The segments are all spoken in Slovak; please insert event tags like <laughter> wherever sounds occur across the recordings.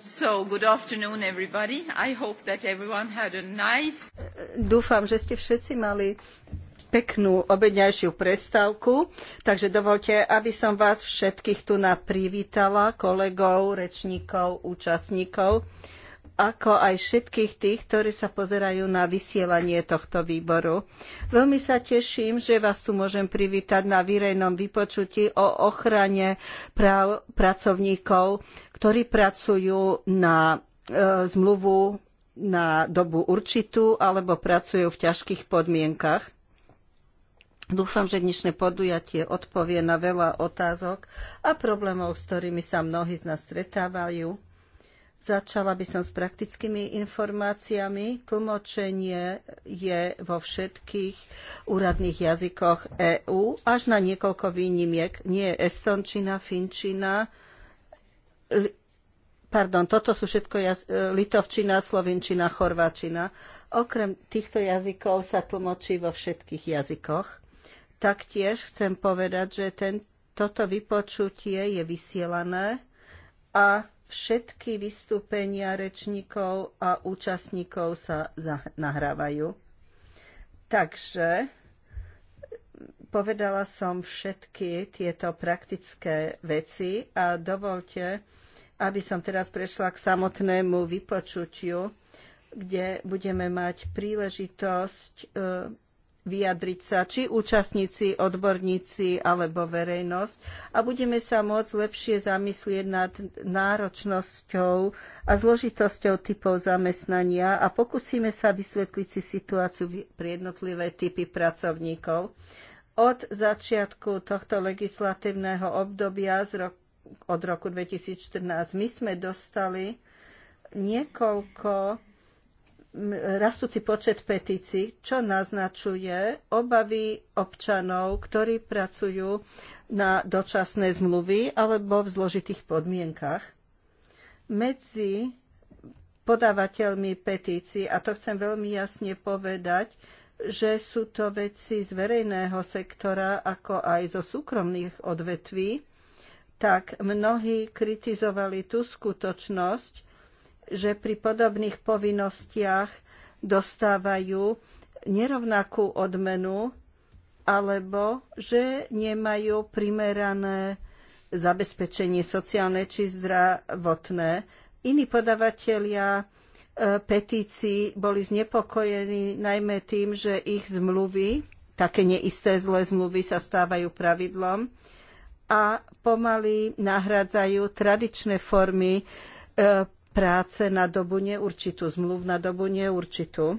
So, good afternoon everybody. I hope that everyone had a nice... Dúfam, že ste všetci mali peknú obedňajšiu prestávku, takže dovolte, aby som vás všetkých tu privítala, kolegov, rečníkov, účastníkov, ako aj všetkých tých, ktorí sa pozerajú na vysielanie tohto výboru. Veľmi sa teším, že vás tu môžem privítať na výrejnom vypočutí o ochrane práv pracovníkov ktorí pracujú na e, zmluvu na dobu určitú alebo pracujú v ťažkých podmienkach. Dúfam, že dnešné podujatie odpovie na veľa otázok a problémov, s ktorými sa mnohí z nás stretávajú. Začala by som s praktickými informáciami. Tlmočenie je vo všetkých úradných jazykoch EÚ, až na niekoľko výnimiek. Nie je estončina, finčina, pardon, toto sú všetko jaz- e, litovčina, slovinčina, chorváčina. Okrem týchto jazykov sa tlmočí vo všetkých jazykoch. Taktiež chcem povedať, že ten, toto vypočutie je vysielané a všetky vystúpenia rečníkov a účastníkov sa nahrávajú. Takže Povedala som všetky tieto praktické veci a dovolte, aby som teraz prešla k samotnému vypočutiu, kde budeme mať príležitosť e, vyjadriť sa, či účastníci, odborníci alebo verejnosť a budeme sa môcť lepšie zamyslieť nad náročnosťou a zložitosťou typov zamestnania a pokúsime sa vysvetliť si situáciu pre jednotlivé typy pracovníkov od začiatku tohto legislatívneho obdobia z od roku 2014 my sme dostali niekoľko rastúci počet petícií, čo naznačuje obavy občanov, ktorí pracujú na dočasné zmluvy alebo v zložitých podmienkach. Medzi podávateľmi petícií, a to chcem veľmi jasne povedať, že sú to veci z verejného sektora, ako aj zo súkromných odvetví, tak mnohí kritizovali tú skutočnosť, že pri podobných povinnostiach dostávajú nerovnakú odmenu alebo že nemajú primerané zabezpečenie sociálne či zdravotné. Iní podavatelia E, petícií boli znepokojení najmä tým, že ich zmluvy, také neisté zlé zmluvy sa stávajú pravidlom a pomaly nahrádzajú tradičné formy e, práce na dobu neurčitú, zmluv na dobu neurčitú.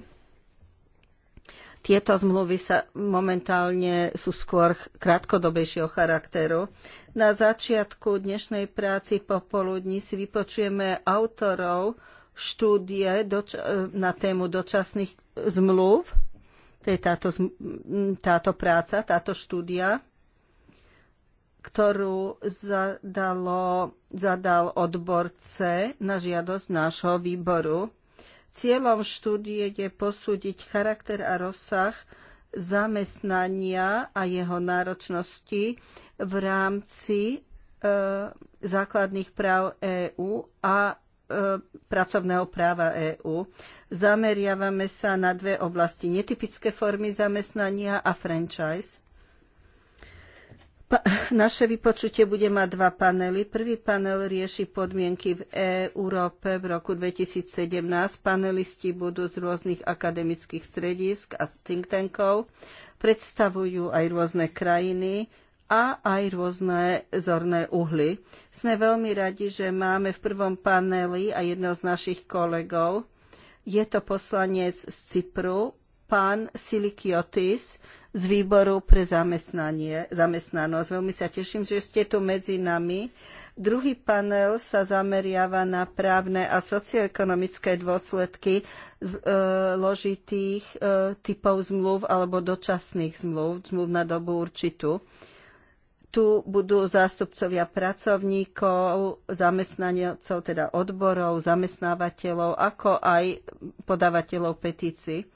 Tieto zmluvy sa momentálne sú skôr krátkodobejšieho charakteru. Na začiatku dnešnej práci popoludní si vypočujeme autorov štúdie doč- e, na tému dočasných zmluv. To je táto, táto práca, táto štúdia, ktorú zadalo, zadal odbor C na žiadosť nášho výboru. Cieľom štúdie je posúdiť charakter a rozsah zamestnania a jeho náročnosti v rámci e, základných práv EÚ a E, pracovného práva EÚ. Zameriavame sa na dve oblasti. Netypické formy zamestnania a franchise. Pa, naše vypočutie bude mať dva panely. Prvý panel rieši podmienky v Európe v roku 2017. Panelisti budú z rôznych akademických stredisk a think tankov. Predstavujú aj rôzne krajiny, a aj rôzne zorné uhly. Sme veľmi radi, že máme v prvom paneli a jedného z našich kolegov. Je to poslanec z Cypru, pán Silikiotis z výboru pre zamestnanie, zamestnanosť. Veľmi sa teším, že ste tu medzi nami. Druhý panel sa zameriava na právne a socioekonomické dôsledky zložitých e, e, typov zmluv alebo dočasných zmluv, zmluv na dobu určitú tu budú zástupcovia pracovníkov, zamestnancov, teda odborov, zamestnávateľov, ako aj podávateľov petícií.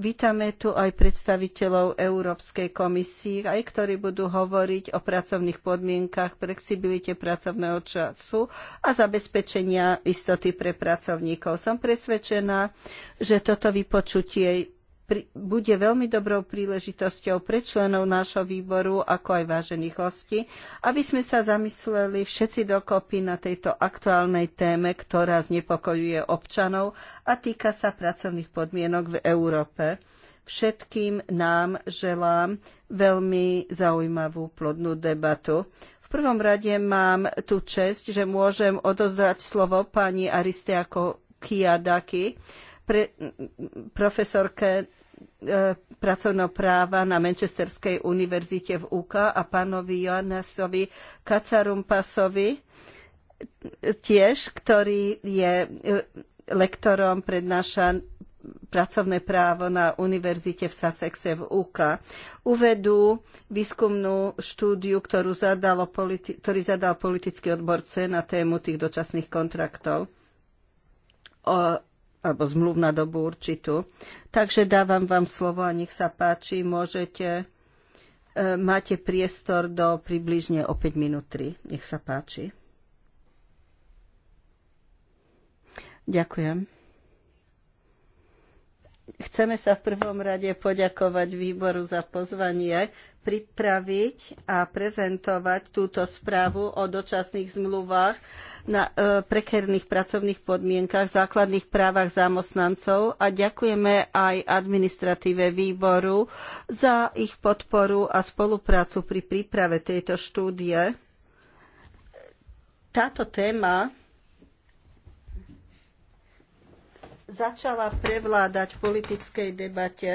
Vítame tu aj predstaviteľov Európskej komisie, aj ktorí budú hovoriť o pracovných podmienkach, flexibilite pracovného času a zabezpečenia istoty pre pracovníkov. Som presvedčená, že toto vypočutie bude veľmi dobrou príležitosťou pre členov nášho výboru, ako aj vážených hostí, aby sme sa zamysleli všetci dokopy na tejto aktuálnej téme, ktorá znepokojuje občanov a týka sa pracovných podmienok v Európe. Všetkým nám želám veľmi zaujímavú plodnú debatu. V prvom rade mám tú čest, že môžem odozdať slovo pani Aristeako Kiadaki, pre, profesorke e, práva na Manchesterskej univerzite v UK a pánovi Joannasovi Kacarumpasovi tiež, ktorý je e, lektorom, prednáša pracovné právo na univerzite v Sussexe v UK. Uvedú výskumnú štúdiu, ktorú zadalo politi- ktorý zadal politický odborce na tému tých dočasných kontraktov. O alebo zmluv na dobu určitú. Takže dávam vám slovo a nech sa páči, môžete, e, máte priestor do približne o 5 minút 3. Nech sa páči. Ďakujem. Chceme sa v prvom rade poďakovať výboru za pozvanie, pripraviť a prezentovať túto správu o dočasných zmluvách na e, prekerných pracovných podmienkach, základných právach zamestnancov a ďakujeme aj administratíve výboru za ich podporu a spoluprácu pri príprave tejto štúdie. Táto téma začala prevládať v politickej debate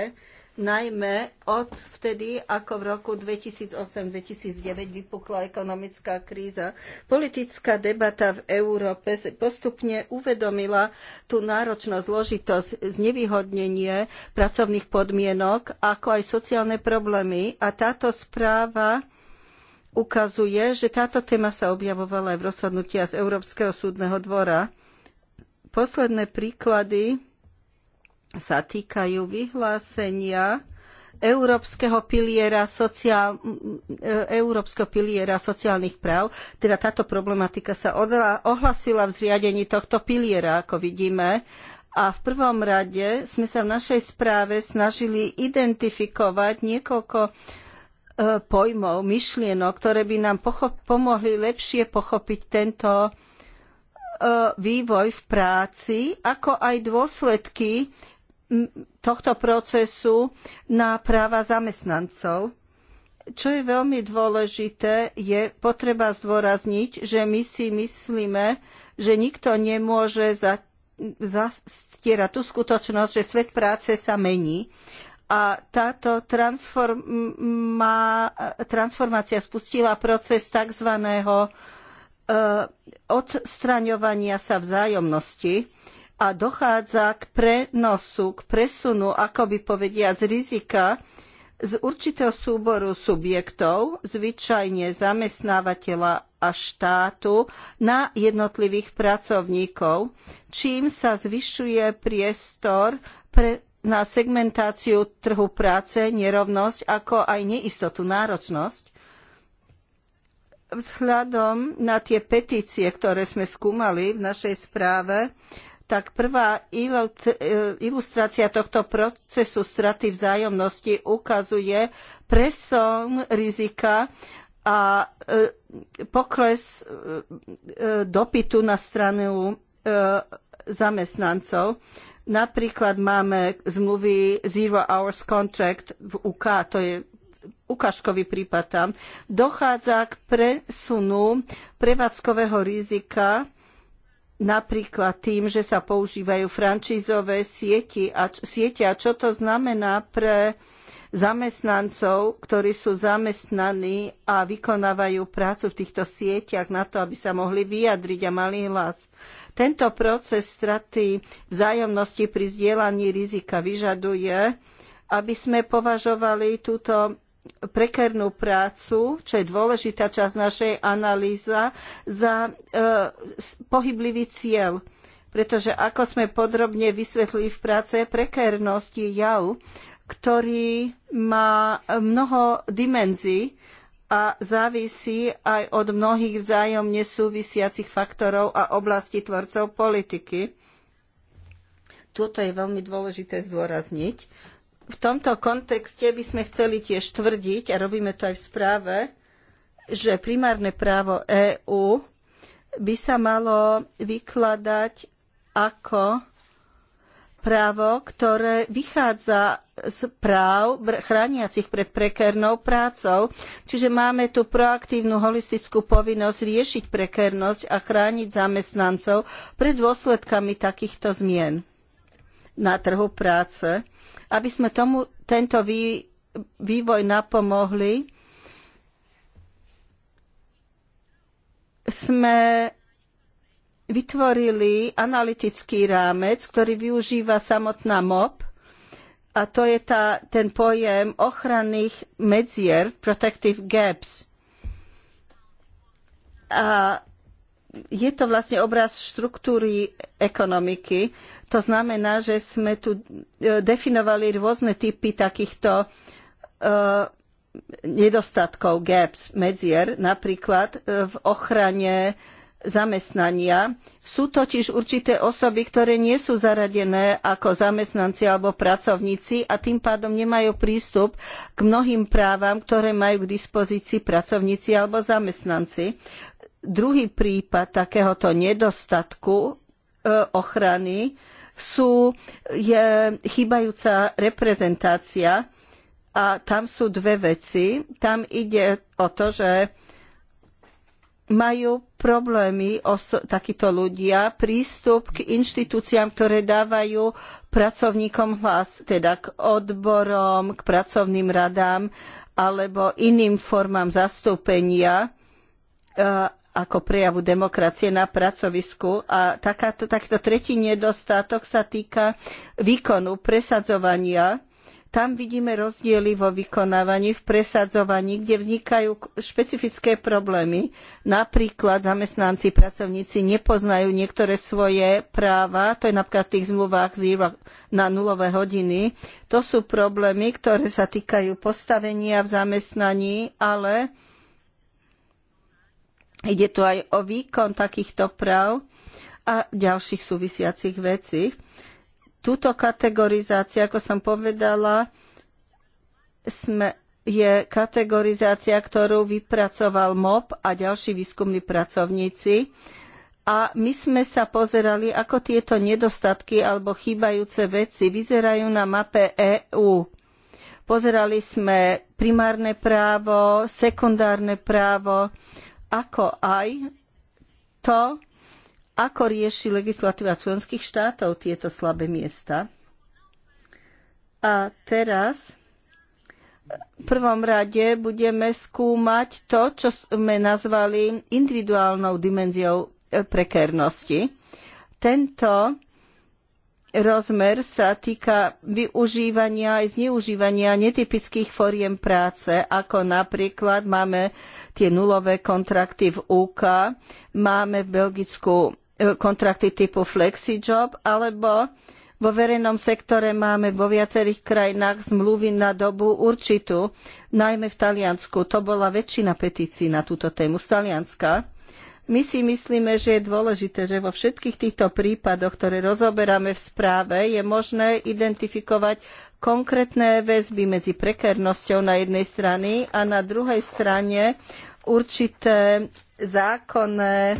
najmä od vtedy, ako v roku 2008-2009 vypukla ekonomická kríza. Politická debata v Európe postupne uvedomila tú náročnosť, zložitosť, znevýhodnenie pracovných podmienok, ako aj sociálne problémy. A táto správa ukazuje, že táto téma sa objavovala aj v rozhodnutia z Európskeho súdneho dvora. Posledné príklady sa týkajú vyhlásenia Európskeho piliera, sociál, e, Európskeho piliera sociálnych práv. Teda táto problematika sa odla, ohlasila v zriadení tohto piliera, ako vidíme. A v prvom rade sme sa v našej správe snažili identifikovať niekoľko e, pojmov, myšlienok, ktoré by nám pomohli lepšie pochopiť tento e, vývoj v práci, ako aj dôsledky tohto procesu na práva zamestnancov. Čo je veľmi dôležité, je potreba zdôrazniť, že my si myslíme, že nikto nemôže zastierať tú skutočnosť, že svet práce sa mení a táto transforma, transformácia spustila proces tzv. E, odstraňovania sa vzájomnosti a dochádza k prenosu, k presunu, akoby povedia, z rizika z určitého súboru subjektov, zvyčajne zamestnávateľa a štátu, na jednotlivých pracovníkov, čím sa zvyšuje priestor pre, na segmentáciu trhu práce, nerovnosť, ako aj neistotu, náročnosť. Vzhľadom na tie petície, ktoré sme skúmali v našej správe, tak prvá e, ilustrácia tohto procesu straty vzájomnosti ukazuje presun rizika a e, pokles e, dopytu na stranu zamestnancov. Napríklad máme zmluvy Zero Hours Contract v UK, to je ukážkový prípad tam. Dochádza k presunu prevádzkového rizika napríklad tým, že sa používajú francízové siete a, siete a čo to znamená pre zamestnancov, ktorí sú zamestnaní a vykonávajú prácu v týchto sieťach na to, aby sa mohli vyjadriť a mali hlas. Tento proces straty vzájomnosti pri zdieľaní rizika vyžaduje, aby sme považovali túto prekernú prácu, čo je dôležitá časť našej analýza, za e, pohyblivý cieľ. Pretože ako sme podrobne vysvetlili v práce, prekernosť je jav, ktorý má mnoho dimenzií a závisí aj od mnohých vzájomne súvisiacich faktorov a oblasti tvorcov politiky. Toto je veľmi dôležité zdôrazniť v tomto kontexte by sme chceli tiež tvrdiť, a robíme to aj v správe, že primárne právo EÚ by sa malo vykladať ako právo, ktoré vychádza z práv chrániacich pred prekérnou prácou. Čiže máme tu proaktívnu holistickú povinnosť riešiť prekérnosť a chrániť zamestnancov pred dôsledkami takýchto zmien na trhu práce. Aby sme tomu, tento vývoj napomohli, sme vytvorili analytický rámec, ktorý využíva samotná MOP, a to je tá, ten pojem ochranných medzier, protective gaps. A je to vlastne obraz štruktúry ekonomiky. To znamená, že sme tu e, definovali rôzne typy takýchto e, nedostatkov, gaps, medzier, napríklad e, v ochrane zamestnania. Sú totiž určité osoby, ktoré nie sú zaradené ako zamestnanci alebo pracovníci a tým pádom nemajú prístup k mnohým právam, ktoré majú k dispozícii pracovníci alebo zamestnanci. Druhý prípad takéhoto nedostatku e, ochrany sú, je chýbajúca reprezentácia a tam sú dve veci. Tam ide o to, že majú problémy takíto ľudia prístup k inštitúciám, ktoré dávajú pracovníkom hlas, teda k odborom, k pracovným radám alebo iným formám zastúpenia e, ako prejavu demokracie na pracovisku a takáto, takýto tretí nedostatok sa týka výkonu, presadzovania. Tam vidíme rozdiely vo vykonávaní, v presadzovaní, kde vznikajú špecifické problémy. Napríklad zamestnanci, pracovníci nepoznajú niektoré svoje práva, to je napríklad v tých zmluvách zero na nulové hodiny. To sú problémy, ktoré sa týkajú postavenia v zamestnaní, ale Ide tu aj o výkon takýchto práv a ďalších súvisiacich vecí. Túto kategorizácia, ako som povedala, sme, je kategorizácia, ktorú vypracoval MOP a ďalší výskumní pracovníci. A my sme sa pozerali, ako tieto nedostatky alebo chýbajúce veci vyzerajú na mape EÚ. Pozerali sme primárne právo, sekundárne právo, ako aj to, ako rieši legislatíva členských štátov tieto slabé miesta. A teraz v prvom rade budeme skúmať to, čo sme nazvali individuálnou dimenziou prekernosti. Tento rozmer sa týka využívania aj zneužívania netypických foriem práce, ako napríklad máme tie nulové kontrakty v UK, máme v Belgicku e, kontrakty typu flexijob, alebo vo verejnom sektore máme vo viacerých krajinách zmluvy na dobu určitú, najmä v Taliansku. To bola väčšina petícií na túto tému z Talianska. My si myslíme, že je dôležité, že vo všetkých týchto prípadoch, ktoré rozoberáme v správe, je možné identifikovať konkrétne väzby medzi prekernosťou na jednej strane a na druhej strane určité zákonné e,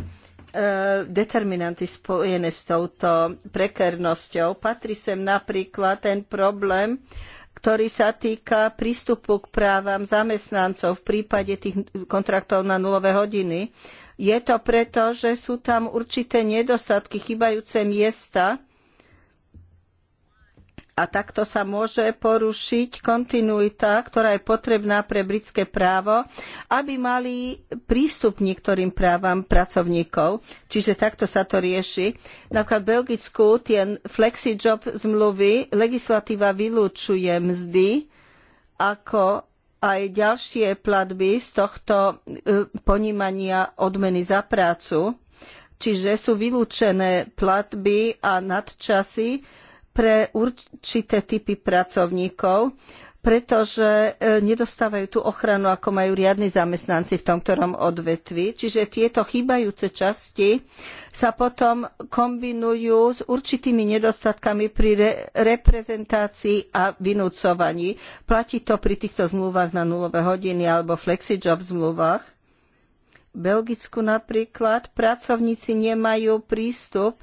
determinanty spojené s touto prekernosťou. Patrí sem napríklad ten problém, ktorý sa týka prístupu k právam zamestnancov v prípade tých kontraktov na nulové hodiny. Je to preto, že sú tam určité nedostatky, chybajúce miesta a takto sa môže porušiť kontinuita, ktorá je potrebná pre britské právo, aby mali prístup k niektorým právam pracovníkov. Čiže takto sa to rieši. Napríklad v Belgicku tie flexijob zmluvy legislatíva vylúčuje mzdy ako aj ďalšie platby z tohto e, ponímania odmeny za prácu, čiže sú vylúčené platby a nadčasy pre určité typy pracovníkov pretože e, nedostávajú tú ochranu, ako majú riadni zamestnanci v tom ktorom odvetví. Čiže tieto chýbajúce časti sa potom kombinujú s určitými nedostatkami pri re- reprezentácii a vynúcovaní. Platí to pri týchto zmluvách na nulové hodiny alebo flexijob zmluvách. V Belgicku napríklad pracovníci nemajú prístup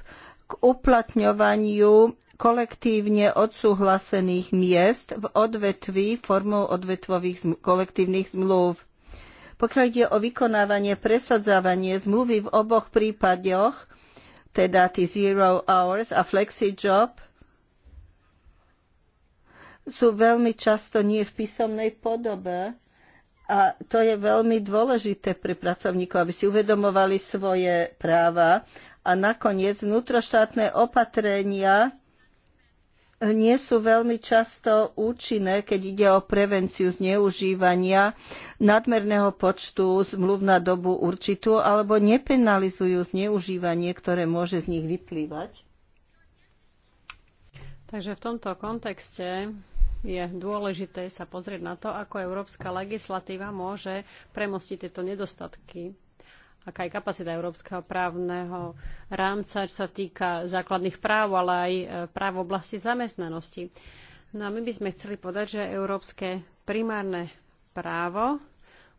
k uplatňovaniu kolektívne odsúhlasených miest v odvetví formou odvetvových kolektívnych zmluv. Pokiaľ ide o vykonávanie, presadzávanie zmluvy v oboch prípadoch, teda tí zero hours a flexi job, sú veľmi často nie v písomnej podobe, a to je veľmi dôležité pre pracovníkov, aby si uvedomovali svoje práva. A nakoniec vnútroštátne opatrenia nie sú veľmi často účinné, keď ide o prevenciu zneužívania nadmerného počtu zmluv na dobu určitú alebo nepenalizujú zneužívanie, ktoré môže z nich vyplývať. Takže v tomto kontexte je dôležité sa pozrieť na to, ako európska legislatíva môže premostiť tieto nedostatky aká je kapacita európskeho právneho rámca, čo sa týka základných práv, ale aj e, práv v oblasti zamestnanosti. No a my by sme chceli povedať, že európske primárne právo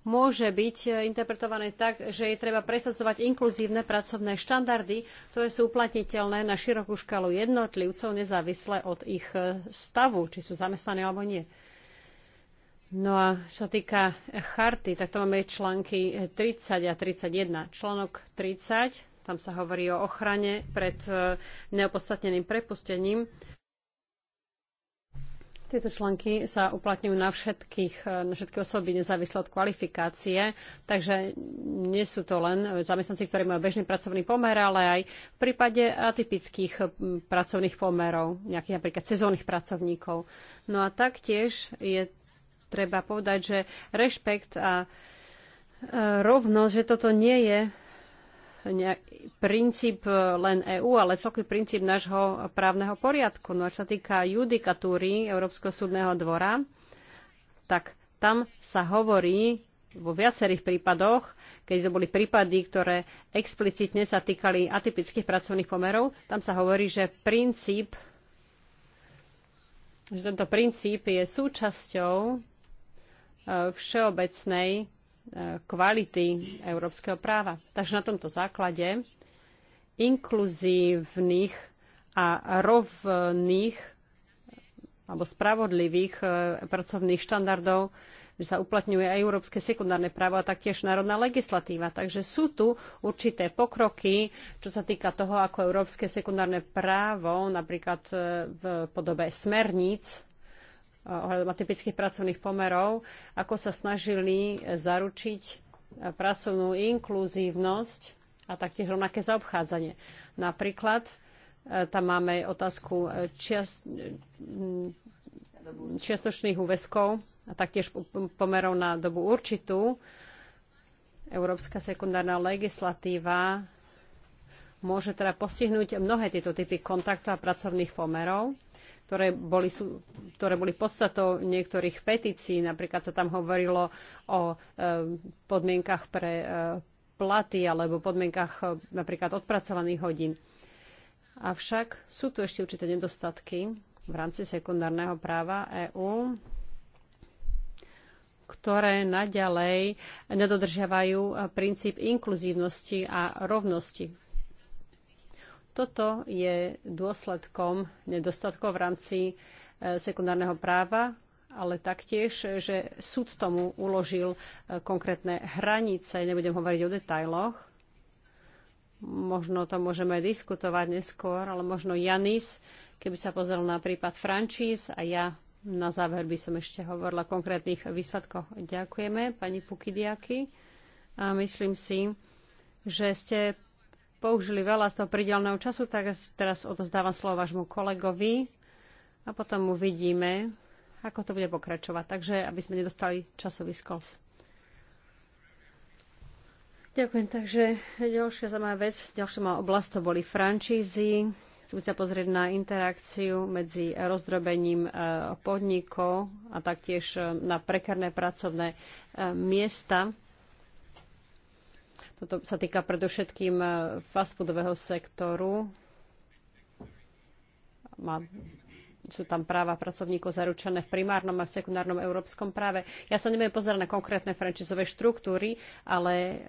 môže byť e, interpretované tak, že je treba presadzovať inkluzívne pracovné štandardy, ktoré sú uplatniteľné na širokú škálu jednotlivcov, nezávisle od ich e, stavu, či sú zamestnaní alebo nie. No a čo týka charty, tak to máme články 30 a 31. Článok 30, tam sa hovorí o ochrane pred e, neopodstatneným prepustením. Tieto články sa uplatňujú na, všetkých, e, na všetky osoby nezávisle od kvalifikácie, takže nie sú to len zamestnanci, ktorí majú bežný pracovný pomer, ale aj v prípade atypických pracovných pomerov, nejakých napríklad sezónnych pracovníkov. No a taktiež je treba povedať, že rešpekt a e, rovnosť, že toto nie je princíp e, len EÚ, ale celkový princíp nášho právneho poriadku. No a čo sa týka judikatúry Európskeho súdneho dvora, tak tam sa hovorí vo viacerých prípadoch, keď to boli prípady, ktoré explicitne sa týkali atypických pracovných pomerov, tam sa hovorí, že princíp že tento princíp je súčasťou všeobecnej e, kvality európskeho práva. Takže na tomto základe inkluzívnych a rovných alebo spravodlivých e, pracovných štandardov, že sa uplatňuje aj európske sekundárne právo a taktiež národná legislatíva. Takže sú tu určité pokroky, čo sa týka toho, ako európske sekundárne právo, napríklad e, v podobe smerníc, Eh, ohľadom atypických pracovných pomerov, ako sa snažili zaručiť eh, pracovnú inkluzívnosť a taktiež rovnaké zaobchádzanie. Napríklad eh, tam máme otázku čiast, mm, čiastočných úväzkov a taktiež pomerov na dobu určitú. Európska sekundárna legislatíva môže teda postihnúť mnohé tieto typy kontaktov a pracovných pomerov, ktoré boli, sú, ktoré boli podstatou niektorých petícií. Napríklad sa tam hovorilo o e, podmienkach pre e, platy alebo podmienkach e, napríklad odpracovaných hodín. Avšak sú tu ešte určité nedostatky v rámci sekundárneho práva EÚ, ktoré naďalej nedodržiavajú e, princíp inkluzívnosti a rovnosti. Toto je dôsledkom nedostatkov v rámci e, sekundárneho práva, ale taktiež, že súd tomu uložil e, konkrétne hranice. Nebudem hovoriť o detailoch. Možno to môžeme diskutovať neskôr, ale možno Janis, keby sa pozrel na prípad Frančís a ja na záver by som ešte hovorila o konkrétnych výsledkoch. Ďakujeme, pani Pukidiaky. A myslím si, že ste použili veľa z toho pridelného času, tak teraz odozdávam slovo vášmu kolegovi a potom uvidíme, ako to bude pokračovať. Takže, aby sme nedostali časový skos. Ďakujem. Takže ďalšia moja vec, ďalšia má oblasť, to boli francízy. Chcem sa pozrieť na interakciu medzi rozdrobením e, podnikov a taktiež e, na prekarné pracovné e, miesta. Toto sa týka predovšetkým e, fast foodového sektoru. Má, sú tam práva pracovníkov zaručené v primárnom a v sekundárnom európskom práve. Ja sa nebudem pozerať na konkrétne frančizové štruktúry, ale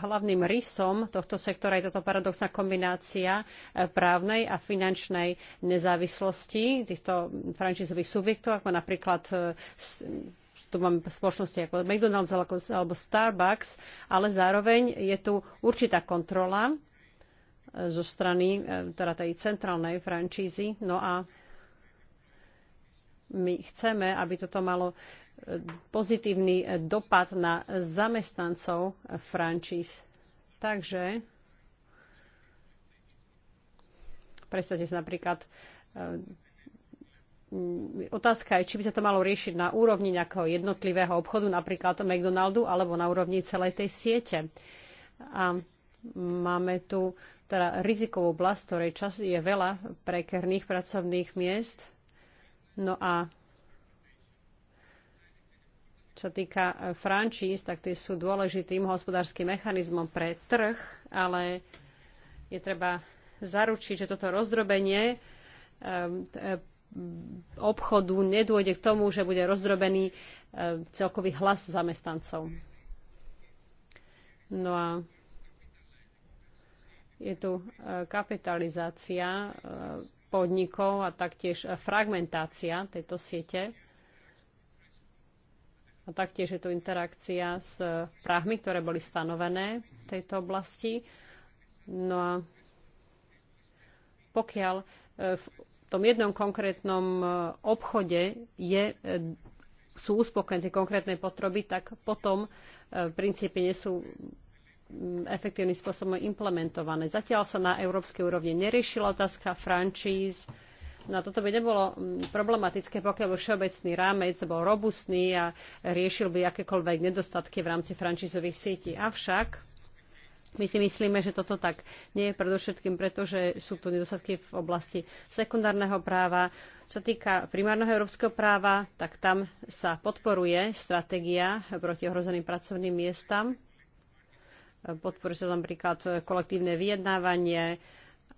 hlavným rysom tohto sektora je toto paradoxná kombinácia e, právnej a finančnej nezávislosti týchto frančizových subjektov, ako napríklad e, tu máme spoločnosti ako McDonald's alebo Starbucks, ale zároveň je tu určitá kontrola e, zo strany e, teda tej centrálnej francízy. No a my chceme, aby toto malo e, pozitívny dopad na zamestnancov francíz. Takže predstavte si napríklad Mm, otázka je, či by sa to malo riešiť na úrovni nejakého jednotlivého obchodu, napríklad McDonaldu, alebo na úrovni celej tej siete. A máme tu teda rizikovú oblasť, ktorej čas je veľa prekerných pracovných miest. No a čo týka e, frančíz, tak tie sú dôležitým hospodárskym mechanizmom pre trh, ale je treba zaručiť, že toto rozdrobenie e, e, obchodu nedôjde k tomu, že bude rozdrobený e, celkový hlas zamestnancov. No a je tu e, kapitalizácia e, podnikov a taktiež fragmentácia tejto siete. A taktiež je tu interakcia s práhmi, ktoré boli stanovené v tejto oblasti. No a pokiaľ v tom jednom konkrétnom e, obchode je, e, sú uspokojené tie konkrétne potreby, tak potom v e, princípe nie sú efektívnym spôsobom implementované. Zatiaľ sa na európskej úrovni neriešila otázka franchise. No toto by nebolo problematické, pokiaľ by všeobecný rámec bol robustný a riešil by akékoľvek nedostatky v rámci francízových sietí. Avšak my si myslíme, že toto tak nie je predovšetkým, pretože sú tu nedostatky v oblasti sekundárneho práva. Čo týka primárneho európskeho práva, tak tam sa podporuje stratégia proti ohrozeným pracovným miestam. Podporuje sa tam napríklad kolektívne vyjednávanie,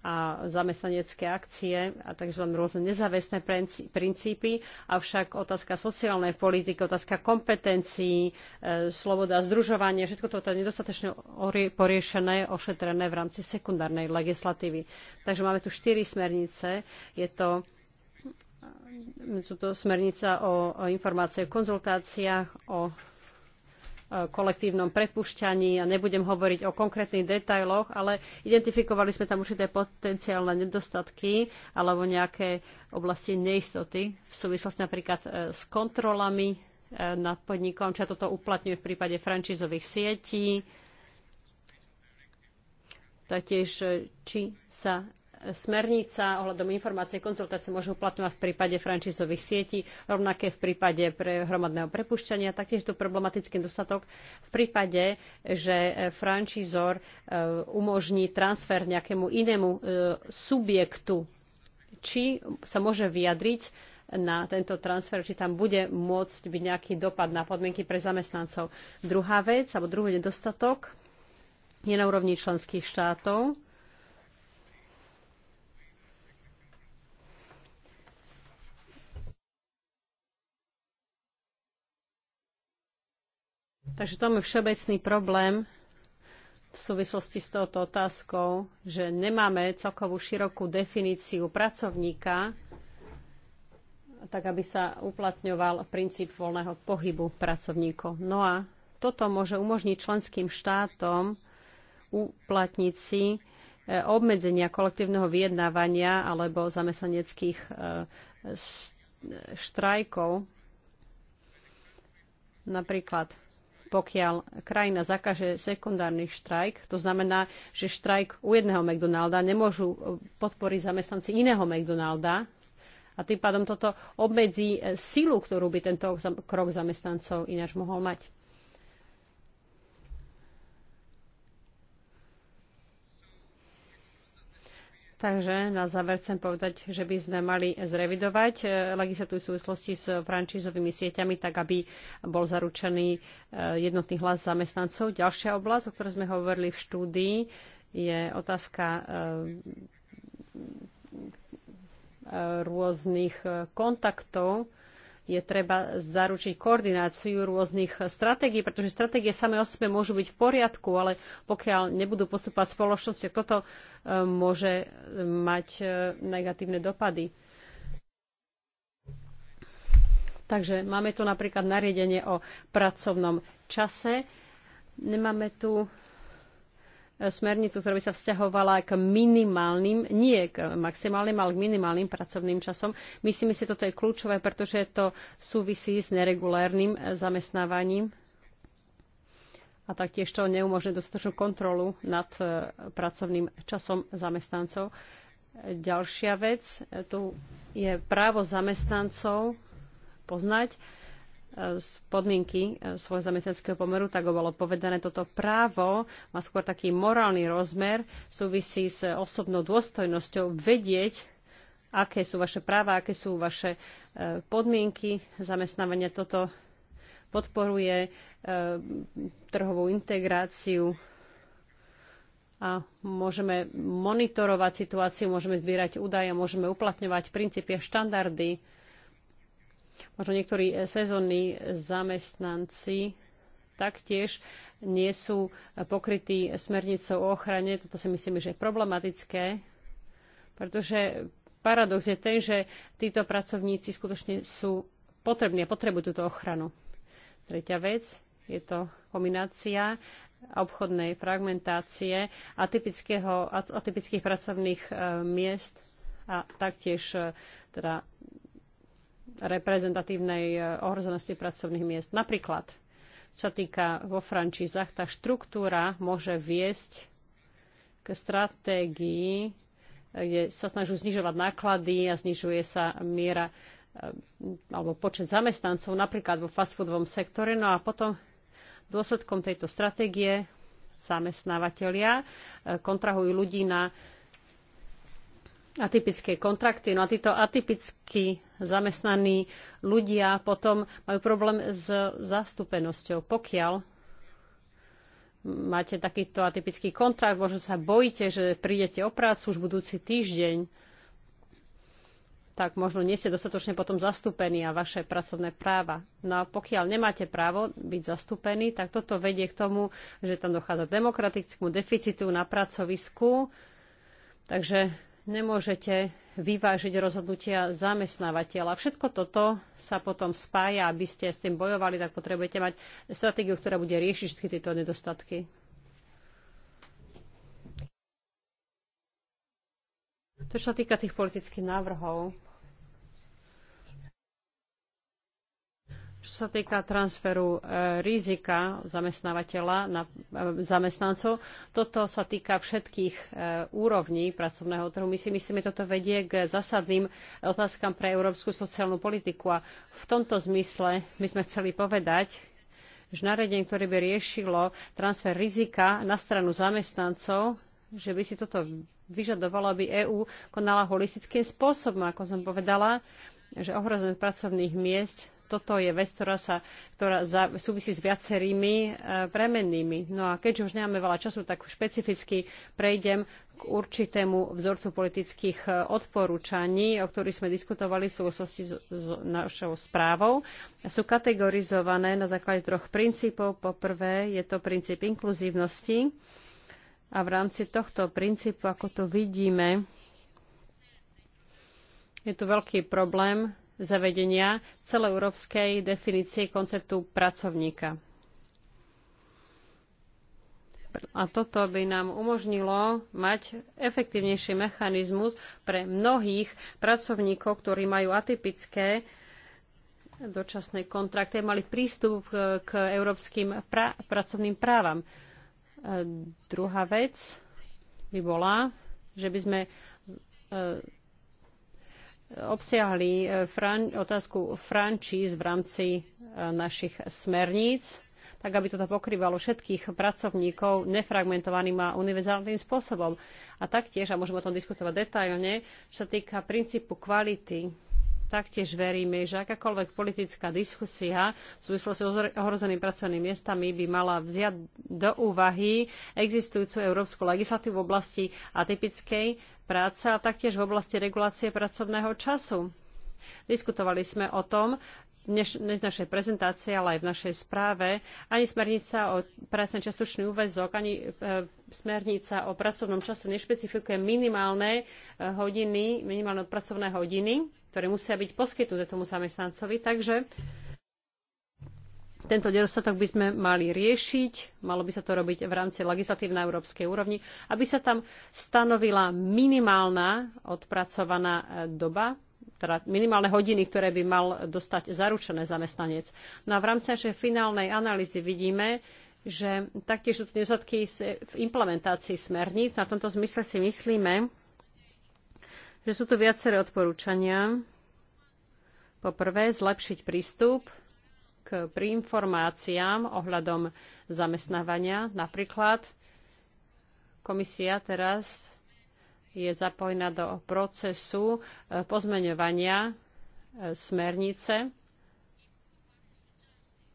a zamestnanecké akcie, a takže len rôzne nezáväzné princípy, avšak otázka sociálnej politiky, otázka kompetencií, e, sloboda združovania, všetko toto je nedostatečne poriešené, ošetrené v rámci sekundárnej legislatívy. Takže máme tu štyri smernice. Je to e, sú to smernica o, o informácie o konzultáciách, o kolektívnom prepušťaní a nebudem hovoriť o konkrétnych detailoch, ale identifikovali sme tam určité potenciálne nedostatky alebo nejaké oblasti neistoty v súvislosti napríklad e, s kontrolami e, nad podnikom, čo toto uplatňuje v prípade frančízových sietí, taktiež e, či sa smernica ohľadom informácie konzultácie môže uplatňovať v prípade frančízových sietí, rovnaké v prípade pre hromadného prepušťania, taktiež to problematický dostatok v prípade, že frančízor eh, umožní transfer nejakému inému eh, subjektu, či sa môže vyjadriť na tento transfer, či tam bude môcť byť nejaký dopad na podmienky pre zamestnancov. Druhá vec, alebo druhý nedostatok, je na úrovni členských štátov Takže to je všeobecný problém v súvislosti s touto otázkou, že nemáme celkovú širokú definíciu pracovníka, tak aby sa uplatňoval princíp voľného pohybu pracovníkov. No a toto môže umožniť členským štátom uplatniť si e, obmedzenia kolektívneho vyjednávania alebo zamestnaneckých e, e, štrajkov. Napríklad pokiaľ krajina zakaže sekundárny štrajk, to znamená, že štrajk u jedného McDonalda nemôžu e, podporiť zamestnanci iného McDonalda a tým pádom toto obmedzí e, silu, ktorú by tento krok zamestnancov ináč mohol mať. Takže na záver chcem povedať, že by sme mali zrevidovať e, legislatívu v súvislosti s frančízovými sieťami, tak aby bol zaručený e, jednotný hlas zamestnancov. Ďalšia oblasť, o ktorej sme hovorili v štúdii, je otázka e, rôznych kontaktov je treba zaručiť koordináciu rôznych stratégií, pretože stratégie samé o sebe môžu byť v poriadku, ale pokiaľ nebudú postupovať spoločnosti, toto e, môže e, mať e, negatívne dopady. Takže máme tu napríklad nariadenie o pracovnom čase. Nemáme tu E, smernicu, ktorá by sa vzťahovala k minimálnym, nie k maximálnym, ale k minimálnym pracovným časom. Myslím si, že toto je kľúčové, pretože to súvisí s neregulárnym e, zamestnávaním a taktiež to neumožňuje dostatočnú kontrolu nad e, pracovným časom zamestnancov. Ďalšia vec, tu je právo zamestnancov poznať podmienky e, svojho zamestnanského pomeru, tak bolo povedané, toto právo má skôr taký morálny rozmer, súvisí s osobnou dôstojnosťou vedieť, aké sú vaše práva, aké sú vaše e, podmienky zamestnávania. Toto podporuje e, trhovú integráciu a môžeme monitorovať situáciu, môžeme zbierať údaje, môžeme uplatňovať princípy a štandardy možno niektorí e, sezónni zamestnanci taktiež nie sú e, pokrytí smernicou o ochrane. Toto si myslím, že je problematické, pretože paradox je ten, že títo pracovníci skutočne sú potrební a potrebujú túto ochranu. Tretia vec je to kombinácia obchodnej fragmentácie atypických pracovných e, miest a taktiež teda reprezentatívnej e, ohrozenosti pracovných miest. Napríklad, čo sa týka vo francízach, tá štruktúra môže viesť k stratégii, kde sa snažú znižovať náklady a znižuje sa miera e, alebo počet zamestnancov napríklad vo fast foodovom sektore. No a potom dôsledkom tejto stratégie zamestnávateľia e, kontrahujú ľudí na atypické kontrakty. No a títo atypickí zamestnaní ľudia potom majú problém s zastúpenosťou. Pokiaľ máte takýto atypický kontrakt, možno sa bojíte, že prídete o prácu už budúci týždeň, tak možno nie ste dostatočne potom zastúpení a vaše pracovné práva. No a pokiaľ nemáte právo byť zastúpení, tak toto vedie k tomu, že tam dochádza k demokratickému deficitu na pracovisku. Takže nemôžete vyvážiť rozhodnutia zamestnávateľa. Všetko toto sa potom spája, aby ste s tým bojovali, tak potrebujete mať stratégiu, ktorá bude riešiť všetky tieto nedostatky. To, čo sa týka tých politických návrhov, Čo sa týka transferu e, rizika zamestnávateľa na e, zamestnancov, toto sa týka všetkých e, úrovní pracovného trhu. My si myslíme, toto vedie k zásadným otázkam pre európsku sociálnu politiku. A v tomto zmysle my sme chceli povedať, že nariadenie, ktoré by riešilo transfer rizika na stranu zamestnancov, že by si toto vyžadovalo, aby EÚ konala holistickým spôsobom, ako som povedala, že ohrozenie pracovných miest toto je vec, ktorá, sa, ktorá za, súvisí s viacerými e, premennými. No a keďže už nemáme veľa času, tak špecificky prejdem k určitému vzorcu politických e, odporúčaní, o ktorých sme diskutovali v súvislosti s, s našou správou. Sú kategorizované na základe troch princípov. Po prvé je to princíp inkluzívnosti. A v rámci tohto princípu, ako to vidíme, je tu veľký problém zavedenia celoeurópskej definície konceptu pracovníka. A toto by nám umožnilo mať efektívnejší mechanizmus pre mnohých pracovníkov, ktorí majú atypické dočasné kontrakty, mali prístup k, európskym pra, pracovným právam. Druhá vec by bola, že by sme e, obsiahli e, fran- otázku frančíz v rámci e, našich smerníc, tak aby toto pokrývalo všetkých pracovníkov nefragmentovaným a univerzálnym spôsobom. A taktiež, a môžeme o tom diskutovať detailne, čo sa týka princípu kvality Taktiež veríme, že akákoľvek politická diskusia v súvislosti s ohrozenými pracovnými miestami by mala vziať do úvahy existujúcu európsku legislatívu v oblasti atypickej práce a taktiež v oblasti regulácie pracovného času. Diskutovali sme o tom, než, v našej prezentácii, ale aj v našej správe, ani smernica o práce častočný úvezok, ani e, smernica o pracovnom čase nešpecifikuje minimálne e, hodiny, minimálne pracovné hodiny, ktoré musia byť poskytnuté tomu zamestnancovi. Takže tento nedostatok by sme mali riešiť, malo by sa to robiť v rámci legislatívnej európskej úrovni, aby sa tam stanovila minimálna odpracovaná e, doba teda minimálne hodiny, ktoré by mal dostať zaručené zamestnanec. No a v rámci našej finálnej analýzy vidíme, že taktiež sú tu nedostatky v implementácii smerníc. Na tomto zmysle si myslíme, že sú tu viaceré odporúčania. Po prvé, zlepšiť prístup k informáciám ohľadom zamestnávania. Napríklad komisia teraz je zapojená do procesu e, pozmeňovania e, smernice.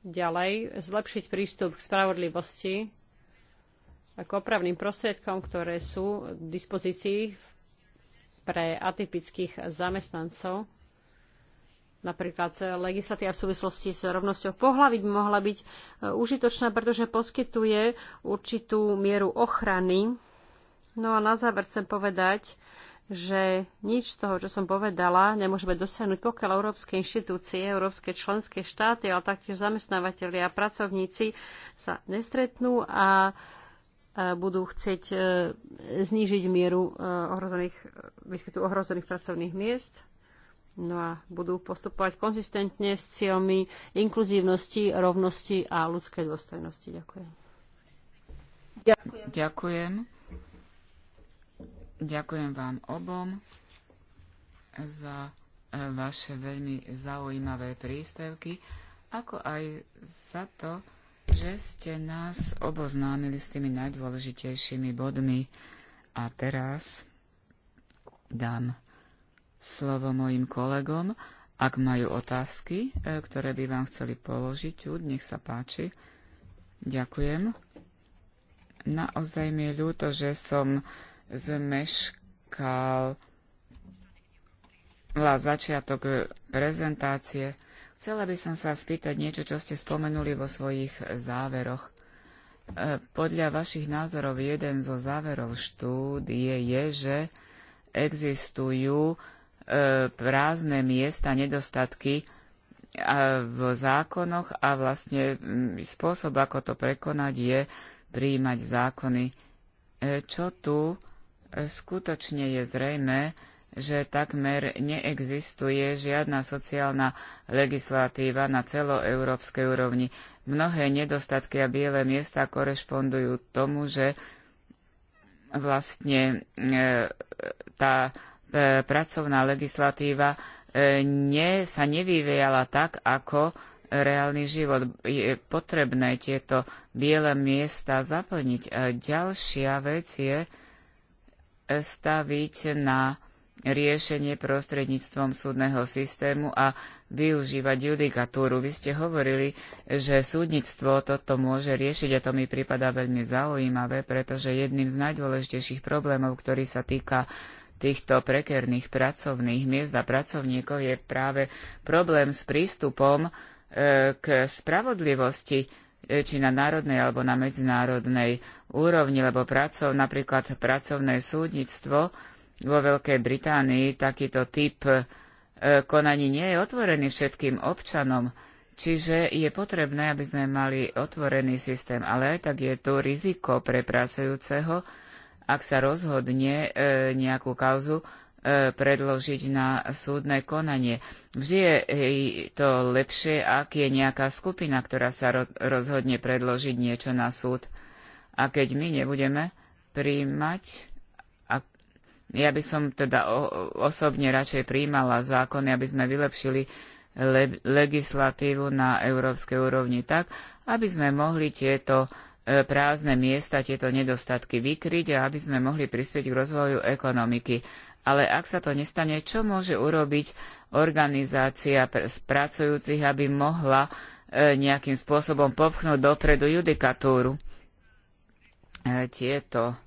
Ďalej, zlepšiť prístup k spravodlivosti ako opravným prostriedkom, ktoré sú v dispozícii pre atypických zamestnancov. Napríklad legislatíva v súvislosti s rovnosťou pohľavy by mohla byť e, užitočná, pretože poskytuje určitú mieru ochrany No a na záver chcem povedať, že nič z toho, čo som povedala, nemôžeme dosiahnuť, pokiaľ európske inštitúcie, európske členské štáty, ale taktiež zamestnávateľi a pracovníci sa nestretnú a budú chcieť e, znížiť mieru e, ohrozených, výskytu ohrozených pracovných miest. No a budú postupovať konzistentne s cieľmi inkluzívnosti, rovnosti a ľudskej dôstojnosti. Ďakujem. Ďakujem. Ďakujem. Ďakujem vám obom za e, vaše veľmi zaujímavé príspevky, ako aj za to, že ste nás oboznámili s tými najdôležitejšími bodmi. A teraz dám slovo mojim kolegom. Ak majú otázky, e, ktoré by vám chceli položiť, ľud, nech sa páči. Ďakujem. Naozaj mi je ľúto, že som zmeškal začiatok prezentácie. Chcela by som sa spýtať niečo, čo ste spomenuli vo svojich záveroch. E, podľa vašich názorov jeden zo záverov štúdie je, že existujú e, prázdne miesta, nedostatky e, v zákonoch a vlastne spôsob, ako to prekonať, je prijímať zákony. Čo tu Skutočne je zrejmé, že takmer neexistuje žiadna sociálna legislatíva na celoeurópskej úrovni. Mnohé nedostatky a biele miesta korešpondujú tomu, že vlastne e, tá e, pracovná legislatíva e, sa nevyvíjala tak, ako reálny život. Je potrebné tieto biele miesta zaplniť. Ďalšia vec je, staviť na riešenie prostredníctvom súdneho systému a využívať judikatúru. Vy ste hovorili, že súdnictvo toto môže riešiť a to mi prípada veľmi zaujímavé, pretože jedným z najdôležitejších problémov, ktorý sa týka týchto prekerných pracovných miest a pracovníkov je práve problém s prístupom e, k spravodlivosti E, či na národnej alebo na medzinárodnej úrovni, lebo pracov, napríklad pracovné súdnictvo vo Veľkej Británii takýto typ e, konaní nie je otvorený všetkým občanom, čiže je potrebné, aby sme mali otvorený systém, ale aj tak je tu riziko pre pracujúceho, ak sa rozhodne e, nejakú kauzu predložiť na súdne konanie. Vždy je to lepšie, ak je nejaká skupina, ktorá sa rozhodne predložiť niečo na súd. A keď my nebudeme príjmať, a ja by som teda osobne radšej príjmala zákony, aby sme vylepšili le legislatívu na európskej úrovni tak, aby sme mohli tieto e, prázdne miesta, tieto nedostatky vykryť a aby sme mohli prispieť k rozvoju ekonomiky. Ale ak sa to nestane, čo môže urobiť organizácia pracujúcich, aby mohla e, nejakým spôsobom popchnúť dopredu judikatúru? E, tieto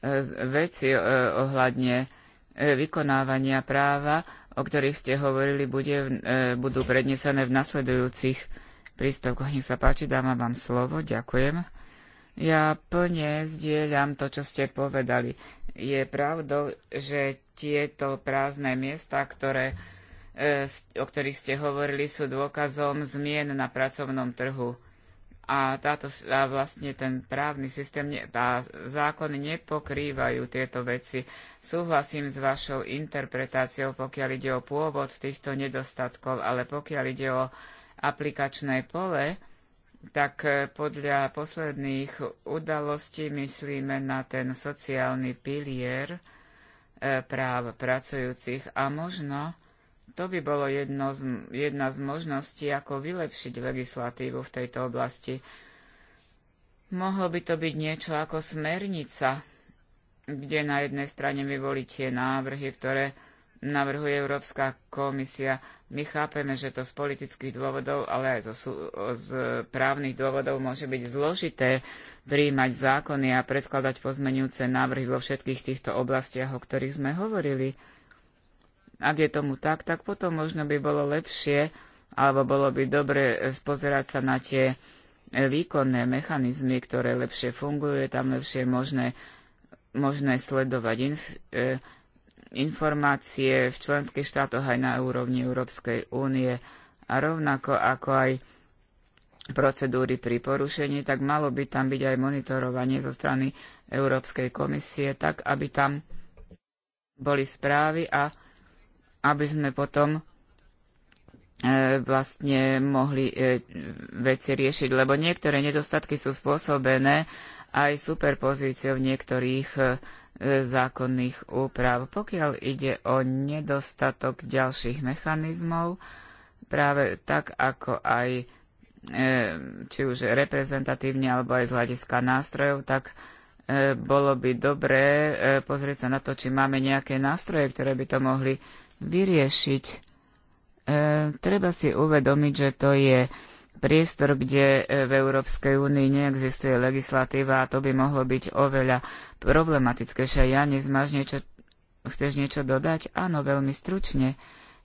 e, veci ohľadne vykonávania práva, o ktorých ste hovorili, bude, budú prednesené v nasledujúcich príspevkoch. Nech sa páči, dáma vám slovo. Ďakujem. Ja plne zdieľam to, čo ste povedali je pravdou, že tieto prázdne miesta, ktoré, e, o ktorých ste hovorili, sú dôkazom zmien na pracovnom trhu. A, táto, a vlastne ten právny systém a zákony nepokrývajú tieto veci. Súhlasím s vašou interpretáciou, pokiaľ ide o pôvod týchto nedostatkov, ale pokiaľ ide o aplikačné pole, tak e, podľa posledných udalostí myslíme na ten sociálny pilier e, práv pracujúcich a možno to by bolo jedno z, jedna z možností, ako vylepšiť legislatívu v tejto oblasti. Mohlo by to byť niečo ako smernica, kde na jednej strane vyvolíte boli tie návrhy, ktoré navrhuje Európska komisia. My chápeme, že to z politických dôvodov, ale aj zo, z právnych dôvodov môže byť zložité príjmať zákony a predkladať pozmenujúce návrhy vo všetkých týchto oblastiach, o ktorých sme hovorili. Ak je tomu tak, tak potom možno by bolo lepšie, alebo bolo by dobre spozerať sa na tie výkonné mechanizmy, ktoré lepšie fungujú, je tam lepšie možné, možné sledovať inf- e, informácie v členských štátoch aj na úrovni Európskej únie a rovnako ako aj procedúry pri porušení, tak malo by tam byť aj monitorovanie zo strany Európskej komisie, tak aby tam boli správy a aby sme potom e, vlastne mohli e, veci riešiť, lebo niektoré nedostatky sú spôsobené aj superpozíciou niektorých e, E, zákonných úprav. Pokiaľ ide o nedostatok ďalších mechanizmov, práve tak ako aj e, či už reprezentatívne alebo aj z hľadiska nástrojov, tak e, bolo by dobré pozrieť sa na to, či máme nejaké nástroje, ktoré by to mohli vyriešiť. Treba si uvedomiť, že to je priestor, kde e, v Európskej únii neexistuje legislatíva a to by mohlo byť oveľa problematickejšie. Ja máš niečo, chceš niečo dodať? Áno, veľmi stručne.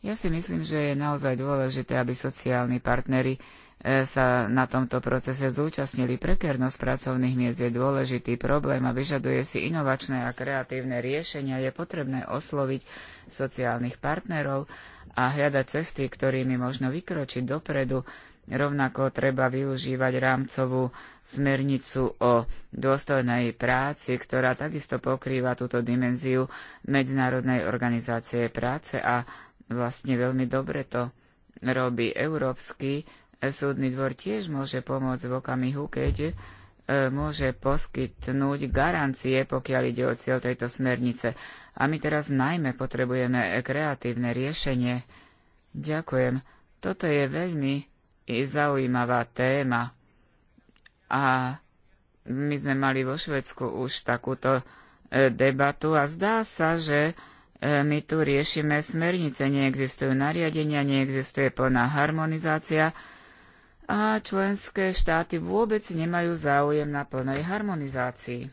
Ja si myslím, že je naozaj dôležité, aby sociálni partnery e, sa na tomto procese zúčastnili. Prekernosť pracovných miest je dôležitý problém a vyžaduje si inovačné a kreatívne riešenia. Je potrebné osloviť sociálnych partnerov a hľadať cesty, ktorými možno vykročiť dopredu Rovnako treba využívať rámcovú smernicu o dôstojnej práci, ktorá takisto pokrýva túto dimenziu Medzinárodnej organizácie práce a vlastne veľmi dobre to robí Európsky e, súdny dvor tiež môže pomôcť v okamihu, keď e, môže poskytnúť garancie, pokiaľ ide o cieľ tejto smernice. A my teraz najmä potrebujeme kreatívne riešenie. Ďakujem. Toto je veľmi je zaujímavá téma. A my sme mali vo Švedsku už takúto e, debatu a zdá sa, že e, my tu riešime smernice, neexistujú nariadenia, neexistuje plná harmonizácia a členské štáty vôbec nemajú záujem na plnej harmonizácii.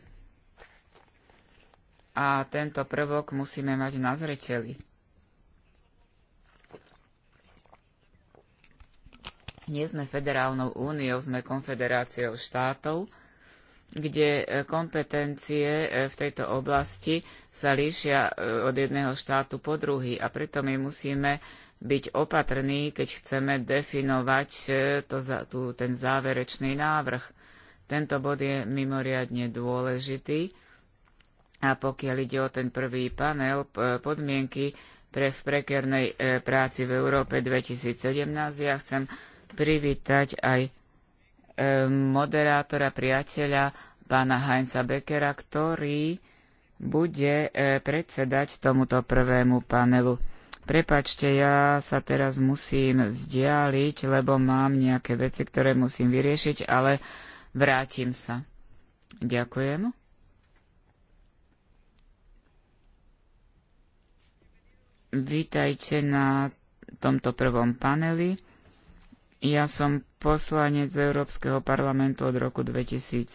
A tento prvok musíme mať na zreteli. Nie sme federálnou úniou, sme konfederáciou štátov, kde e, kompetencie e, v tejto oblasti sa líšia e, od jedného štátu po druhý a preto my musíme byť opatrní, keď chceme definovať to, tú, ten záverečný návrh. Tento bod je mimoriadne dôležitý a pokiaľ ide o ten prvý panel podmienky pre v prekernej práci v Európe 2017, ja chcem privítať aj e, moderátora, priateľa, pána Heinza Beckera, ktorý bude e, predsedať tomuto prvému panelu. Prepačte, ja sa teraz musím vzdialiť, lebo mám nejaké veci, ktoré musím vyriešiť, ale vrátim sa. Ďakujem. Vítajte na tomto prvom paneli. Ja som poslanec Európskeho parlamentu od roku 2011.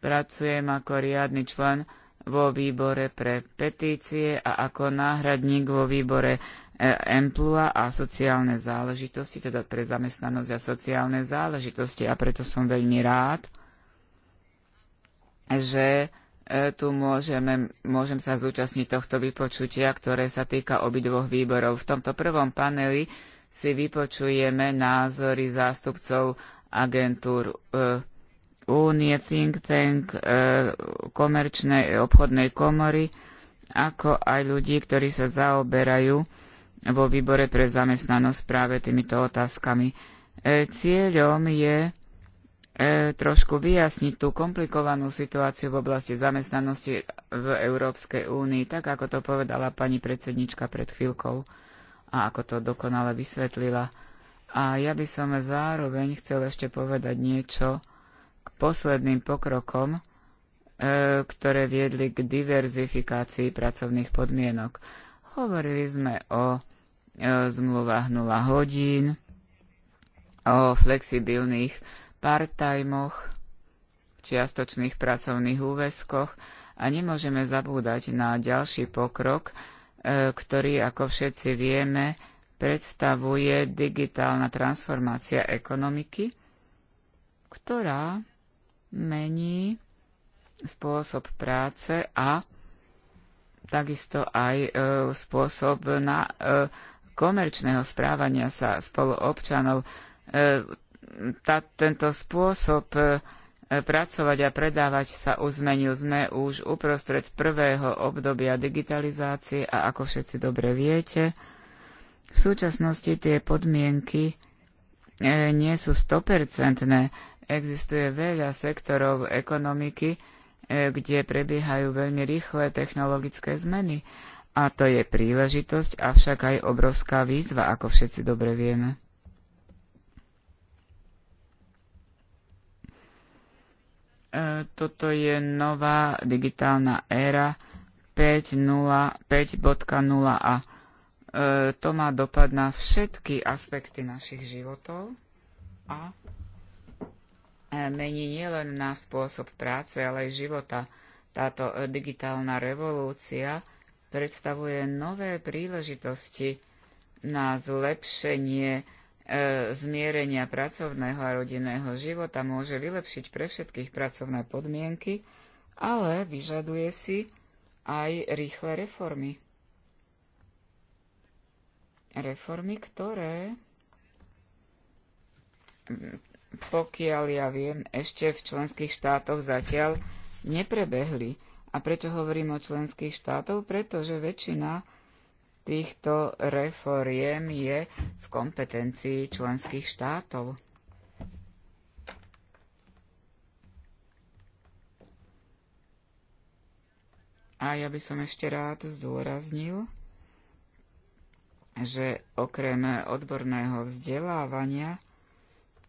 Pracujem ako riadny člen vo výbore pre petície a ako náhradník vo výbore e, emplua a sociálne záležitosti, teda pre zamestnanosť a sociálne záležitosti. A preto som veľmi rád, že e, tu môžeme, môžem sa zúčastniť tohto vypočutia, ktoré sa týka obidvoch výborov. V tomto prvom paneli si vypočujeme názory zástupcov agentúr eh, únie, think tank, eh, komerčnej obchodnej komory, ako aj ľudí, ktorí sa zaoberajú vo výbore pre zamestnanosť práve týmito otázkami. E, cieľom je e, trošku vyjasniť tú komplikovanú situáciu v oblasti zamestnanosti v Európskej únii, tak ako to povedala pani predsednička pred chvíľkou a ako to dokonale vysvetlila. A ja by som zároveň chcel ešte povedať niečo k posledným pokrokom, e, ktoré viedli k diverzifikácii pracovných podmienok. Hovorili sme o e, zmluvách 0 hodín, o flexibilných part-timoch, čiastočných pracovných úväzkoch a nemôžeme zabúdať na ďalší pokrok, E, ktorý, ako všetci vieme, predstavuje digitálna transformácia ekonomiky, ktorá mení spôsob práce a takisto aj e, spôsob na e, komerčného správania sa spolu E, tá, tento spôsob e, E, pracovať a predávať sa uzmenil. Sme už uprostred prvého obdobia digitalizácie a ako všetci dobre viete, v súčasnosti tie podmienky e, nie sú stopercentné. Existuje veľa sektorov ekonomiky, e, kde prebiehajú veľmi rýchle technologické zmeny. A to je príležitosť, avšak aj obrovská výzva, ako všetci dobre vieme. E, toto je nová digitálna éra 5.0, 5.0 a e, to má dopad na všetky aspekty našich životov a e, mení nielen na spôsob práce, ale aj života. Táto digitálna revolúcia predstavuje nové príležitosti na zlepšenie E, zmierenia pracovného a rodinného života môže vylepšiť pre všetkých pracovné podmienky, ale vyžaduje si aj rýchle reformy. Reformy, ktoré, pokiaľ ja viem, ešte v členských štátoch zatiaľ neprebehli. A prečo hovorím o členských štátoch? Pretože väčšina týchto reforiem je v kompetencii členských štátov. A ja by som ešte rád zdôraznil, že okrem odborného vzdelávania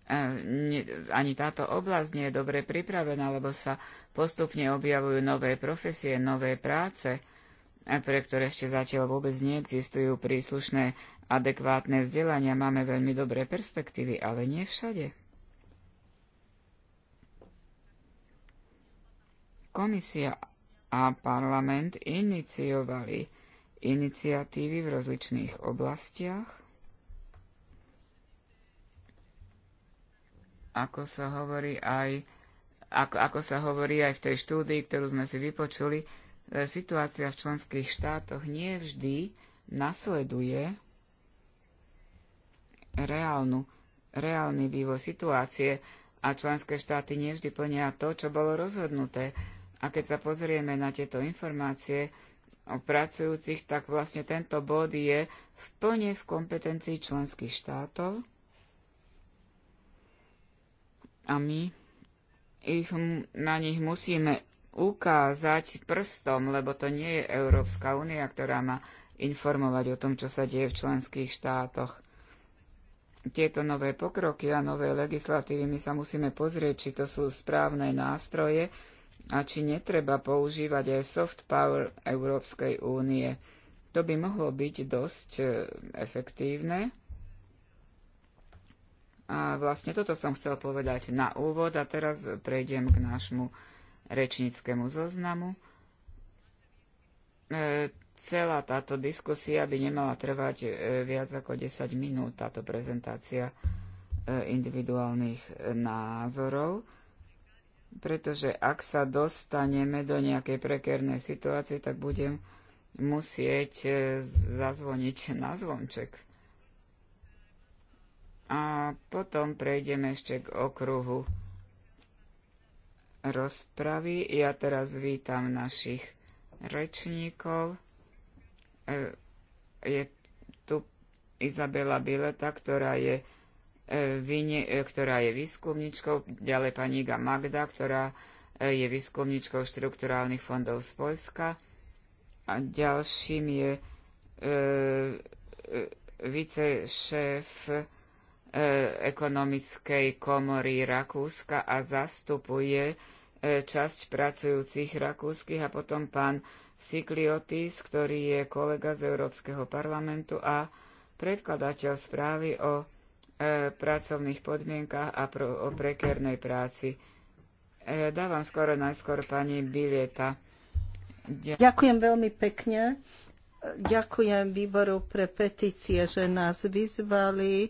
eh, ani táto oblasť nie je dobre pripravená, lebo sa postupne objavujú nové profesie, nové práce – pre ktoré ešte zatiaľ vôbec neexistujú príslušné adekvátne vzdelania. Máme veľmi dobré perspektívy, ale nie všade. Komisia a parlament iniciovali iniciatívy v rozličných oblastiach, ako sa hovorí aj ako, ako sa hovorí aj v tej štúdii, ktorú sme si vypočuli, E, situácia v členských štátoch nie vždy nasleduje reálnu, reálny vývoj situácie a členské štáty nevždy plnia to, čo bolo rozhodnuté. A keď sa pozrieme na tieto informácie o pracujúcich, tak vlastne tento bod je v plne v kompetencii členských štátov a my ich, na nich musíme ukázať prstom, lebo to nie je Európska únia, ktorá má informovať o tom, čo sa deje v členských štátoch. Tieto nové pokroky a nové legislatívy my sa musíme pozrieť, či to sú správne nástroje a či netreba používať aj soft power Európskej únie. To by mohlo byť dosť e, efektívne. A vlastne toto som chcel povedať na úvod a teraz prejdem k nášmu rečníckému zoznamu. E, celá táto diskusia by nemala trvať e, viac ako 10 minút, táto prezentácia e, individuálnych názorov, pretože ak sa dostaneme do nejakej prekernej situácie, tak budem musieť zazvoniť na zvonček. A potom prejdeme ešte k okruhu rozpravy. Ja teraz vítam našich rečníkov. E, je tu Izabela Bileta, ktorá je, vine, e, ktorá je výskumničkou, ďalej pani Iga Magda, ktorá e, je výskumničkou štrukturálnych fondov z Polska. A ďalším je e, vicešéf ekonomickej komory Rakúska a zastupuje E, časť pracujúcich rakúskych a potom pán Sikliotis, ktorý je kolega z Európskeho parlamentu a predkladateľ správy o e, pracovných podmienkach a pro, o prekernej práci. E, dávam skoro najskôr pani Bilieta. Ďakujem. Ďakujem veľmi pekne. Ďakujem výboru pre petície, že nás vyzvali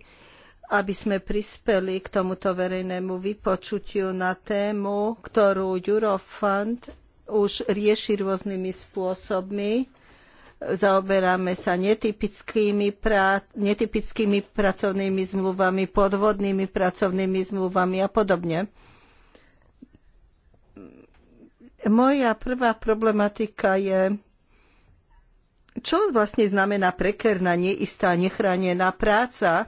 aby sme prispeli k tomuto verejnému vypočutiu na tému, ktorú Eurofund už rieši rôznymi spôsobmi. Zaoberáme sa netypickými, pra- netypickými pracovnými zmluvami, podvodnými pracovnými zmluvami a podobne. Moja prvá problematika je, čo vlastne znamená prekerná, neistá, nechránená práca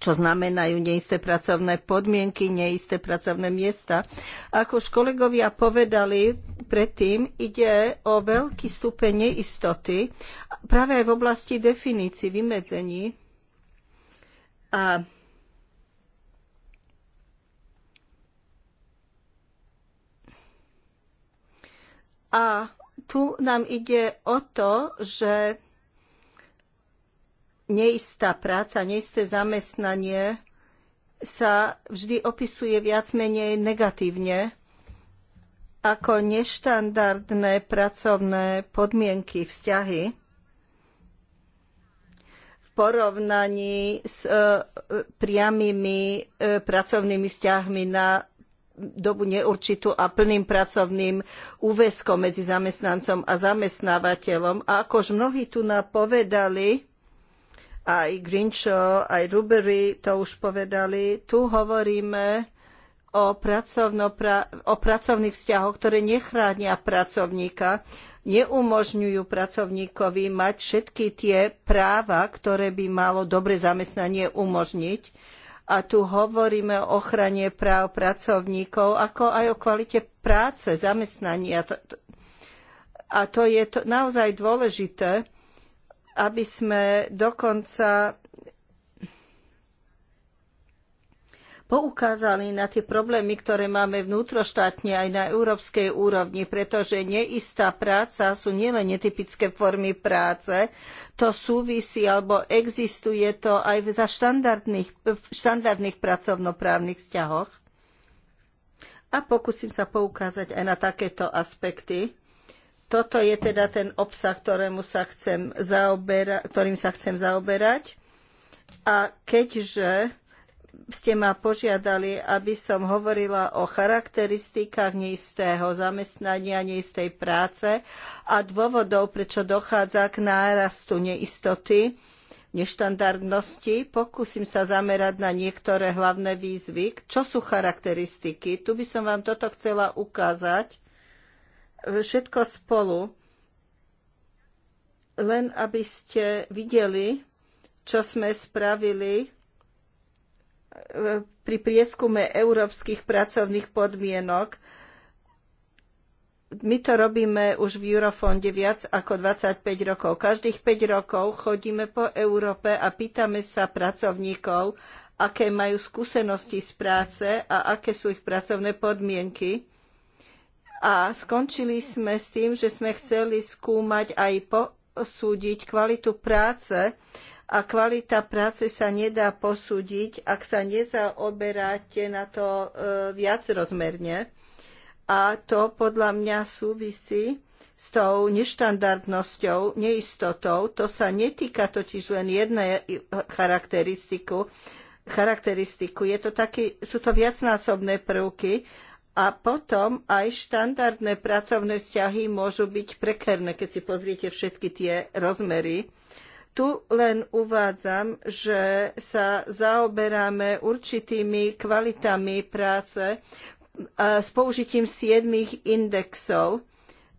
čo znamenajú neisté pracovné podmienky, neisté pracovné miesta. Ako už kolegovia povedali predtým, ide o veľký stupeň neistoty práve aj v oblasti definícií, vymedzení. A A tu nám ide o to, že neistá práca, neisté zamestnanie sa vždy opisuje viac menej negatívne ako neštandardné pracovné podmienky, vzťahy v porovnaní s e, priamými e, pracovnými vzťahmi na dobu neurčitú a plným pracovným úväzkom medzi zamestnancom a zamestnávateľom. A akož mnohí tu napovedali, povedali, aj Grincho, aj Rubery to už povedali. Tu hovoríme o, o pracovných vzťahoch, ktoré nechránia pracovníka, neumožňujú pracovníkovi mať všetky tie práva, ktoré by malo dobre zamestnanie umožniť. A tu hovoríme o ochrane práv pracovníkov, ako aj o kvalite práce, zamestnania. A to je to naozaj dôležité, aby sme dokonca poukázali na tie problémy, ktoré máme vnútroštátne aj na európskej úrovni, pretože neistá práca sú nielen netypické formy práce, to súvisí alebo existuje to aj za štandardných, v štandardných pracovnoprávnych vzťahoch. A pokúsim sa poukázať aj na takéto aspekty. Toto je teda ten obsah, ktorému sa chcem zaobera- ktorým sa chcem zaoberať. A keďže ste ma požiadali, aby som hovorila o charakteristikách neistého zamestnania, neistej práce a dôvodov, prečo dochádza k nárastu neistoty, neštandardnosti. Pokúsim sa zamerať na niektoré hlavné výzvy. Čo sú charakteristiky? Tu by som vám toto chcela ukázať všetko spolu. Len aby ste videli, čo sme spravili e, pri prieskume európskych pracovných podmienok. My to robíme už v Eurofonde viac ako 25 rokov. Každých 5 rokov chodíme po Európe a pýtame sa pracovníkov, aké majú skúsenosti z práce a aké sú ich pracovné podmienky a skončili sme s tým, že sme chceli skúmať aj posúdiť kvalitu práce a kvalita práce sa nedá posúdiť, ak sa nezaoberáte na to e, viac rozmerne. A to podľa mňa súvisí s tou neštandardnosťou, neistotou. To sa netýka totiž len jednej charakteristiku. charakteristiku. Je to taký, sú to viacnásobné prvky a potom aj štandardné pracovné vzťahy môžu byť prekerné, keď si pozriete všetky tie rozmery. Tu len uvádzam, že sa zaoberáme určitými kvalitami práce s použitím siedmých indexov.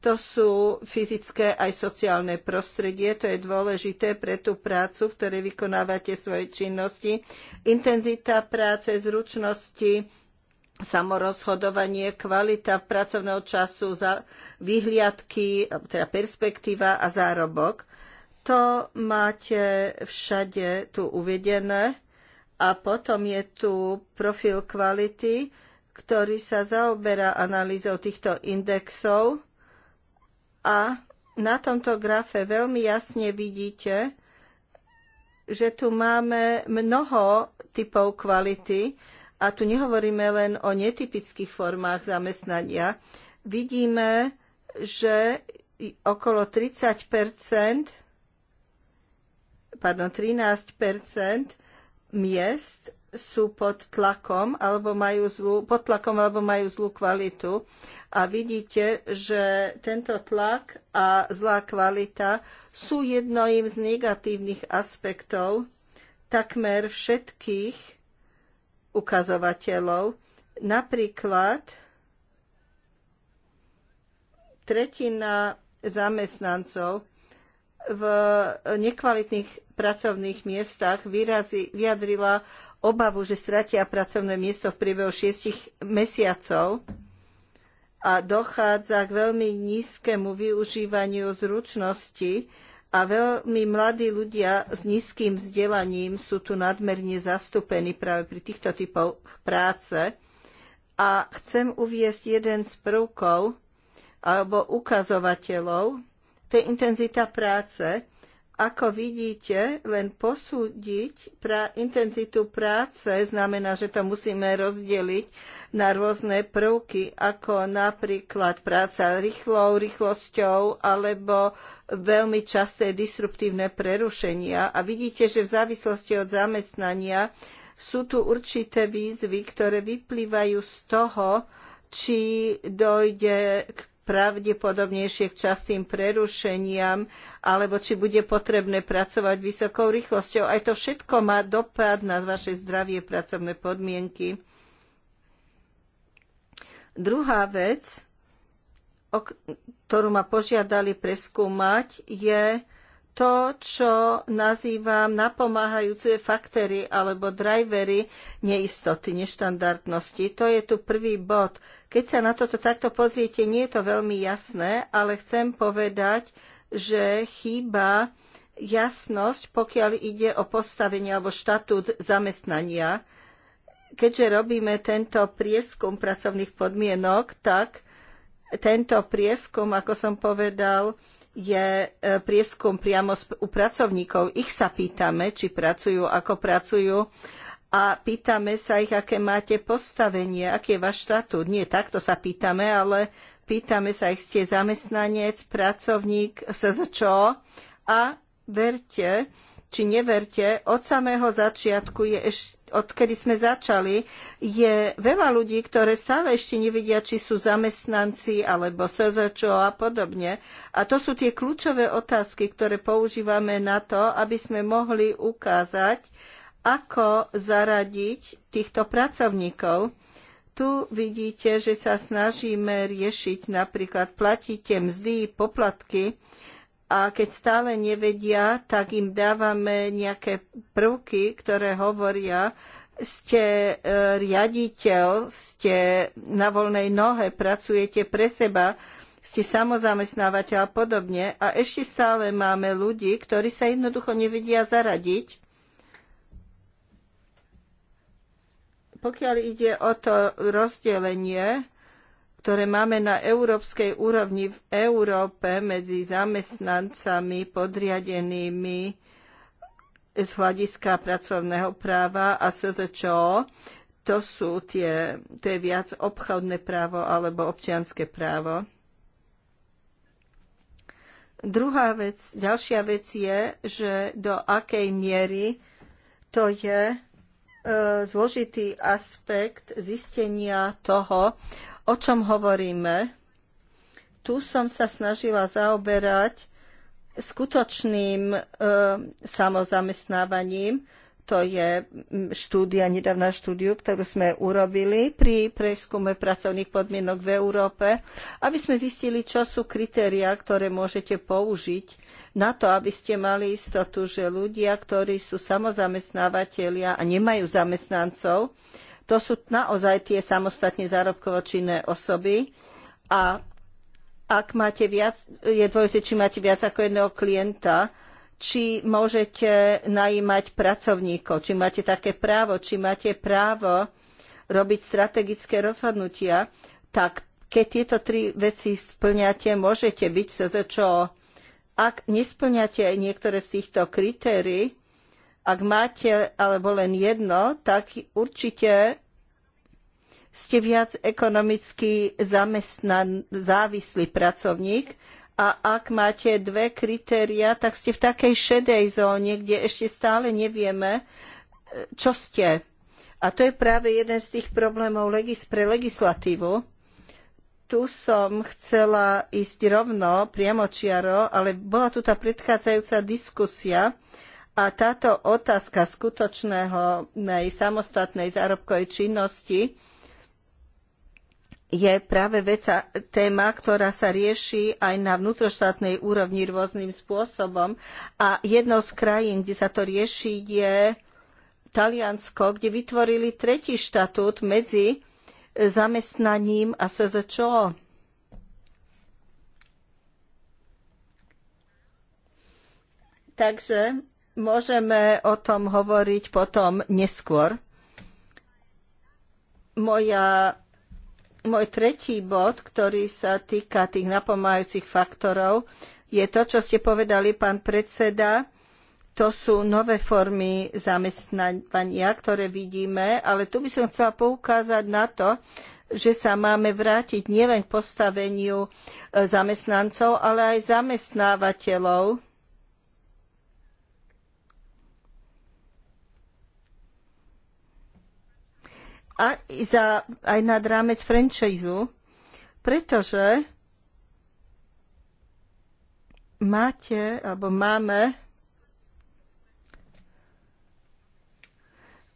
To sú fyzické aj sociálne prostredie, to je dôležité pre tú prácu, v ktorej vykonávate svoje činnosti, intenzita práce, zručnosti, samorozhodovanie, kvalita pracovného času, za vyhliadky, teda perspektíva a zárobok. To máte všade tu uvedené. A potom je tu profil kvality, ktorý sa zaoberá analýzou týchto indexov. A na tomto grafe veľmi jasne vidíte, že tu máme mnoho typov kvality, a tu nehovoríme len o netypických formách zamestnania. Vidíme, že okolo 30 pardon, 13 miest sú pod tlakom alebo majú zlú, pod tlakom alebo majú zlú kvalitu. A vidíte, že tento tlak a zlá kvalita sú jedným z negatívnych aspektov takmer všetkých ukazovateľov. Napríklad tretina zamestnancov v nekvalitných pracovných miestach vyrazi, vyjadrila obavu, že stratia pracovné miesto v priebehu šiestich mesiacov a dochádza k veľmi nízkemu využívaniu zručnosti, a veľmi mladí ľudia s nízkym vzdelaním sú tu nadmerne zastúpení práve pri týchto typoch práce. A chcem uviesť jeden z prvkov alebo ukazovateľov, to je intenzita práce. Ako vidíte, len posúdiť pra, intenzitu práce znamená, že to musíme rozdeliť na rôzne prvky, ako napríklad práca rýchlou rýchlosťou alebo veľmi časté disruptívne prerušenia. A vidíte, že v závislosti od zamestnania sú tu určité výzvy, ktoré vyplývajú z toho, či dojde k pravdepodobnejšie k častým prerušeniam, alebo či bude potrebné pracovať vysokou rýchlosťou. Aj to všetko má dopad na vaše zdravie, pracovné podmienky. Druhá vec, o ktorú ma požiadali preskúmať, je to, čo nazývam napomáhajúce faktory alebo drivery neistoty, neštandardnosti. To je tu prvý bod. Keď sa na toto takto pozriete, nie je to veľmi jasné, ale chcem povedať, že chýba jasnosť, pokiaľ ide o postavenie alebo štatút zamestnania. Keďže robíme tento prieskum pracovných podmienok, tak tento prieskum, ako som povedal, je e, prieskum priamo u pracovníkov. Ich sa pýtame, či pracujú, ako pracujú a pýtame sa ich, aké máte postavenie, aký je váš štatút. Nie takto sa pýtame, ale pýtame sa ich, ste zamestnanec, pracovník, SZČO a verte, či neverte, od samého začiatku je ešte odkedy sme začali, je veľa ľudí, ktoré stále ešte nevedia, či sú zamestnanci alebo SZČO a podobne. A to sú tie kľúčové otázky, ktoré používame na to, aby sme mohli ukázať, ako zaradiť týchto pracovníkov. Tu vidíte, že sa snažíme riešiť napríklad platíte mzdy, poplatky, a keď stále nevedia, tak im dávame nejaké prvky, ktoré hovoria, ste e, riaditeľ, ste na voľnej nohe, pracujete pre seba, ste samozamestnávateľ a podobne. A ešte stále máme ľudí, ktorí sa jednoducho nevedia zaradiť. Pokiaľ ide o to rozdelenie, ktoré máme na európskej úrovni v Európe medzi zamestnancami podriadenými z hľadiska pracovného práva a SZČO, to sú tie, to je viac obchodné právo alebo občianske právo. Druhá vec, ďalšia vec je, že do akej miery to je e, zložitý aspekt zistenia toho, o čom hovoríme. Tu som sa snažila zaoberať skutočným e, samozamestnávaním. To je štúdia, nedávna štúdiu, ktorú sme urobili pri preskume pracovných podmienok v Európe, aby sme zistili, čo sú kritériá, ktoré môžete použiť na to, aby ste mali istotu, že ľudia, ktorí sú samozamestnávateľia a nemajú zamestnancov, to sú naozaj tie samostatne zárobkovo činné osoby a ak máte viac, je dôležité, či máte viac ako jedného klienta, či môžete najímať pracovníkov, či máte také právo, či máte právo robiť strategické rozhodnutia, tak keď tieto tri veci splňate, môžete byť SZČO. Ak nesplňate aj niektoré z týchto kritérií, ak máte alebo len jedno, tak určite ste viac ekonomicky zamestnan, závislý pracovník a ak máte dve kritéria, tak ste v takej šedej zóne, kde ešte stále nevieme, e, čo ste. A to je práve jeden z tých problémov legis- pre legislatívu. Tu som chcela ísť rovno, priamočiaro, ale bola tu tá predchádzajúca diskusia, a táto otázka skutočného samostatnej zárobkovej činnosti je práve veca, téma, ktorá sa rieši aj na vnútroštátnej úrovni rôznym spôsobom. A jednou z krajín, kde sa to rieši, je Taliansko, kde vytvorili tretí štatút medzi zamestnaním a SZČO. Takže môžeme o tom hovoriť potom neskôr. Moja môj tretí bod, ktorý sa týka tých napomájajúcich faktorov, je to, čo ste povedali, pán predseda. To sú nové formy zamestnania, ktoré vidíme, ale tu by som chcela poukázať na to, že sa máme vrátiť nielen k postaveniu e, zamestnancov, ale aj zamestnávateľov aj, za, aj nad rámec franchise, pretože máte, alebo máme,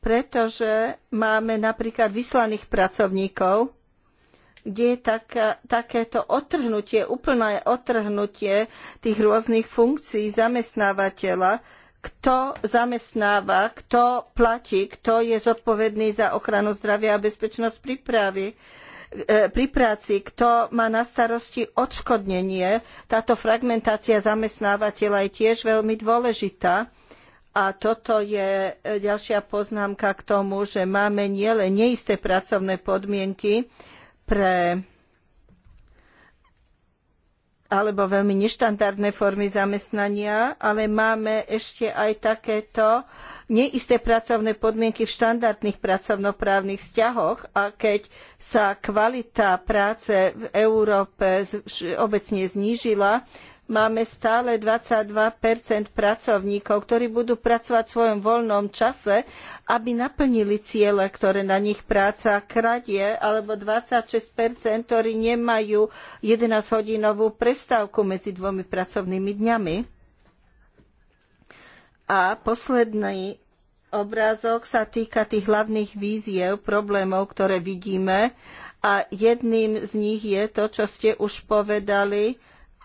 pretože máme napríklad vyslaných pracovníkov, kde je taká, takéto otrhnutie, úplné otrhnutie tých rôznych funkcií zamestnávateľa, kto zamestnáva, kto platí, kto je zodpovedný za ochranu zdravia a bezpečnosť prípravy e, pri práci, kto má na starosti odškodnenie. Táto fragmentácia zamestnávateľa je tiež veľmi dôležitá. A toto je e, ďalšia poznámka k tomu, že máme nielen neisté pracovné podmienky pre alebo veľmi neštandardné formy zamestnania, ale máme ešte aj takéto neisté pracovné podmienky v štandardných pracovnoprávnych vzťahoch a keď sa kvalita práce v Európe obecne znížila, máme stále 22 pracovníkov, ktorí budú pracovať v svojom voľnom čase, aby naplnili ciele, ktoré na nich práca kradie, alebo 26 ktorí nemajú 11-hodinovú prestávku medzi dvomi pracovnými dňami. A posledný obrázok sa týka tých hlavných víziev, problémov, ktoré vidíme. A jedným z nich je to, čo ste už povedali,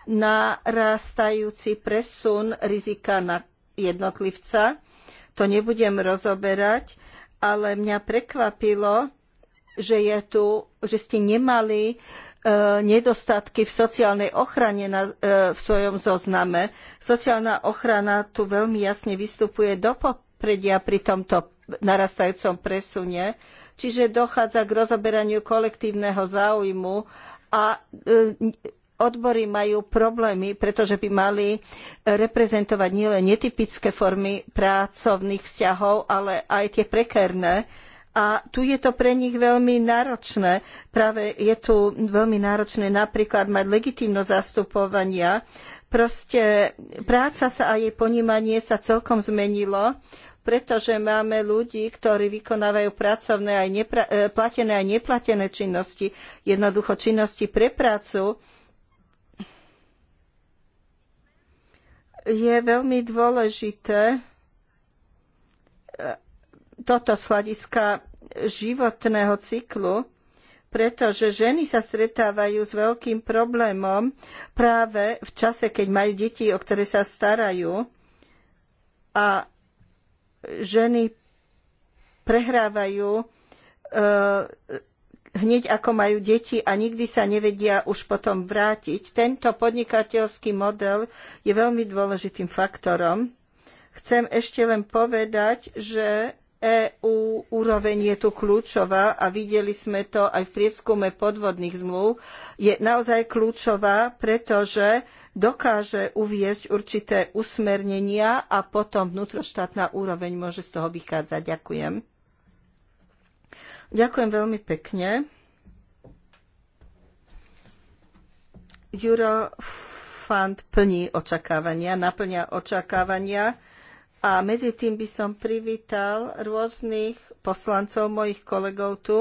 narastajúci presun rizika na jednotlivca. To nebudem rozoberať, ale mňa prekvapilo, že, je tu, že ste nemali e, nedostatky v sociálnej ochrane na, e, v svojom zozname. Sociálna ochrana tu veľmi jasne vystupuje do popredia pri tomto narastajúcom presune, čiže dochádza k rozoberaniu kolektívneho záujmu a e, odbory majú problémy, pretože by mali reprezentovať nielen netypické formy pracovných vzťahov, ale aj tie prekérne. A tu je to pre nich veľmi náročné. Práve je tu veľmi náročné napríklad mať legitímnosť zastupovania. Proste práca sa a jej ponímanie sa celkom zmenilo pretože máme ľudí, ktorí vykonávajú pracovné aj nepra- e, platené aj neplatené činnosti, jednoducho činnosti pre prácu je veľmi dôležité e, toto z hľadiska životného cyklu, pretože ženy sa stretávajú s veľkým problémom práve v čase, keď majú deti, o ktoré sa starajú a ženy prehrávajú e, hneď ako majú deti a nikdy sa nevedia už potom vrátiť. Tento podnikateľský model je veľmi dôležitým faktorom. Chcem ešte len povedať, že EÚ úroveň je tu kľúčová a videli sme to aj v prieskume podvodných zmluv, je naozaj kľúčová, pretože dokáže uviesť určité usmernenia a potom vnútroštátna úroveň môže z toho vychádzať. Ďakujem. Ďakujem veľmi pekne. Eurofund plní očakávania, naplňa očakávania a medzi tým by som privítal rôznych poslancov, mojich kolegov tu.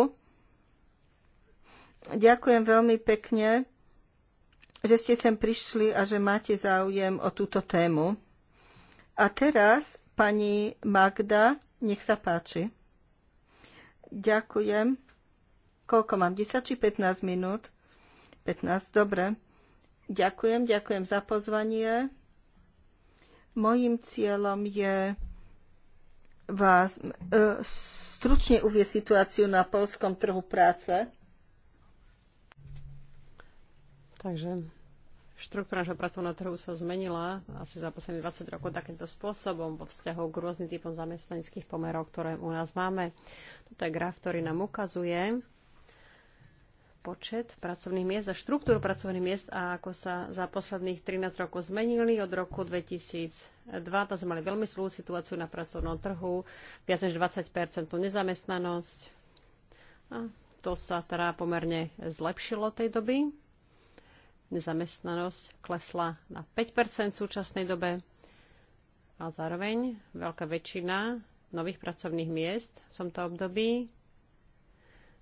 Ďakujem veľmi pekne, že ste sem prišli a že máte záujem o túto tému. A teraz pani Magda, nech sa páči. Ďakujem. Koľko mám? 10 či 15 minút? 15, dobre. Ďakujem, ďakujem za pozvanie. Mojím cieľom je vás e, stručne uvieť situáciu na polskom trhu práce. Takže štruktúra našho pracovného trhu sa zmenila asi za posledných 20 rokov takýmto spôsobom vo vzťahu k rôznym typom zamestnaneckých pomerov, ktoré u nás máme. Toto je graf, ktorý nám ukazuje počet pracovných miest a štruktúru pracovných miest a ako sa za posledných 13 rokov zmenili od roku 2002. Tam sme mali veľmi slú situáciu na pracovnom trhu, viac než 20 nezamestnanosť. A to sa teda pomerne zlepšilo tej doby nezamestnanosť klesla na 5 v súčasnej dobe a zároveň veľká väčšina nových pracovných miest v tomto období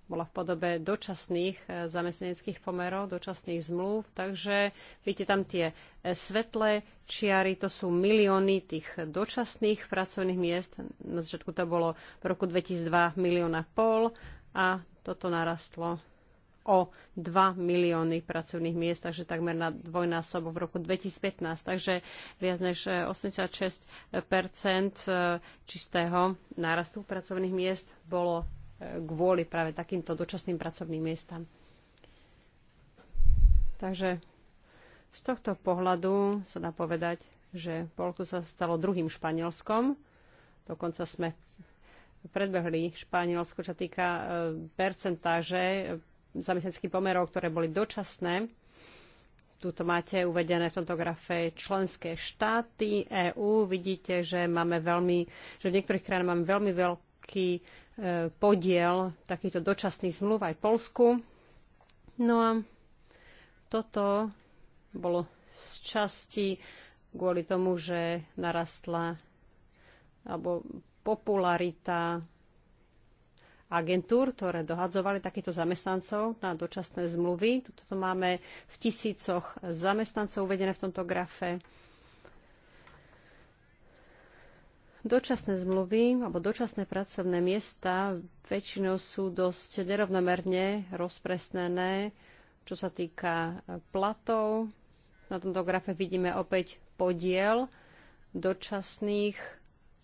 bola v podobe dočasných eh, zamestnaneckých pomerov, dočasných zmluv. Takže vidíte tam tie eh, svetlé čiary, to sú milióny tých dočasných pracovných miest. Na začiatku to bolo v roku 2002 milióna pol a toto narastlo o 2 milióny pracovných miest, takže takmer na dvojnásobok v roku 2015. Takže viac než 86 eh, eh, čistého nárastu pracovných miest bolo eh, kvôli práve takýmto dočasným pracovným miestam. Takže z tohto pohľadu sa dá povedať, že Polsko sa stalo druhým Španielskom. Dokonca sme predbehli Španielsko, čo týka percentáže zamestnických pomerov, ktoré boli dočasné. Tuto máte uvedené v tomto grafe členské štáty EÚ. Vidíte, že máme veľmi, že v niektorých krajinách máme veľmi veľký e, podiel takýchto dočasných zmluv aj Polsku. No a toto bolo z časti kvôli tomu, že narastla alebo popularita agentúr, ktoré dohadzovali takýchto zamestnancov na dočasné zmluvy. Toto máme v tisícoch zamestnancov uvedené v tomto grafe. Dočasné zmluvy alebo dočasné pracovné miesta väčšinou sú dosť nerovnomerne rozpresnené, čo sa týka platov. Na tomto grafe vidíme opäť podiel dočasných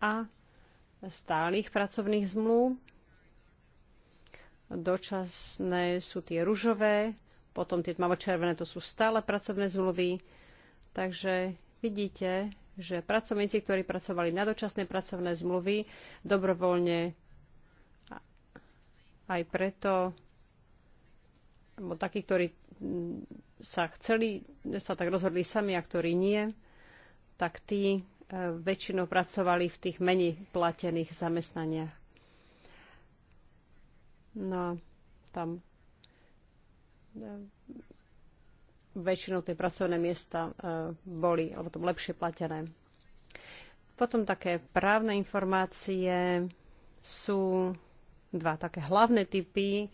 a stálych pracovných zmluv dočasné sú tie ružové, potom tie tmavo-červené to sú stále pracovné zmluvy. Takže vidíte, že pracovníci, ktorí pracovali na dočasné pracovné zmluvy, dobrovoľne aj preto, alebo takí, ktorí sa chceli, sa tak rozhodli sami a ktorí nie, tak tí e, väčšinou pracovali v tých menej platených zamestnaniach. No, tam väčšinou tie pracovné miesta e, boli, alebo tam lepšie platené. Potom také právne informácie sú dva také hlavné typy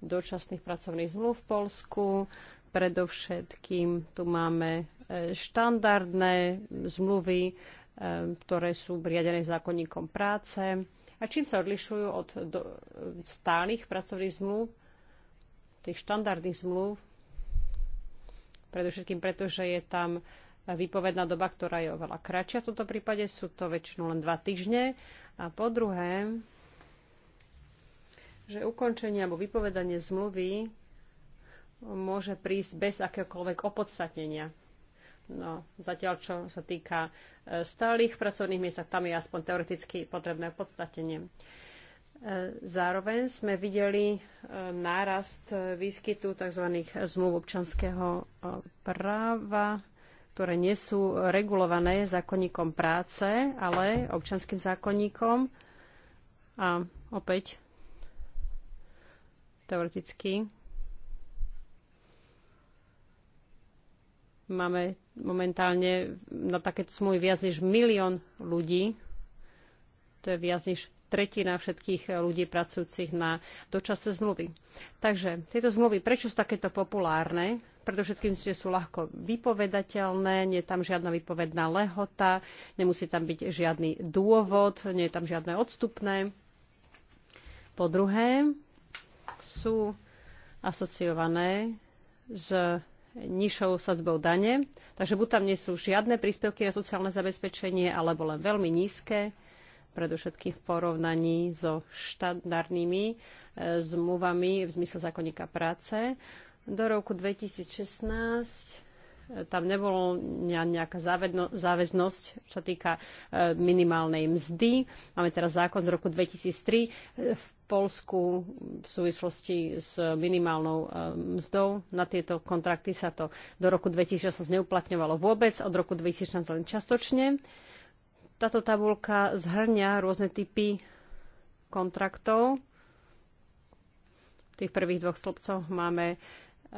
dočasných pracovných zmluv v Polsku. Predovšetkým tu máme e, štandardné zmluvy, e, ktoré sú riadené zákonníkom práce a čím sa odlišujú od do, stálych pracovných zmluv, tých štandardných zmluv, predovšetkým preto, že je tam výpovedná doba, ktorá je oveľa kratšia v tomto prípade, sú to väčšinou len dva týždne. A po druhé, že ukončenie alebo vypovedanie zmluvy môže prísť bez akéhokoľvek opodstatnenia. No, zatiaľ, čo sa týka e, stálych pracovných miest, tam je aspoň teoreticky potrebné podstatenie. E, zároveň sme videli e, nárast výskytu tzv. zmluv občanského práva, ktoré nie sú regulované zákonníkom práce, ale občanským zákonníkom. A opäť teoreticky Máme momentálne na takéto smluvy viac než milión ľudí. To je viac než tretina všetkých ľudí pracujúcich na dočasné zmluvy. Takže tieto zmluvy, prečo sú takéto populárne? Predovšetkým, že sú ľahko vypovedateľné, nie je tam žiadna vypovedná lehota, nemusí tam byť žiadny dôvod, nie je tam žiadne odstupné. Po druhé, sú asociované s nižšou sadzbou dane. Takže buď tam nie sú žiadne príspevky na sociálne zabezpečenie, alebo len veľmi nízke, predovšetkým v porovnaní so štandardnými e, zmluvami v zmysle zákonníka práce. Do roku 2016 tam nebolo nejaká záväznosť, čo sa týka e, minimálnej mzdy. Máme teraz zákon z roku 2003 e, v Polsku v súvislosti s minimálnou e, mzdou. Na tieto kontrakty sa to do roku 2016 neuplatňovalo vôbec, od roku 2016 len častočne. Táto tabulka zhrňa rôzne typy kontraktov. V tých prvých dvoch slobcoch máme E,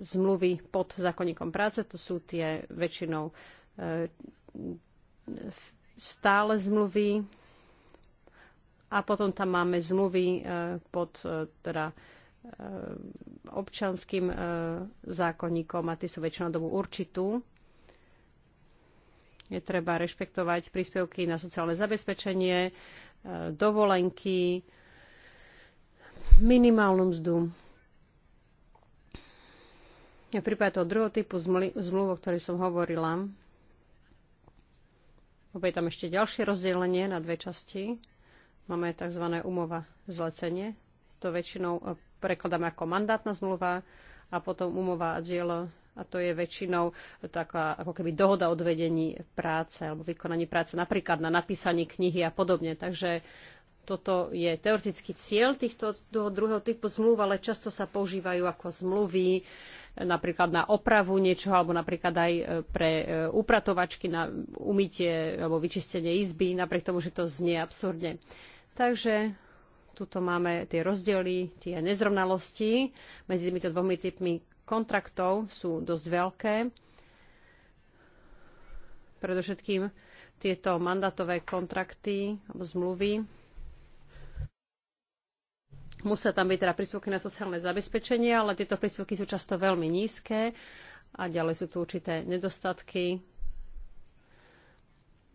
zmluvy pod zákonníkom práce, to sú tie väčšinou e, stále zmluvy a potom tam máme zmluvy e, pod teda občanským zákonníkom a tie sú väčšinou dobu určitú. Je treba rešpektovať príspevky na sociálne zabezpečenie, dovolenky, minimálnu mzdu. V prípade toho druhého typu zmluv, o ktorej som hovorila, je tam ešte ďalšie rozdelenie na dve časti. Máme tzv. umova zlecenie. To väčšinou eh, prekladáme ako mandátna zmluva a potom umova a dielo a to je väčšinou taká ako keby dohoda o odvedení práce alebo vykonaní práce napríklad na napísaní knihy a podobne. Takže toto je teoretický cieľ týchto druhého typu zmluv, ale často sa používajú ako zmluvy e, napríklad na opravu niečo, alebo napríklad aj e, pre e, upratovačky na umytie alebo vyčistenie izby, napriek tomu, že to znie absurdne. Takže tuto máme tie rozdiely, tie nezrovnalosti medzi týmito dvomi typmi kontraktov sú dosť veľké. Predovšetkým tieto mandatové kontrakty alebo zmluvy Musia tam byť teda príspevky na sociálne zabezpečenie, ale tieto príspevky sú často veľmi nízke a ďalej sú tu určité nedostatky,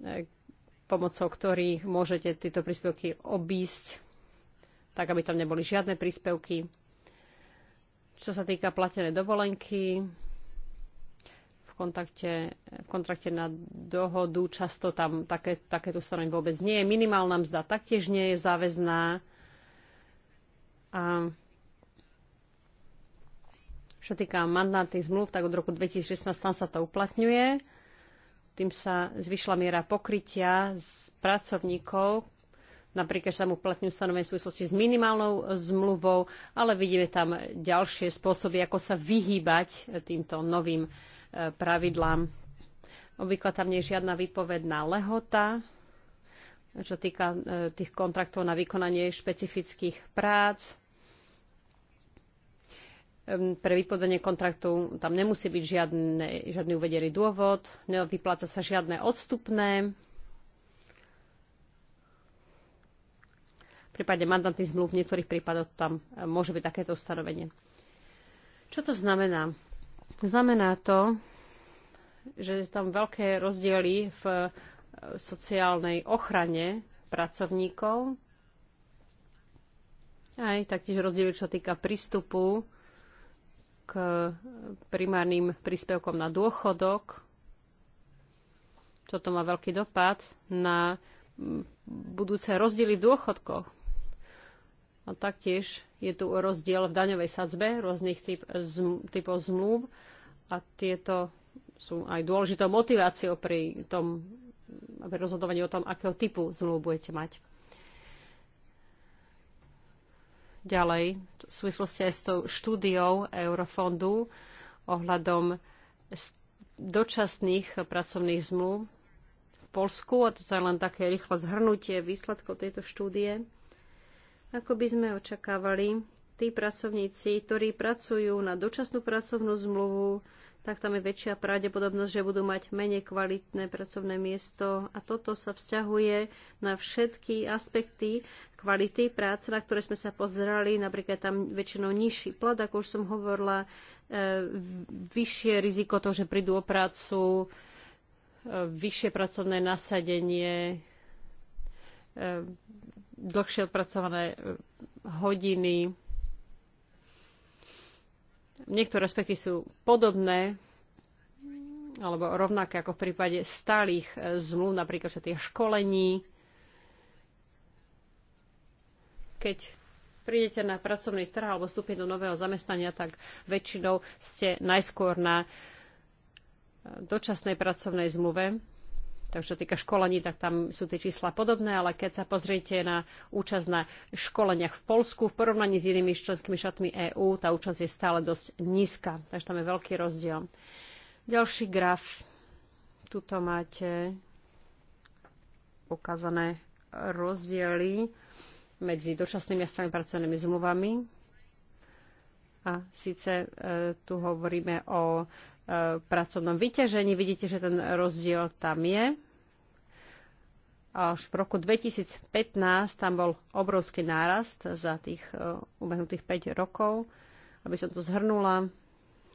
e, pomocou ktorých môžete tieto príspevky obísť, tak aby tam neboli žiadne príspevky. Čo sa týka platené dovolenky, v, kontakte, v kontrakte na dohodu často tam také, takéto ustanovenie vôbec nie je. Minimálna mzda taktiež nie je záväzná a čo týka mandátnych zmluv, tak od roku 2016 tam sa to uplatňuje. Tým sa zvyšla miera pokrytia z pracovníkov, napríklad sa mu uplatňujú stanovené v súvislosti s minimálnou zmluvou, ale vidíme tam ďalšie spôsoby, ako sa vyhýbať týmto novým e, pravidlám. Obvykle tam nie je žiadna výpovedná lehota, čo týka e, tých kontraktov na vykonanie špecifických prác pre vypovedanie kontraktu tam nemusí byť žiadne, žiadny uvedený dôvod, nevypláca sa žiadne odstupné. V prípade mandantných zmluv v niektorých prípadoch tam e, môže byť takéto ustanovenie. Čo to znamená? Znamená to, že sú tam veľké rozdiely v e, sociálnej ochrane pracovníkov, aj taktiež rozdiely, čo týka prístupu k primárnym príspevkom na dôchodok. Toto má veľký dopad na budúce rozdiely v dôchodkoch. A taktiež je tu rozdiel v daňovej sadzbe rôznych typ, zm, typov zmluv a tieto sú aj dôležitou motiváciou pri tom aby rozhodovaní o tom, akého typu zmluv budete mať. ďalej v súvislosti aj s tou štúdiou Eurofondu ohľadom dočasných pracovných zmluv v Polsku. A to je len také rýchle zhrnutie výsledkov tejto štúdie. Ako by sme očakávali, tí pracovníci, ktorí pracujú na dočasnú pracovnú zmluvu, tak tam je väčšia pravdepodobnosť, že budú mať menej kvalitné pracovné miesto. A toto sa vzťahuje na všetky aspekty kvality práce, na ktoré sme sa pozerali. Napríklad tam väčšinou nižší plat, ako už som hovorila, e, vyššie riziko toho, že prídu o prácu, e, vyššie pracovné nasadenie, e, dlhšie odpracované hodiny Niektoré aspekty sú podobné alebo rovnaké ako v prípade stálych eh, zmluv, napríklad čo tie školení. Keď prídete na pracovný trh alebo vstúpite do nového zamestnania, tak väčšinou ste najskôr na eh, dočasnej pracovnej zmluve, tak čo týka školení, tak tam sú tie čísla podobné, ale keď sa pozriete na účasť na školeniach v Polsku v porovnaní s inými členskými štátmi EÚ, tá účasť je stále dosť nízka, takže tam je veľký rozdiel. Ďalší graf. Tuto máte ukázané rozdiely medzi dočasnými a stranými pracovnými zmluvami. A síce e, tu hovoríme o pracovnom vyťažení. Vidíte, že ten rozdiel tam je. Až v roku 2015 tam bol obrovský nárast za tých e, ubehnutých 5 rokov. Aby som to zhrnula,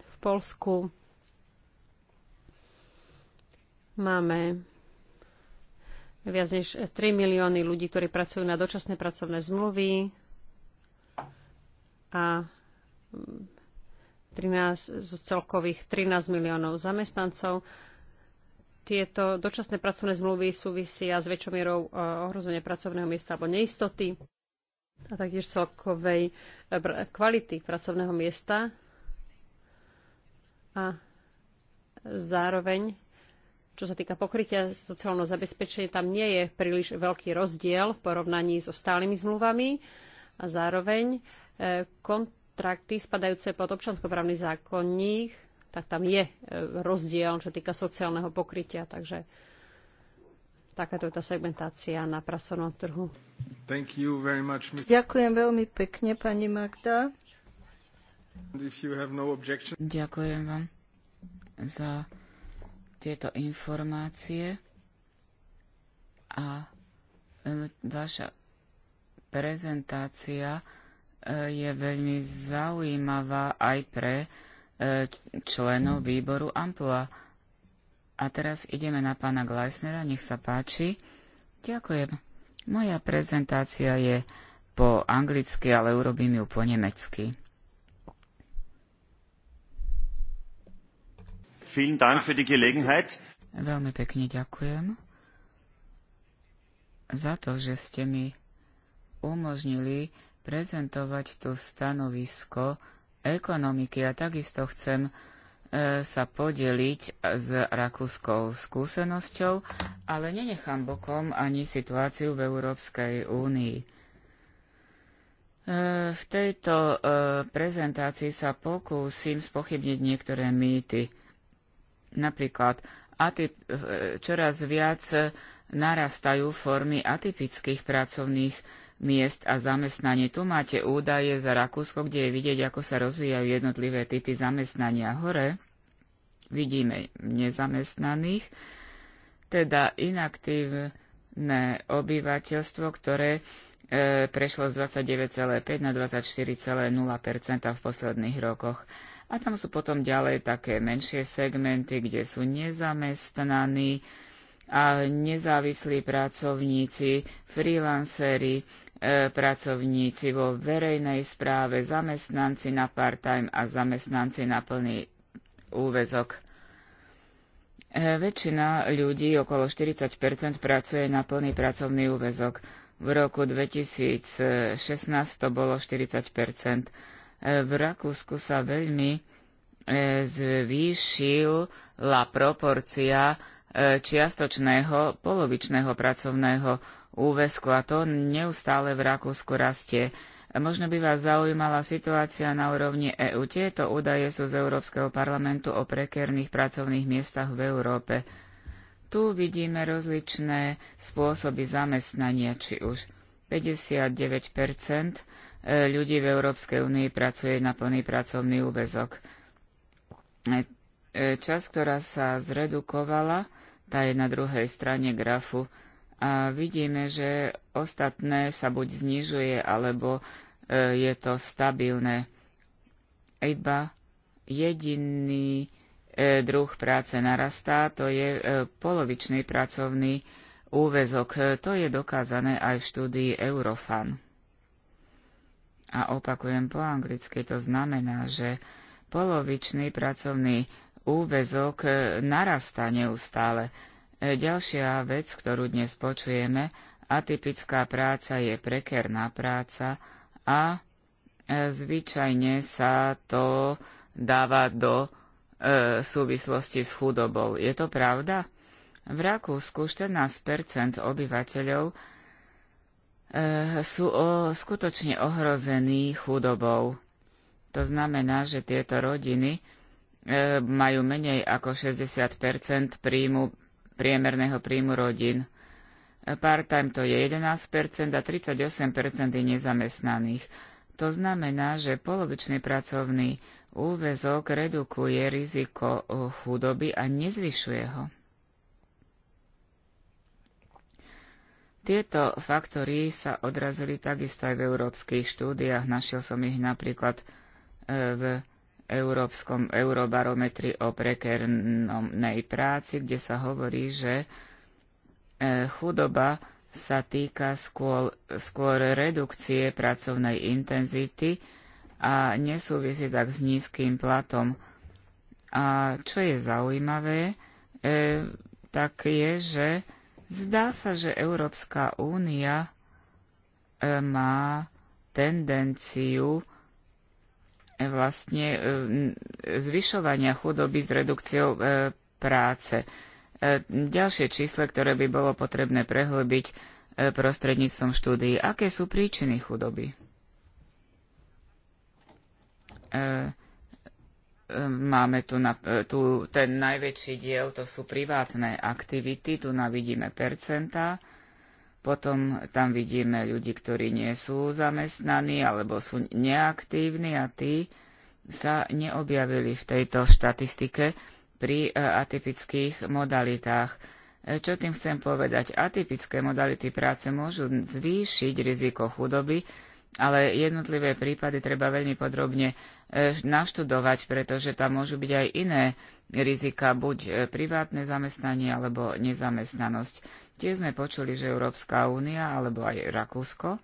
v Polsku máme viac než 3 milióny ľudí, ktorí pracujú na dočasné pracovné zmluvy a 13, z celkových 13 miliónov zamestnancov. Tieto dočasné pracovné zmluvy súvisia s väčšou mierou eh, ohrozenia pracovného miesta alebo neistoty a taktiež celkovej eh, kvality pracovného miesta. A zároveň, čo sa týka pokrytia sociálneho zabezpečenia, tam nie je príliš veľký rozdiel v porovnaní so stálymi zmluvami. A zároveň eh, kont- kontrakty spadajúce pod občanskoprávny zákonník, tak tam je e, rozdiel, čo týka sociálneho pokrytia. Takže takáto je tá segmentácia na pracovnom trhu. Much, Ďakujem veľmi pekne, pani Magda. No objection... Ďakujem vám za tieto informácie a e, vaša prezentácia je veľmi zaujímavá aj pre e, členov výboru AMPla. A teraz ideme na pána Gleisnera, nech sa páči. Ďakujem. Moja prezentácia je po anglicky, ale urobím ju po nemecky. Vielen Dank für die Gelegenheit. Veľmi pekne ďakujem za to, že ste mi umožnili prezentovať tu stanovisko ekonomiky a takisto chcem e, sa podeliť s rakúskou skúsenosťou, ale nenechám bokom ani situáciu v Európskej únii. E, v tejto e, prezentácii sa pokúsim spochybniť niektoré mýty. Napríklad, atyp, e, čoraz viac narastajú formy atypických pracovných miest a zamestnanie. Tu máte údaje za Rakúsko, kde je vidieť, ako sa rozvíjajú jednotlivé typy zamestnania. Hore vidíme nezamestnaných, teda inaktívne obyvateľstvo, ktoré e, prešlo z 29,5 na 24,0 v posledných rokoch. A tam sú potom ďalej také menšie segmenty, kde sú nezamestnaní a nezávislí pracovníci, freelanceri, E, pracovníci vo verejnej správe, zamestnanci na part-time a zamestnanci na plný úvezok. E, väčšina ľudí, okolo 40 pracuje na plný pracovný úvezok. V roku 2016 to bolo 40 e, V Rakúsku sa veľmi zvýšila proporcia čiastočného, polovičného pracovného úväzku a to neustále v Rakúsku rastie. Možno by vás zaujímala situácia na úrovni EÚ. Tieto údaje sú z Európskeho parlamentu o prekérnych pracovných miestach v Európe. Tu vidíme rozličné spôsoby zamestnania, či už 59 e, ľudí v Európskej únii pracuje na plný pracovný úvezok. E, e, čas, ktorá sa zredukovala, tá je na druhej strane grafu a vidíme, že ostatné sa buď znižuje, alebo e, je to stabilné. Iba jediný e, druh práce narastá, to je e, polovičný pracovný úvezok. To je dokázané aj v štúdii Eurofan. A opakujem po anglicky, to znamená, že polovičný pracovný úvezok narastá neustále Ďalšia vec, ktorú dnes počujeme, atypická práca je prekerná práca a e, zvyčajne sa to dáva do e, súvislosti s chudobou. Je to pravda? V Rakúsku 14 obyvateľov e, sú o, skutočne ohrození chudobou. To znamená, že tieto rodiny e, majú menej ako 60 príjmu priemerného príjmu rodín. Part-time to je 11% a 38% je nezamestnaných. To znamená, že polovičný pracovný úvezok redukuje riziko chudoby a nezvyšuje ho. Tieto faktory sa odrazili takisto aj v európskych štúdiách. Našiel som ich napríklad e, v Európskom eurobarometri o prekernej práci, kde sa hovorí, že e, chudoba sa týka skôr, skôr redukcie pracovnej intenzity a nesúvisí tak s nízkym platom. A čo je zaujímavé, e, tak je, že zdá sa, že Európska únia e, má tendenciu vlastne e, zvyšovania chudoby s redukciou e, práce. E, ďalšie čísle, ktoré by bolo potrebné prehlbiť prostredníctvom štúdií. Aké sú príčiny chudoby? Máme tu, na, tu ten najväčší diel, to sú privátne aktivity, tu navidíme percentá potom tam vidíme ľudí, ktorí nie sú zamestnaní alebo sú neaktívni a tí sa neobjavili v tejto štatistike pri e, atypických modalitách. E, čo tým chcem povedať? Atypické modality práce môžu zvýšiť riziko chudoby, ale jednotlivé prípady treba veľmi podrobne e, naštudovať, pretože tam môžu byť aj iné rizika, buď privátne zamestnanie alebo nezamestnanosť. Tiež sme počuli, že Európska únia alebo aj Rakúsko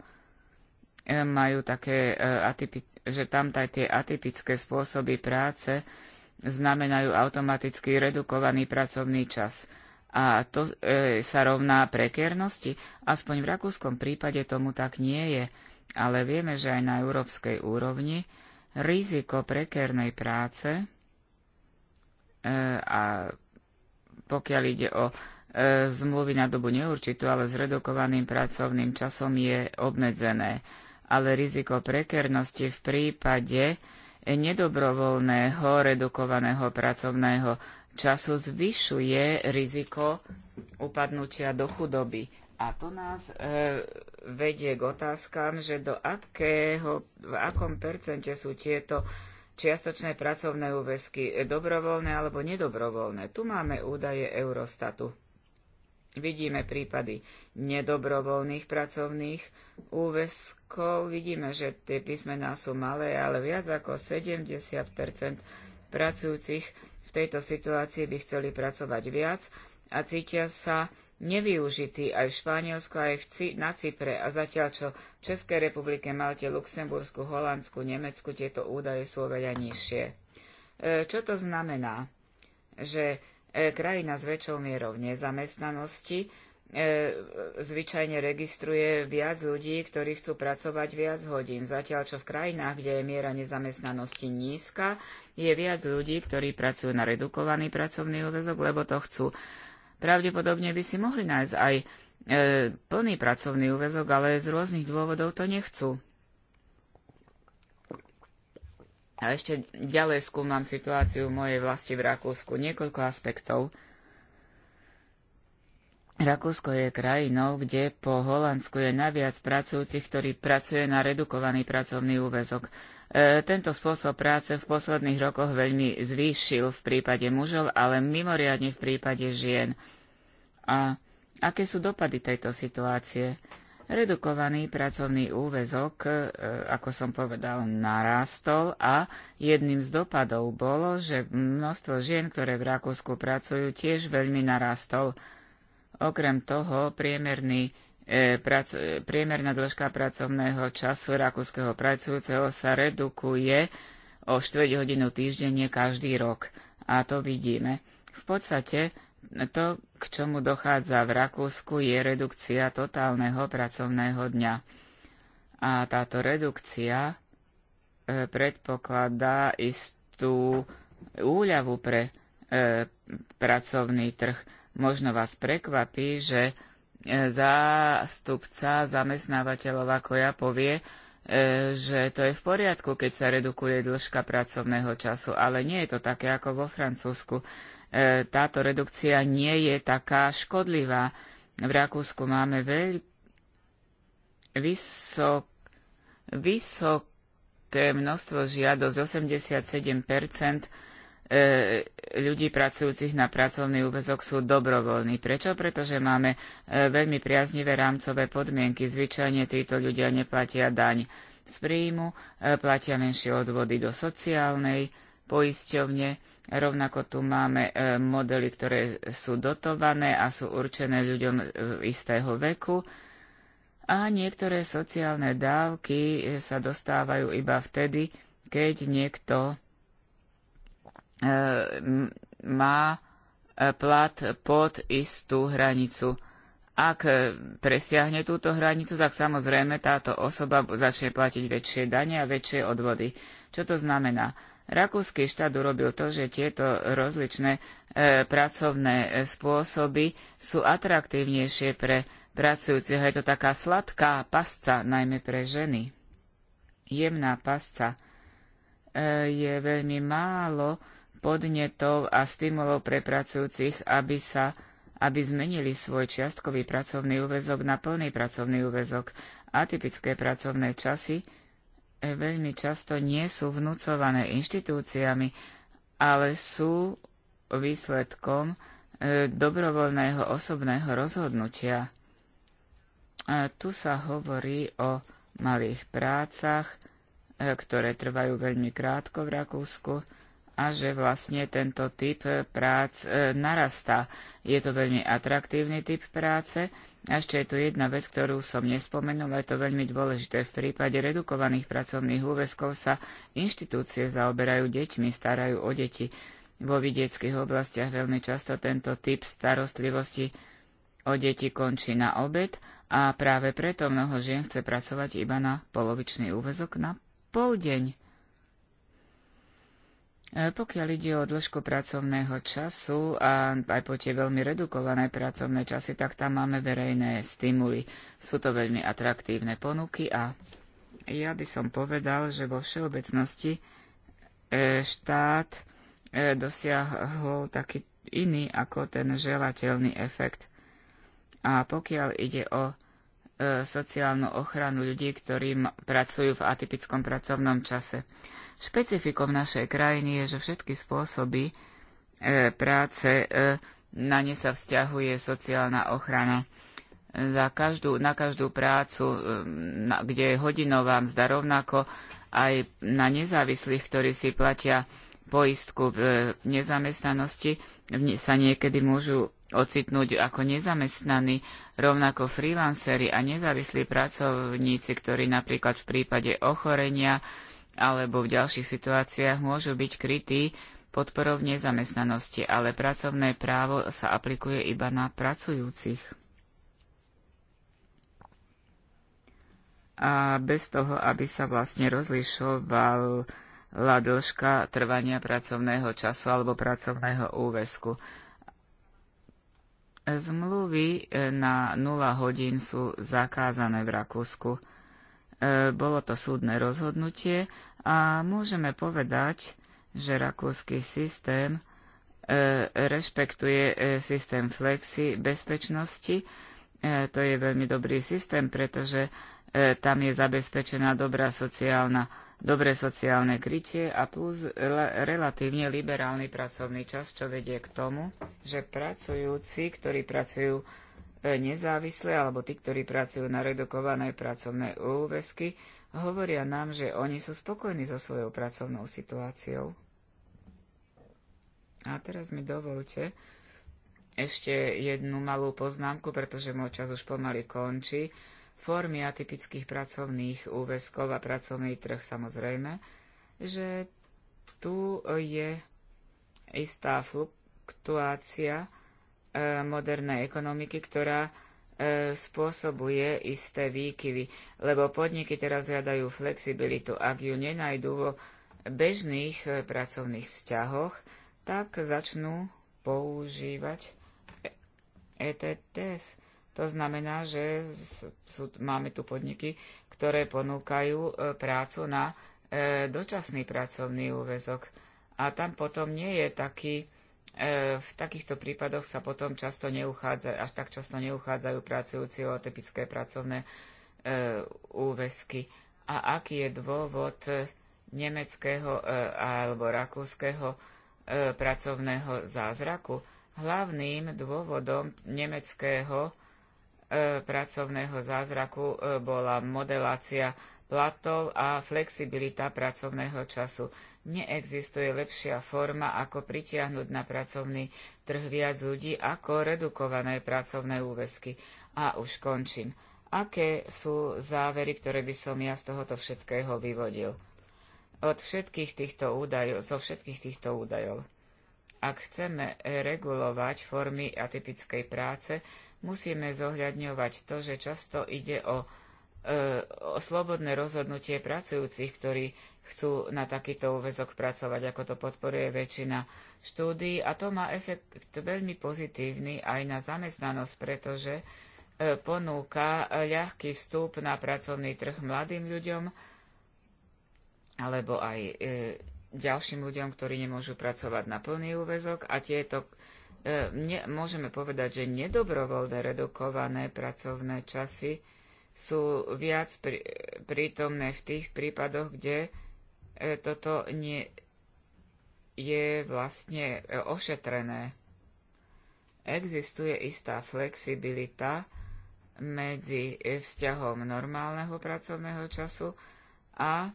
e, majú také, e, že tam tie atypické spôsoby práce znamenajú automaticky redukovaný pracovný čas. A to e, sa rovná prekernosti. Aspoň v rakúskom prípade tomu tak nie je. Ale vieme, že aj na európskej úrovni riziko prekernej práce e, a pokiaľ ide o E, zmluvy na dobu neurčitú, ale s redukovaným pracovným časom je obmedzené. Ale riziko prekernosti v prípade nedobrovoľného redukovaného pracovného času zvyšuje riziko upadnutia do chudoby. A to nás e, vedie k otázkam, že do akého, v akom percente sú tieto čiastočné pracovné úväzky dobrovoľné alebo nedobrovoľné. Tu máme údaje Eurostatu. Vidíme prípady nedobrovoľných pracovných úväzkov, vidíme, že tie písmená sú malé, ale viac ako 70 pracujúcich v tejto situácii by chceli pracovať viac a cítia sa nevyužitý aj v Španielsku, aj v C- na Cypre a zatiaľ čo v Českej republike, Malte, Luxembursku, Holandsku, Nemecku tieto údaje sú oveľa nižšie. E, čo to znamená? Že E, krajina s väčšou mierou nezamestnanosti e, zvyčajne registruje viac ľudí, ktorí chcú pracovať viac hodín. Zatiaľ, čo v krajinách, kde je miera nezamestnanosti nízka, je viac ľudí, ktorí pracujú na redukovaný pracovný úvezok, lebo to chcú. Pravdepodobne by si mohli nájsť aj e, plný pracovný úvezok, ale z rôznych dôvodov to nechcú. A ešte ďalej skúmam situáciu mojej vlasti v Rakúsku. Niekoľko aspektov. Rakúsko je krajinou, kde po Holandsku je naviac pracujúcich, ktorí pracuje na redukovaný pracovný úvezok. E, tento spôsob práce v posledných rokoch veľmi zvýšil v prípade mužov, ale mimoriadne v prípade žien. A aké sú dopady tejto situácie? Redukovaný pracovný úvezok, e, ako som povedal, narástol a jedným z dopadov bolo, že množstvo žien, ktoré v Rakúsku pracujú, tiež veľmi narástol. Okrem toho, priemerný e, prac, e, priemerná dĺžka pracovného času rakúskeho pracujúceho sa redukuje o 4 hodinu týždenne každý rok. A to vidíme. V podstate to, k čomu dochádza v Rakúsku, je redukcia totálneho pracovného dňa. A táto redukcia e, predpokladá istú úľavu pre e, pracovný trh. Možno vás prekvapí, že e, zástupca zamestnávateľov ako ja povie, e, že to je v poriadku, keď sa redukuje dĺžka pracovného času, ale nie je to také ako vo Francúzsku. E, táto redukcia nie je taká škodlivá. V Rakúsku máme veľ... vysok... vysoké množstvo žiadosť, 87 e, ľudí pracujúcich na pracovný úvezok sú dobrovoľní. Prečo? Pretože máme e, veľmi priaznivé rámcové podmienky. Zvyčajne títo ľudia neplatia daň z príjmu, platia menšie odvody do sociálnej poisťovne. Rovnako tu máme e, modely, ktoré sú dotované a sú určené ľuďom e, istého veku. A niektoré sociálne dávky e, sa dostávajú iba vtedy, keď niekto má plat pod istú hranicu. Ak presiahne túto hranicu, tak samozrejme táto osoba začne platiť väčšie dane a väčšie odvody. Čo to znamená? Rakúsky štát urobil to, že tieto rozličné e, pracovné e, spôsoby sú atraktívnejšie pre pracujúceho. Je to taká sladká pasca, najmä pre ženy. Jemná pasca. E, je veľmi málo podnetov a stimulov pre pracujúcich, aby sa aby zmenili svoj čiastkový pracovný úvezok na plný pracovný úvezok. Atypické pracovné časy E, veľmi často nie sú vnúcované inštitúciami, ale sú výsledkom e, dobrovoľného osobného rozhodnutia. A e, tu sa hovorí o malých prácach, ktoré trvajú veľmi krátko v Rakúsku, a že vlastne tento typ eh, prác eh, narastá. Je to veľmi atraktívny typ práce. A ešte je tu jedna vec, ktorú som nespomenul, je to veľmi dôležité. V prípade redukovaných pracovných úväzkov sa inštitúcie zaoberajú deťmi, starajú o deti. Vo vidieckých oblastiach veľmi často tento typ starostlivosti o deti končí na obed a práve preto mnoho žien chce pracovať iba na polovičný úvezok na pol deň. E, pokiaľ ide o dĺžku pracovného času a aj po tie veľmi redukované pracovné časy, tak tam máme verejné stimuly. Sú to veľmi atraktívne ponuky a ja by som povedal, že vo všeobecnosti e, štát e, dosiahol taký iný ako ten želateľný efekt. A pokiaľ ide o sociálnu ochranu ľudí, ktorí pracujú v atypickom pracovnom čase. Špecifikom našej krajiny je, že všetky spôsoby e, práce, e, na ne sa vzťahuje sociálna ochrana. Za každú, na každú prácu, e, na, kde je hodinová mzda rovnako, aj na nezávislých, ktorí si platia poistku v e, nezamestnanosti, sa niekedy môžu ocitnúť ako nezamestnaní, rovnako freelancery a nezávislí pracovníci, ktorí napríklad v prípade ochorenia alebo v ďalších situáciách môžu byť krytí podporou nezamestnanosti, ale pracovné právo sa aplikuje iba na pracujúcich. A bez toho, aby sa vlastne rozlišoval dĺžka trvania pracovného času alebo pracovného úvesku. Zmluvy e, na 0 hodín sú zakázané v Rakúsku. E, bolo to súdne rozhodnutie a môžeme povedať, že rakúsky systém e, rešpektuje e, systém flexi bezpečnosti. E, to je veľmi dobrý systém, pretože tam je zabezpečená dobrá sociálna, dobré sociálne krytie a plus relatívne liberálny pracovný čas, čo vedie k tomu, že pracujúci, ktorí pracujú nezávisle alebo tí, ktorí pracujú na redukované pracovné úväzky, hovoria nám, že oni sú spokojní so svojou pracovnou situáciou. A teraz mi dovolte ešte jednu malú poznámku, pretože môj čas už pomaly končí. Formy atypických pracovných úväzkov a pracovný trh samozrejme, že tu je istá fluktuácia eh, modernej ekonomiky, ktorá spôsobuje isté výkyvy, lebo podniky teraz hľadajú flexibilitu. Ak ju nenajdú vo bežných eh, pracovných vzťahoch, tak začnú používať ETTS. To znamená, že sú, máme tu podniky, ktoré ponúkajú eh, prácu na eh, dočasný pracovný úvezok. A tam potom nie je taký E, v takýchto prípadoch sa potom často neuchádza, až tak často neuchádzajú pracujúci o typické pracovné e, úväzky. A aký je dôvod nemeckého e, alebo rakúskeho e, pracovného zázraku? Hlavným dôvodom nemeckého e, pracovného zázraku e, bola modelácia platov a flexibilita pracovného času. Neexistuje lepšia forma, ako pritiahnuť na pracovný trh viac ľudí ako redukované pracovné úväzky. A už končím. Aké sú závery, ktoré by som ja z tohoto všetkého vyvodil? Od všetkých týchto údajov, zo všetkých týchto údajov. Ak chceme regulovať formy atypickej práce, musíme zohľadňovať to, že často ide o E, slobodné rozhodnutie pracujúcich, ktorí chcú na takýto úvezok pracovať, ako to podporuje väčšina štúdií. A to má efekt veľmi pozitívny aj na zamestnanosť, pretože e, ponúka ľahký vstup na pracovný trh mladým ľuďom alebo aj e, ďalším ľuďom, ktorí nemôžu pracovať na plný úvezok a tieto e, ne, môžeme povedať, že nedobrovoľné redukované pracovné časy sú viac prítomné v tých prípadoch, kde e, toto nie je vlastne e, ošetrené. Existuje istá flexibilita medzi e, vzťahom normálneho pracovného času a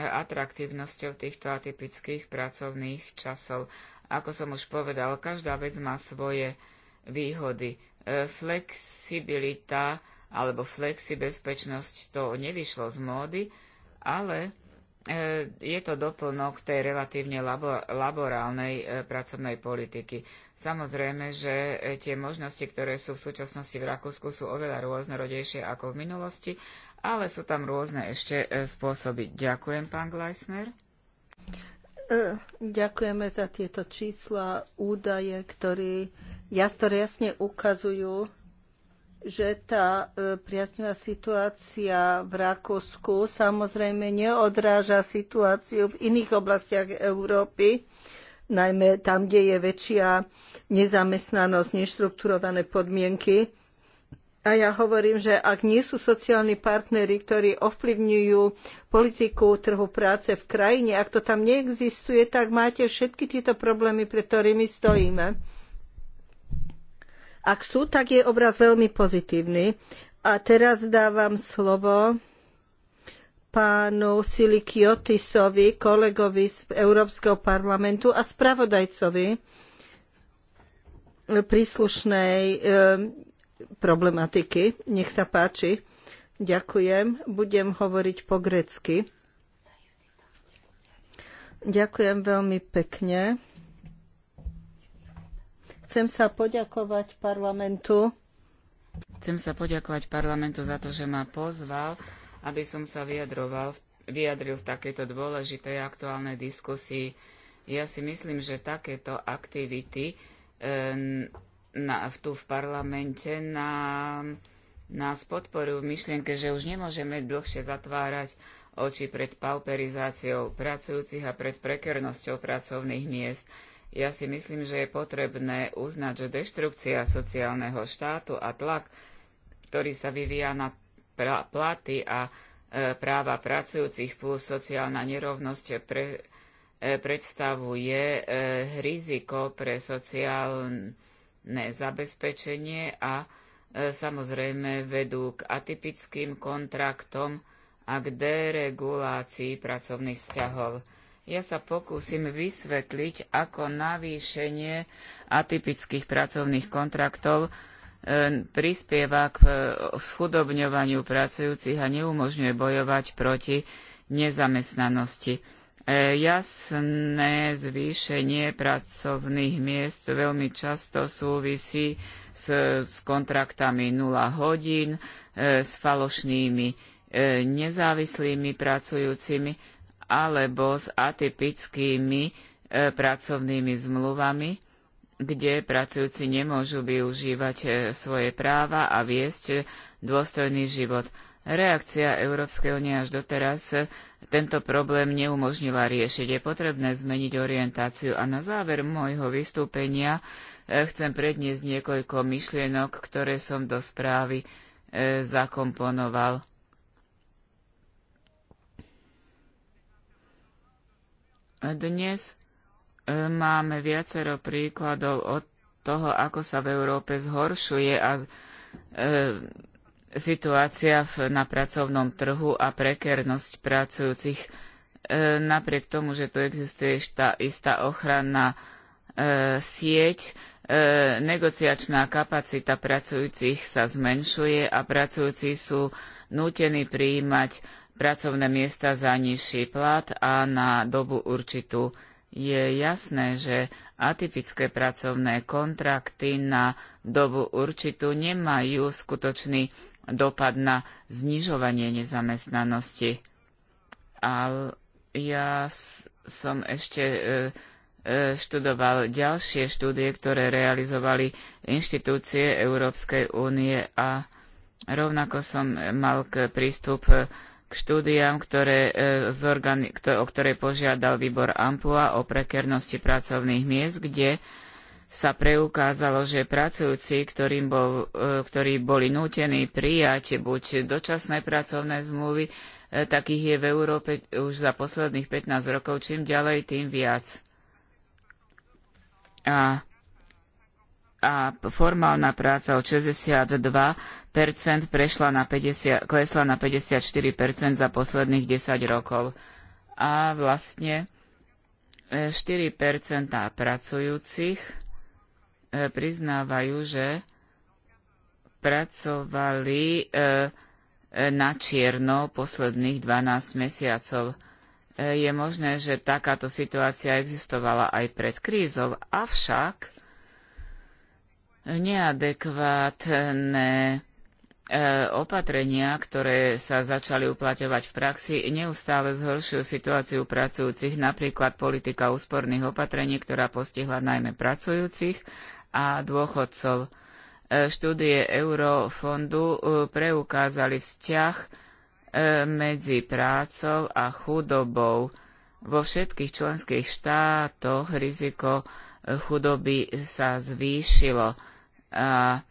atraktívnosťou týchto atypických pracovných časov. Ako som už povedal, každá vec má svoje výhody. Flexibilita alebo flexi bezpečnosť, to nevyšlo z módy, ale e, je to doplnok tej relatívne labo- laborálnej e, pracovnej politiky. Samozrejme, že e, tie možnosti, ktoré sú v súčasnosti v Rakúsku, sú oveľa rôznorodejšie ako v minulosti, ale sú tam rôzne ešte spôsoby. Ďakujem, pán Gleisner. Ďakujeme za tieto čísla, údaje, ktoré jasne ukazujú, že tá e, priaznivá situácia v Rakúsku samozrejme neodráža situáciu v iných oblastiach Európy, najmä tam, kde je väčšia nezamestnanosť, neštrukturované podmienky. A ja hovorím, že ak nie sú sociálni partnery, ktorí ovplyvňujú politiku trhu práce v krajine, ak to tam neexistuje, tak máte všetky tieto problémy, pred ktorými stojíme. Ak sú, tak je obraz veľmi pozitívny. A teraz dávam slovo pánu Silikiotisovi, kolegovi z Európskeho parlamentu a spravodajcovi príslušnej e, problematiky. Nech sa páči. Ďakujem. Budem hovoriť po grecky. Ďakujem veľmi pekne. Chcem sa poďakovať parlamentu. Chcem sa poďakovať parlamentu za to, že ma pozval, aby som sa vyjadroval, vyjadril v takejto dôležitej aktuálnej diskusii. Ja si myslím, že takéto aktivity e, na, v, tu v parlamente nám, nás podporujú v myšlienke, že už nemôžeme dlhšie zatvárať oči pred pauperizáciou pracujúcich a pred prekernosťou pracovných miest. Ja si myslím, že je potrebné uznať, že deštrukcia sociálneho štátu a tlak, ktorý sa vyvíja na platy a e, práva pracujúcich plus sociálna nerovnosť pre, e, predstavuje e, riziko pre sociálne zabezpečenie a samozrejme vedú k atypickým kontraktom a k deregulácii pracovných vzťahov. Ja sa pokúsim vysvetliť, ako navýšenie atypických pracovných kontraktov e, prispieva k e, schudobňovaniu pracujúcich a neumožňuje bojovať proti nezamestnanosti. E, jasné zvýšenie pracovných miest veľmi často súvisí s, s kontraktami 0 hodín, s falošnými nezávislými pracujúcimi alebo s atypickými e, pracovnými zmluvami, kde pracujúci nemôžu využívať e, svoje práva a viesť e, dôstojný život. Reakcia Európskej únie až doteraz tento problém neumožnila riešiť. Je potrebné zmeniť orientáciu a na záver môjho vystúpenia chcem predniesť niekoľko myšlienok, ktoré som do správy zakomponoval. Dnes e, máme viacero príkladov od toho, ako sa v Európe zhoršuje a e, situácia v, na pracovnom trhu a prekernosť pracujúcich. E, napriek tomu, že tu existuje tá istá ochranná sieť, negociačná kapacita pracujúcich sa zmenšuje a pracujúci sú nútení prijímať pracovné miesta za nižší plat a na dobu určitú. Je jasné, že atypické pracovné kontrakty na dobu určitú nemajú skutočný dopad na znižovanie nezamestnanosti. Ale ja som ešte e, e, študoval ďalšie štúdie, ktoré realizovali inštitúcie Európskej únie a rovnako som mal prístup k štúdiám, ktoré, e, zorgani- o ktoré požiadal výbor Amplua o prekernosti pracovných miest, kde sa preukázalo, že pracujúci, bol, e, ktorí boli nútení prijať buď dočasné pracovné zmluvy, e, takých je v Európe už za posledných 15 rokov čím ďalej, tým viac. A, a formálna práca od 62 prešla na 50, klesla na 54 za posledných 10 rokov. A vlastne 4 e, pracujúcich e, priznávajú, že pracovali e, na čierno posledných 12 mesiacov. Je možné, že takáto situácia existovala aj pred krízou, avšak neadekvátne E, opatrenia, ktoré sa začali uplatňovať v praxi, neustále zhoršujú situáciu pracujúcich, napríklad politika úsporných opatrení, ktorá postihla najmä pracujúcich a dôchodcov. E, štúdie Eurofondu e, preukázali vzťah medzi prácou a chudobou. Vo všetkých členských štátoch riziko chudoby sa zvýšilo. A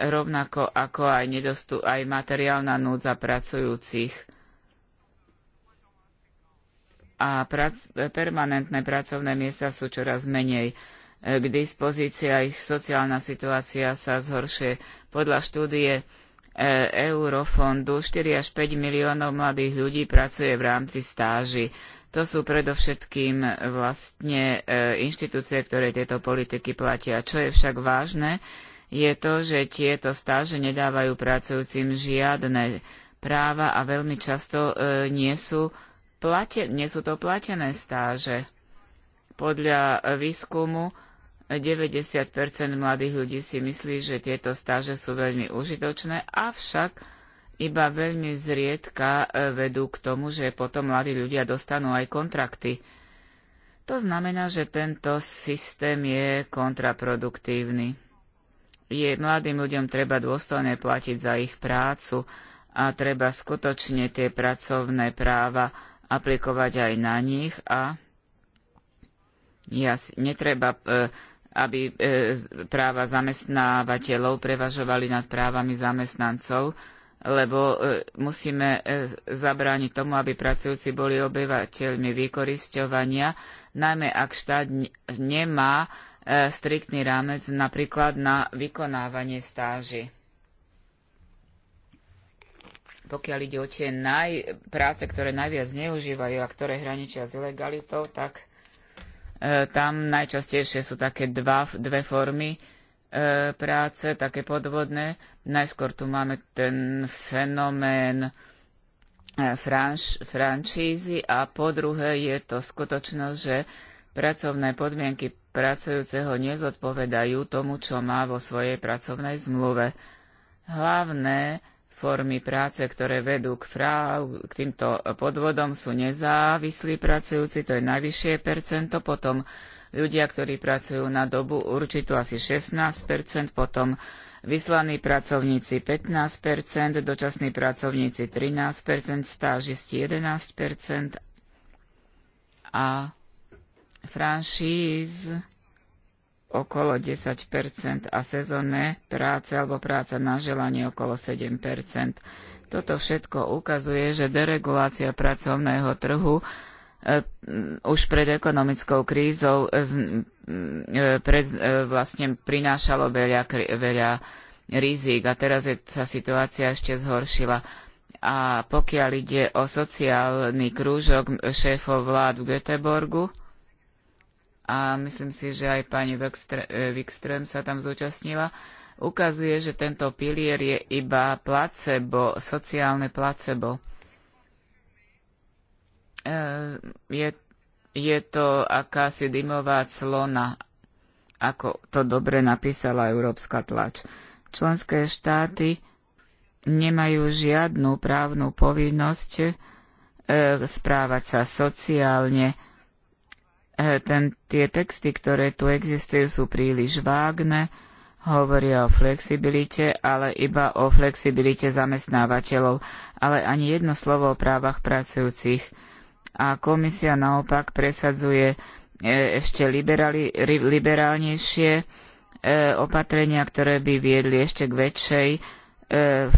rovnako ako aj, nedostu, aj materiálna núdza pracujúcich a prac, permanentné pracovné miesta sú čoraz menej e, k dispozícii a ich sociálna situácia sa zhoršuje. Podľa štúdie e, Eurofondu 4 až 5 miliónov mladých ľudí pracuje v rámci stáži. To sú predovšetkým e, vlastne inštitúcie, ktoré tieto politiky platia. Čo je však vážne, je to, že tieto stáže nedávajú pracujúcim žiadne práva a veľmi často e, nie, sú plate, nie sú to platené stáže. Podľa výskumu 90 mladých ľudí si myslí, že tieto stáže sú veľmi užitočné, avšak iba veľmi zriedka e, vedú k tomu, že potom mladí ľudia dostanú aj kontrakty. To znamená, že tento systém je kontraproduktívny je mladým ľuďom treba dôstojne platiť za ich prácu a treba skutočne tie pracovné práva aplikovať aj na nich a jas, netreba, e, aby e, práva zamestnávateľov prevažovali nad právami zamestnancov, lebo e, musíme zabrániť tomu, aby pracujúci boli obyvateľmi vykorisťovania, najmä ak štát nemá E, striktný rámec napríklad na vykonávanie stáži. Pokiaľ ide o tie naj, práce, ktoré najviac neužívajú a ktoré hraničia s ilegalitou, tak e, tam najčastejšie sú také dva, dve formy e, práce, také podvodné. Najskôr tu máme ten fenomén e, franš, franšízy a po druhé je to skutočnosť, že pracovné podmienky pracujúceho nezodpovedajú tomu, čo má vo svojej pracovnej zmluve. Hlavné formy práce, ktoré vedú k, frau, k týmto podvodom, sú nezávislí pracujúci, to je najvyššie percento, potom ľudia, ktorí pracujú na dobu určitú asi 16%, potom vyslaní pracovníci 15%, dočasní pracovníci 13%, stážisti 11% a franšíz okolo 10 a sezónne práce alebo práca na želanie okolo 7 Toto všetko ukazuje, že deregulácia pracovného trhu e, už pred ekonomickou krízou e, e, pred, vlastne prinášalo veľa, veľa rizik a teraz je, sa situácia ešte zhoršila. A pokiaľ ide o sociálny krúžok šéfov vlád v Göteborgu, a myslím si, že aj pani e, Wikström sa tam zúčastnila, ukazuje, že tento pilier je iba placebo, sociálne placebo. E, je, je to akási dymová clona, ako to dobre napísala Európska tlač. Členské štáty nemajú žiadnu právnu povinnosť e, správať sa sociálne, E, ten, tie texty, ktoré tu existujú, sú príliš vágne, hovoria o flexibilite, ale iba o flexibilite zamestnávateľov, ale ani jedno slovo o právach pracujúcich. A komisia naopak presadzuje e, ešte liberali, liberálnejšie e, opatrenia, ktoré by viedli ešte k väčšej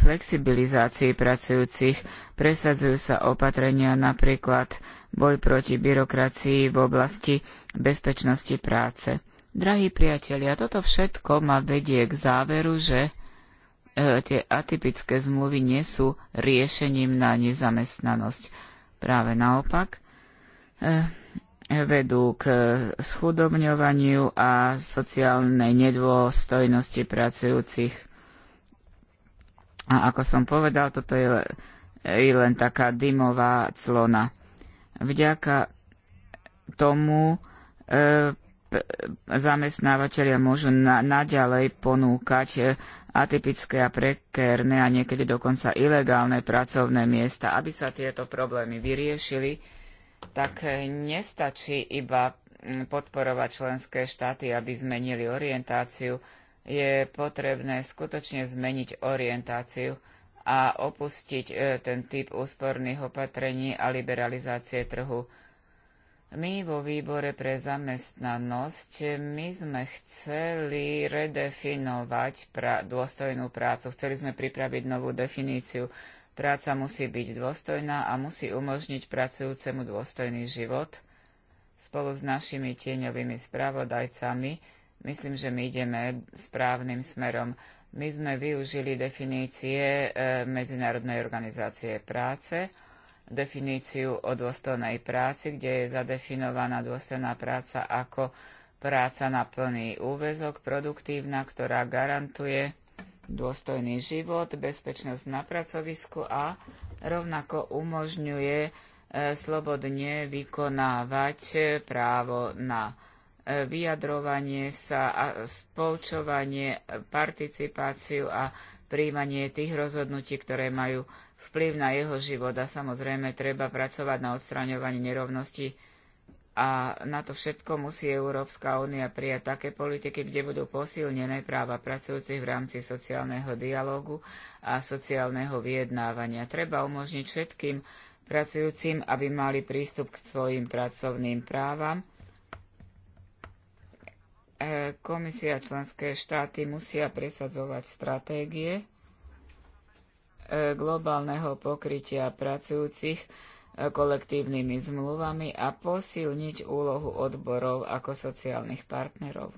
flexibilizácii pracujúcich. Presadzujú sa opatrenia napríklad boj proti byrokracii v oblasti bezpečnosti práce. Drahí priatelia, toto všetko ma vedie k záveru, že e, tie atypické zmluvy nie sú riešením na nezamestnanosť. Práve naopak, e, vedú k schudobňovaniu a sociálnej nedôstojnosti pracujúcich. A ako som povedal, toto je len taká dymová clona. Vďaka tomu e, zamestnávateľia môžu na, naďalej ponúkať e, atypické a prekérne a niekedy dokonca ilegálne pracovné miesta. Aby sa tieto problémy vyriešili, tak e, nestačí iba podporovať členské štáty, aby zmenili orientáciu. Je potrebné skutočne zmeniť orientáciu a opustiť e, ten typ úsporných opatrení a liberalizácie trhu. My vo výbore pre zamestnanosť, e, my sme chceli redefinovať pra- dôstojnú prácu. Chceli sme pripraviť novú definíciu. Práca musí byť dôstojná a musí umožniť pracujúcemu dôstojný život. Spolu s našimi tieňovými spravodajcami, myslím, že my ideme správnym smerom. My sme využili definície e, Medzinárodnej organizácie práce, definíciu o dôstojnej práci, kde je zadefinovaná dôstojná práca ako práca na plný úvezok, produktívna, ktorá garantuje dôstojný život, bezpečnosť na pracovisku a rovnako umožňuje e, slobodne vykonávať e, právo na vyjadrovanie sa a spolčovanie, participáciu a príjmanie tých rozhodnutí, ktoré majú vplyv na jeho život a samozrejme treba pracovať na odstraňovaní nerovností a na to všetko musí Európska únia prijať také politiky, kde budú posilnené práva pracujúcich v rámci sociálneho dialógu a sociálneho vyjednávania. Treba umožniť všetkým pracujúcim, aby mali prístup k svojim pracovným právam komisia členské štáty musia presadzovať stratégie e, globálneho pokrytia pracujúcich e, kolektívnymi zmluvami a posilniť úlohu odborov ako sociálnych partnerov.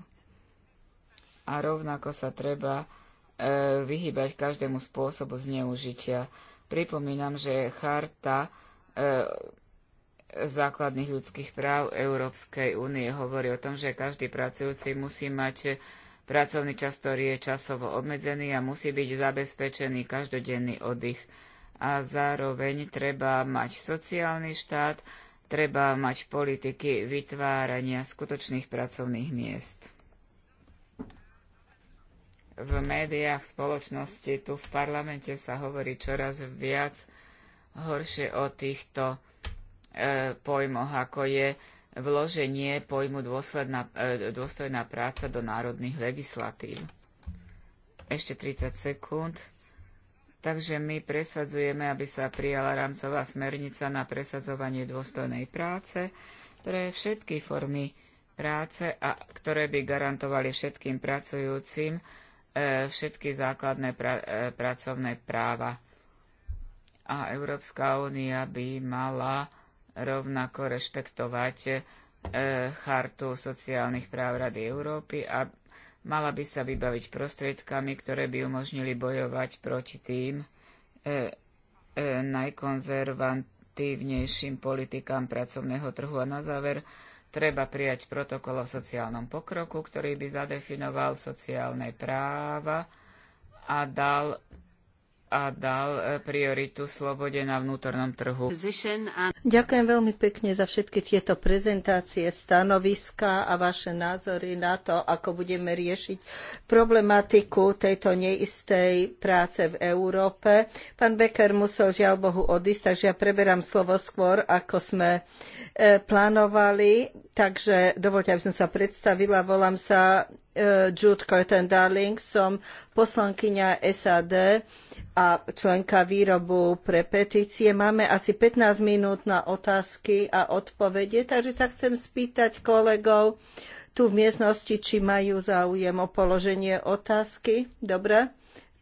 A rovnako sa treba e, vyhybať každému spôsobu zneužitia. Pripomínam, že charta základných ľudských práv Európskej únie. Hovorí o tom, že každý pracujúci musí mať pracovný čas, ktorý je časovo obmedzený a musí byť zabezpečený každodenný oddych. A zároveň treba mať sociálny štát, treba mať politiky vytvárania skutočných pracovných miest. V médiách, v spoločnosti, tu v parlamente sa hovorí čoraz viac horšie o týchto E, pojmoch, ako je vloženie pojmu dôsledná, e, dôstojná práca do národných legislatív. Ešte 30 sekúnd. Takže my presadzujeme, aby sa prijala rámcová smernica na presadzovanie dôstojnej práce pre všetky formy práce, a, ktoré by garantovali všetkým pracujúcim e, všetky základné pra, pracovné práva. A Európska únia by mala rovnako rešpektovať e, chartu sociálnych práv Rady Európy a mala by sa vybaviť prostriedkami, ktoré by umožnili bojovať proti tým e, e, najkonzervatívnejším politikám pracovného trhu. A na záver treba prijať protokol o sociálnom pokroku, ktorý by zadefinoval sociálne práva a dal a dal prioritu slobode na vnútornom trhu. Ďakujem veľmi pekne za všetky tieto prezentácie, stanoviska a vaše názory na to, ako budeme riešiť problematiku tejto neistej práce v Európe. Pán Becker musel žiaľ Bohu odísť, takže ja preberám slovo skôr, ako sme e, plánovali. Takže dovolte, aby som sa predstavila. Volám sa e, Jude Curtin Darling, som poslankyňa SAD a členka výrobu pre petície. Máme asi 15 minút na na otázky a odpovede, takže sa chcem spýtať kolegov tu v miestnosti, či majú záujem o položenie otázky. Dobre?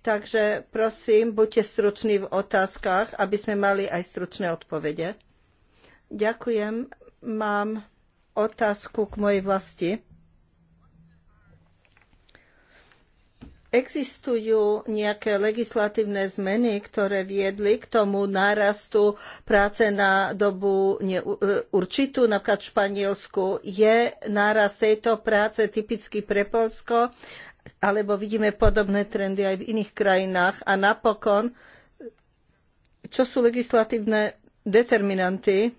Takže prosím, buďte struční v otázkach, aby sme mali aj stručné odpovede. Ďakujem. Mám otázku k mojej vlasti. Existujú nejaké legislatívne zmeny, ktoré viedli k tomu nárastu práce na dobu e, určitú, napríklad v Španielsku. Je nárast tejto práce typický pre Polsko, alebo vidíme podobné trendy aj v iných krajinách. A napokon, čo sú legislatívne determinanty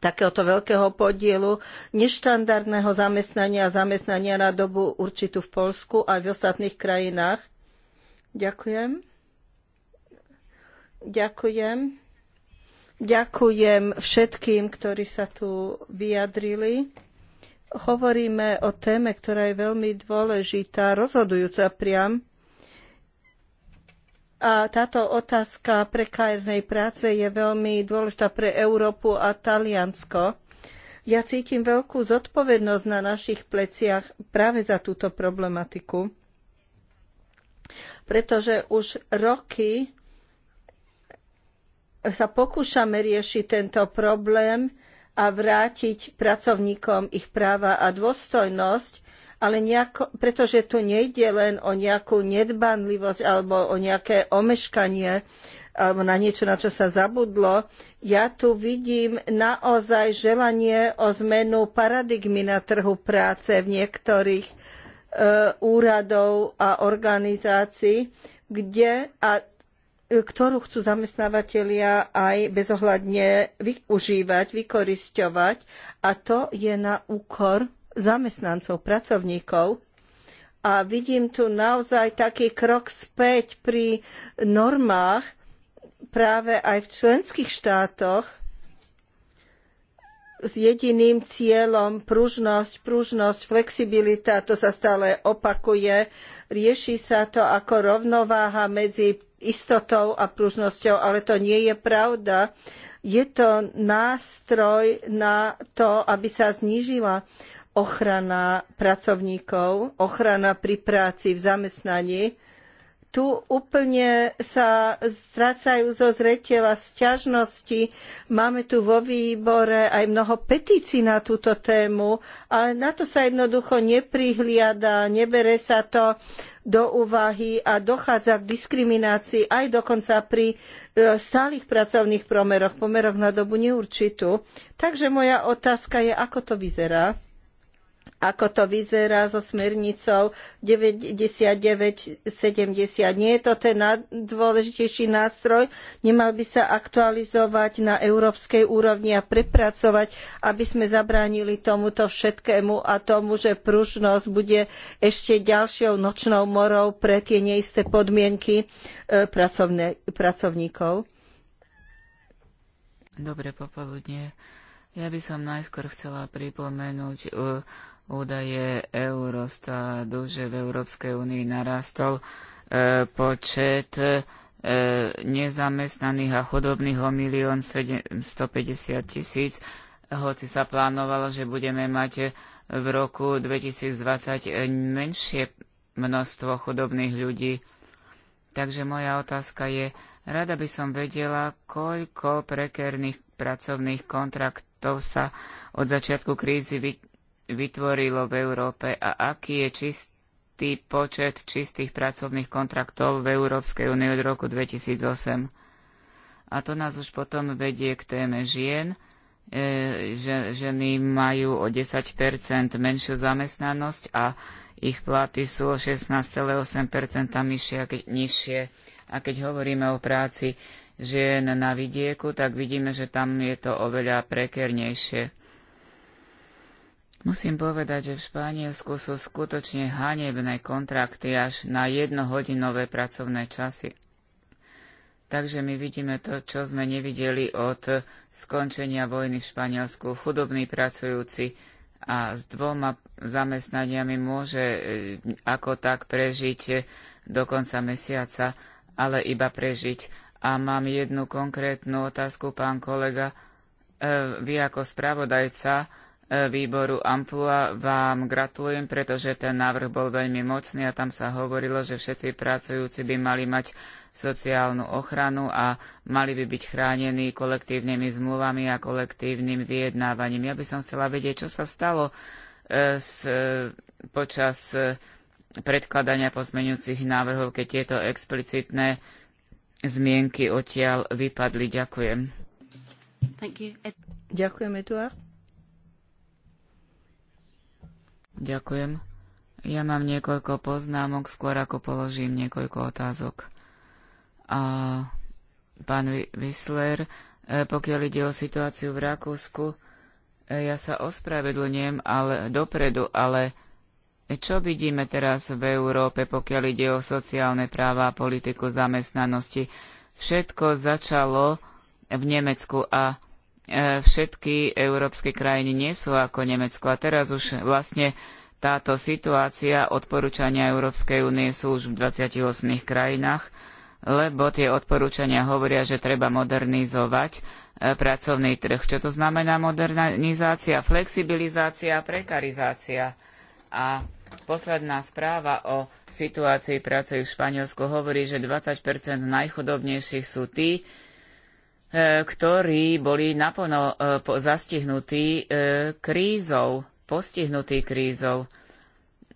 takéhoto veľkého podielu neštandardného zamestnania a zamestnania na dobu určitú v Polsku aj v ostatných krajinách. Ďakujem. Ďakujem. Ďakujem všetkým, ktorí sa tu vyjadrili. Hovoríme o téme, ktorá je veľmi dôležitá, rozhodujúca priam a táto otázka prekárnej práce je veľmi dôležitá pre Európu a Taliansko. Ja cítim veľkú zodpovednosť na našich pleciach práve za túto problematiku, pretože už roky sa pokúšame riešiť tento problém a vrátiť pracovníkom ich práva a dôstojnosť, ale nejako, pretože tu nejde len o nejakú nedbanlivosť alebo o nejaké omeškanie alebo na niečo, na čo sa zabudlo. Ja tu vidím naozaj želanie o zmenu paradigmy na trhu práce v niektorých e, úradov a organizácií, kde a e, ktorú chcú zamestnávateľia aj bezohľadne využívať, vykorisťovať a to je na úkor zamestnancov, pracovníkov. A vidím tu naozaj taký krok späť pri normách práve aj v členských štátoch s jediným cieľom pružnosť, pružnosť, flexibilita, to sa stále opakuje. Rieši sa to ako rovnováha medzi istotou a pružnosťou, ale to nie je pravda. Je to nástroj na to, aby sa znížila ochrana pracovníkov, ochrana pri práci, v zamestnaní. Tu úplne sa strácajú zo zretela sťažnosti. Máme tu vo výbore aj mnoho petícií na túto tému, ale na to sa jednoducho neprihliada, nebere sa to do úvahy a dochádza k diskriminácii aj dokonca pri e, stálych pracovných pomeroch, pomeroch na dobu neurčitú. Takže moja otázka je, ako to vyzerá? ako to vyzerá so smernicou 9970. Nie je to ten najdôležitejší nástroj, nemal by sa aktualizovať na európskej úrovni a prepracovať, aby sme zabránili tomuto všetkému a tomu, že pružnosť bude ešte ďalšou nočnou morou pre tie neisté podmienky e, pracovne, pracovníkov. Dobre popoludne. Ja by som najskôr chcela pripomenúť e, údaje Eurostatu, že v Európskej únii narastol e, počet e, nezamestnaných a chudobných o 1 150 tisíc, hoci sa plánovalo, že budeme mať v roku 2020 menšie množstvo chudobných ľudí. Takže moja otázka je, rada by som vedela, koľko prekerných pracovných kontraktov sa od začiatku krízy vytvorilo vytvorilo v Európe a aký je čistý počet čistých pracovných kontraktov v Európskej únii od roku 2008. A to nás už potom vedie k téme žien. E, že, ženy majú o 10 menšiu zamestnanosť a ich platy sú o 16,8 nižšie, a keď, nižšie. A keď hovoríme o práci žien na vidieku, tak vidíme, že tam je to oveľa prekernejšie. Musím povedať, že v Španielsku sú skutočne hanebné kontrakty až na jednohodinové pracovné časy. Takže my vidíme to, čo sme nevideli od skončenia vojny v Španielsku. Chudobní pracujúci a s dvoma zamestnaniami môže e, ako tak prežiť do konca mesiaca, ale iba prežiť. A mám jednu konkrétnu otázku, pán kolega. E, vy ako spravodajca, E, výboru Amplua vám gratulujem, pretože ten návrh bol veľmi mocný a tam sa hovorilo, že všetci pracujúci by mali mať sociálnu ochranu a mali by byť chránení kolektívnymi zmluvami a kolektívnym vyjednávaním. Ja by som chcela vedieť, čo sa stalo e, s, e, počas predkladania pozmeňujúcich návrhov, keď tieto explicitné zmienky odtiaľ vypadli. Ďakujem. Ďakujem, Eduard. Ďakujem. Ja mám niekoľko poznámok, skôr ako položím niekoľko otázok. A pán Whistler, e, pokiaľ ide o situáciu v Rakúsku, e, ja sa ospravedlňujem ale, dopredu, ale e, čo vidíme teraz v Európe, pokiaľ ide o sociálne práva a politiku zamestnanosti? Všetko začalo v Nemecku a E, všetky európske krajiny nie sú ako Nemecko. A teraz už vlastne táto situácia odporúčania Európskej únie sú už v 28 krajinách, lebo tie odporúčania hovoria, že treba modernizovať e, pracovný trh. Čo to znamená modernizácia, flexibilizácia, prekarizácia? A posledná správa o situácii práce v Španielsku hovorí, že 20 najchudobnejších sú tí, E, ktorí boli naplno e, zastihnutí e, krízou, postihnutí krízou.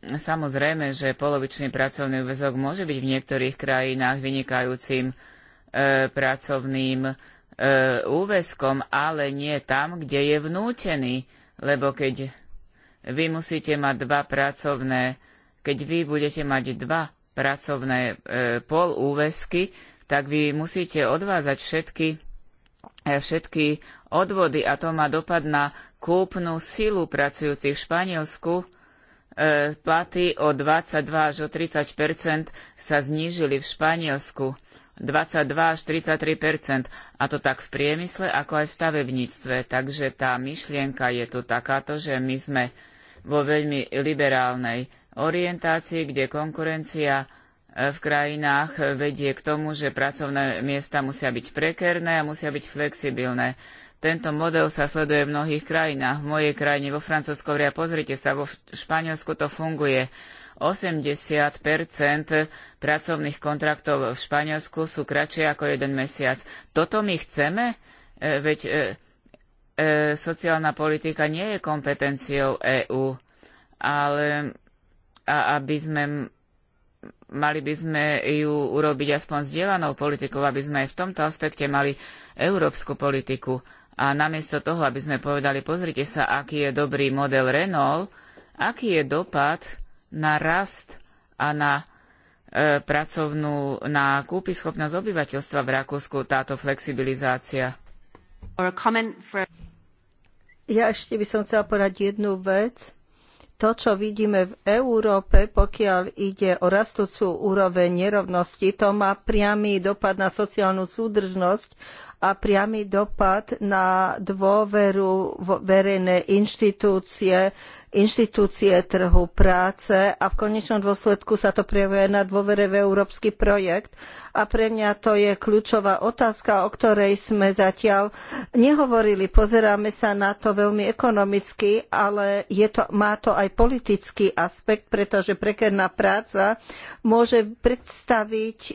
Samozrejme, že polovičný pracovný úvezok môže byť v niektorých krajinách vynikajúcim pracovným úväzkom, ale nie tam, kde je vnútený, lebo keď vy musíte mať dva pracovné, keď vy budete mať dva pracovné e, polúväzky, tak vy musíte odvázať všetky všetky odvody a to má dopad na kúpnu silu pracujúcich v Španielsku. E, platy o 22 až o 30 sa znížili v Španielsku. 22 až 33 a to tak v priemysle, ako aj v stavebníctve. Takže tá myšlienka je tu takáto, že my sme vo veľmi liberálnej orientácii, kde konkurencia v krajinách vedie k tomu, že pracovné miesta musia byť prekerné a musia byť flexibilné. Tento model sa sleduje v mnohých krajinách. V mojej krajine, vo Francúzsku, hovoria, pozrite sa, vo Španielsku to funguje. 80 pracovných kontraktov v Španielsku sú kratšie ako jeden mesiac. Toto my chceme? E, veď e, e, sociálna politika nie je kompetenciou EÚ, ale a aby sme mali by sme ju urobiť aspoň zdieľanou politikou, aby sme aj v tomto aspekte mali európsku politiku. A namiesto toho, aby sme povedali, pozrite sa, aký je dobrý model Renault, aký je dopad na rast a na e, pracovnú, na kúpyschopnosť obyvateľstva v Rakúsku táto flexibilizácia. Ja ešte by som chcela poradiť jednu vec to, čo vidíme v Európe, pokiaľ ide o rastúcu úroveň nerovnosti, to má priamy dopad na sociálnu súdržnosť a priamy dopad na dôveru vo verejné inštitúcie, inštitúcie trhu práce a v konečnom dôsledku sa to prejavuje na dôvere v európsky projekt. A pre mňa to je kľúčová otázka, o ktorej sme zatiaľ nehovorili. Pozeráme sa na to veľmi ekonomicky, ale to, má to aj politický aspekt, pretože prekerná práca môže predstaviť e,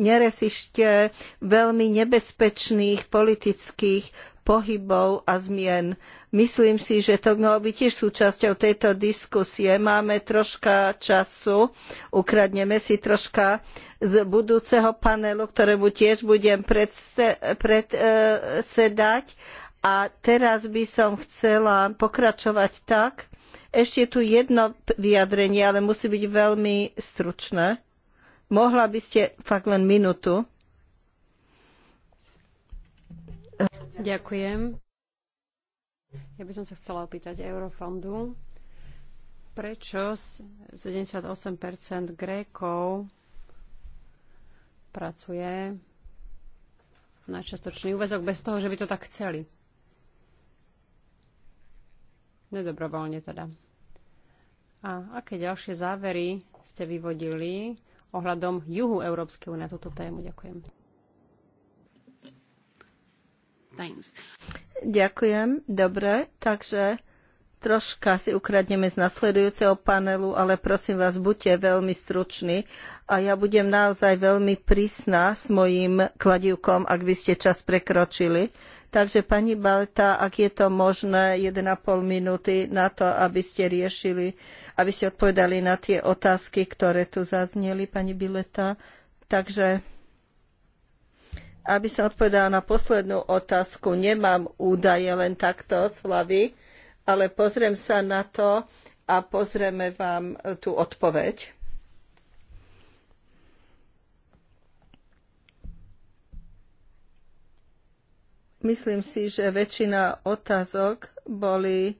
neresište veľmi nebezpečných politických pohybov a zmien. Myslím si, že to by malo byť tiež súčasťou tejto diskusie. Máme troška času, ukradneme si troška z budúceho panelu, ktorému tiež budem predsedať. A teraz by som chcela pokračovať tak. Ešte je tu jedno vyjadrenie, ale musí byť veľmi stručné. Mohla by ste fakt len minútu. Ďakujem. Ja by som sa chcela opýtať Eurofondu, prečo 78% Grékov pracuje na častočný úvezok bez toho, že by to tak chceli. Nedobrovoľne teda. A aké ďalšie závery ste vyvodili ohľadom juhu Európskej únie na túto tému? Ďakujem things. Ďakujem. Dobre, takže troška si ukradneme z nasledujúceho panelu, ale prosím vás, buďte veľmi struční a ja budem naozaj veľmi prísna s mojím kladivkom, ak by ste čas prekročili. Takže pani Balta, ak je to možné, 1,5 minúty na to, aby ste riešili, aby ste odpovedali na tie otázky, ktoré tu zazneli, pani Bileta. Takže aby som odpovedala na poslednú otázku, nemám údaje len takto z hlavy, ale pozriem sa na to a pozrieme vám tú odpoveď. Myslím si, že väčšina otázok boli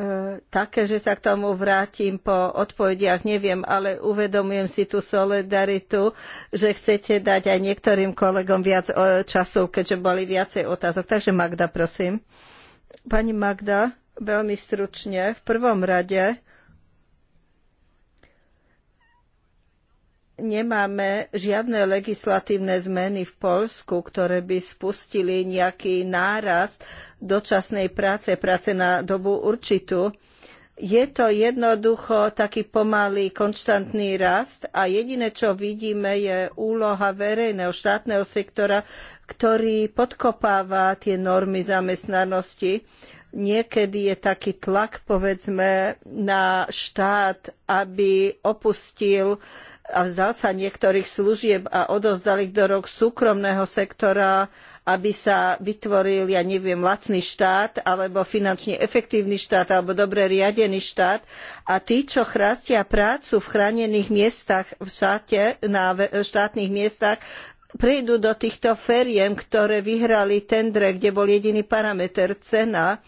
E, také, že sa k tomu vrátim po odpovediach, neviem, ale uvedomujem si tú solidaritu, že chcete dať aj niektorým kolegom viac e, času, keďže boli viacej otázok. Takže Magda, prosím. Pani Magda, veľmi stručne, v prvom rade nemáme žiadne legislatívne zmeny v Poľsku, ktoré by spustili nejaký nárast dočasnej práce, práce na dobu určitú. Je to jednoducho taký pomalý, konštantný rast a jediné, čo vidíme, je úloha verejného štátneho sektora, ktorý podkopáva tie normy zamestnanosti niekedy je taký tlak, povedzme, na štát, aby opustil a vzdal sa niektorých služieb a odozdal ich do rok súkromného sektora, aby sa vytvoril, ja neviem, lacný štát, alebo finančne efektívny štát, alebo dobre riadený štát. A tí, čo chrátia prácu v chránených miestach v štáte, na štátnych miestach, prejdú do týchto feriem, ktoré vyhrali tendre, kde bol jediný parameter cena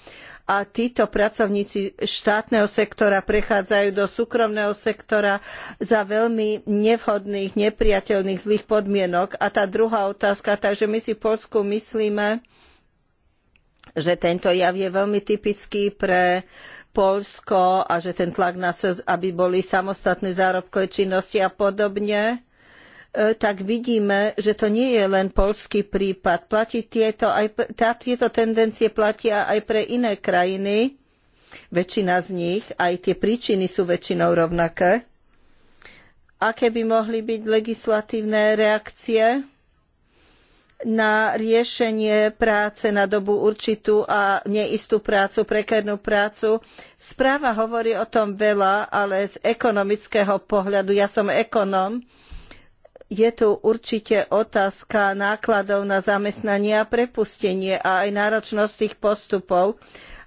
a títo pracovníci štátneho sektora prechádzajú do súkromného sektora za veľmi nevhodných, nepriateľných, zlých podmienok. A tá druhá otázka, takže my si v Polsku myslíme, že tento jav je veľmi typický pre Polsko a že ten tlak na SES, e aby boli samostatné zárobkové činnosti a podobne E, tak vidíme, že to nie je len polský prípad. Platí tieto, aj, tá, tieto tendencie platia aj pre iné krajiny, väčšina z nich, aj tie príčiny sú väčšinou rovnaké. Aké by mohli byť legislatívne reakcie? na riešenie práce na dobu určitú a neistú prácu, prekernú prácu. Správa hovorí o tom veľa, ale z ekonomického pohľadu, ja som ekonóm, je tu určite otázka nákladov na zamestnanie a prepustenie a aj náročnosť tých postupov.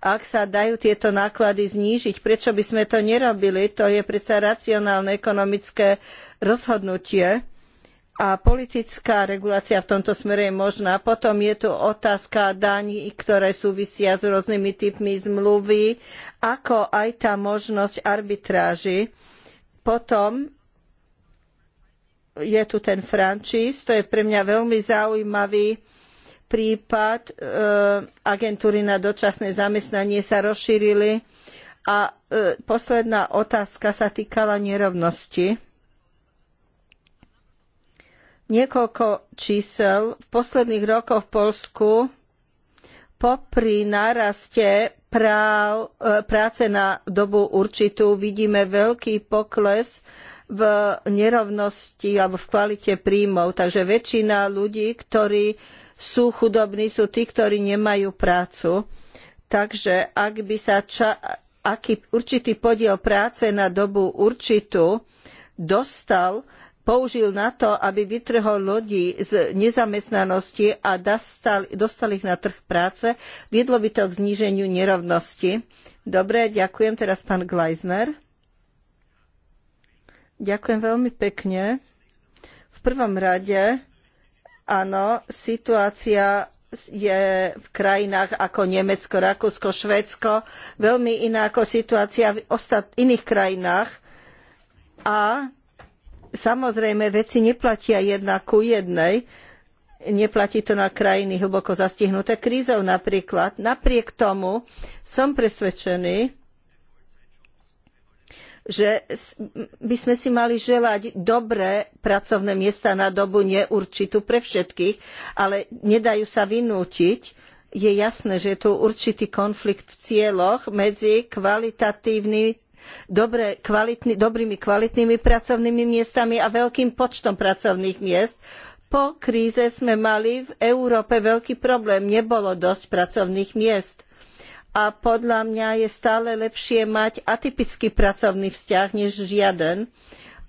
Ak sa dajú tieto náklady znížiť, prečo by sme to nerobili? To je predsa racionálne ekonomické rozhodnutie a politická regulácia v tomto smere je možná. Potom je tu otázka daní, ktoré súvisia s rôznymi typmi zmluvy, ako aj tá možnosť arbitráži. Potom je tu ten Francis, to je pre mňa veľmi zaujímavý prípad. E, agentúry na dočasné zamestnanie sa rozšírili. A e, posledná otázka sa týkala nerovnosti. Niekoľko čísel. V posledných rokoch v Polsku popri náraste práv, e, práce na dobu určitú vidíme veľký pokles v nerovnosti alebo v kvalite príjmov. Takže väčšina ľudí, ktorí sú chudobní, sú tí, ktorí nemajú prácu. Takže ak by sa ča, aký určitý podiel práce na dobu určitú dostal, použil na to, aby vytrhol ľudí z nezamestnanosti a dostal, dostal ich na trh práce, viedlo by to k zníženiu nerovnosti. Dobre, ďakujem. Teraz pán Gleisner. Ďakujem veľmi pekne. V prvom rade, áno, situácia je v krajinách ako Nemecko, Rakúsko, Švédsko veľmi iná ako situácia v iných krajinách. A samozrejme veci neplatia jedna ku jednej. Neplatí to na krajiny hlboko zastihnuté krízou napríklad. Napriek tomu som presvedčený, že by sme si mali želať dobré pracovné miesta na dobu neurčitú pre všetkých, ale nedajú sa vynútiť. Je jasné, že je tu určitý konflikt v cieľoch medzi kvalitatívnym Dobre, kvalitný, dobrými kvalitnými pracovnými miestami a veľkým počtom pracovných miest, po kríze sme mali v Európe veľký problém. Nebolo dosť pracovných miest a podľa mňa je stále lepšie mať atypický pracovný vzťah než žiaden.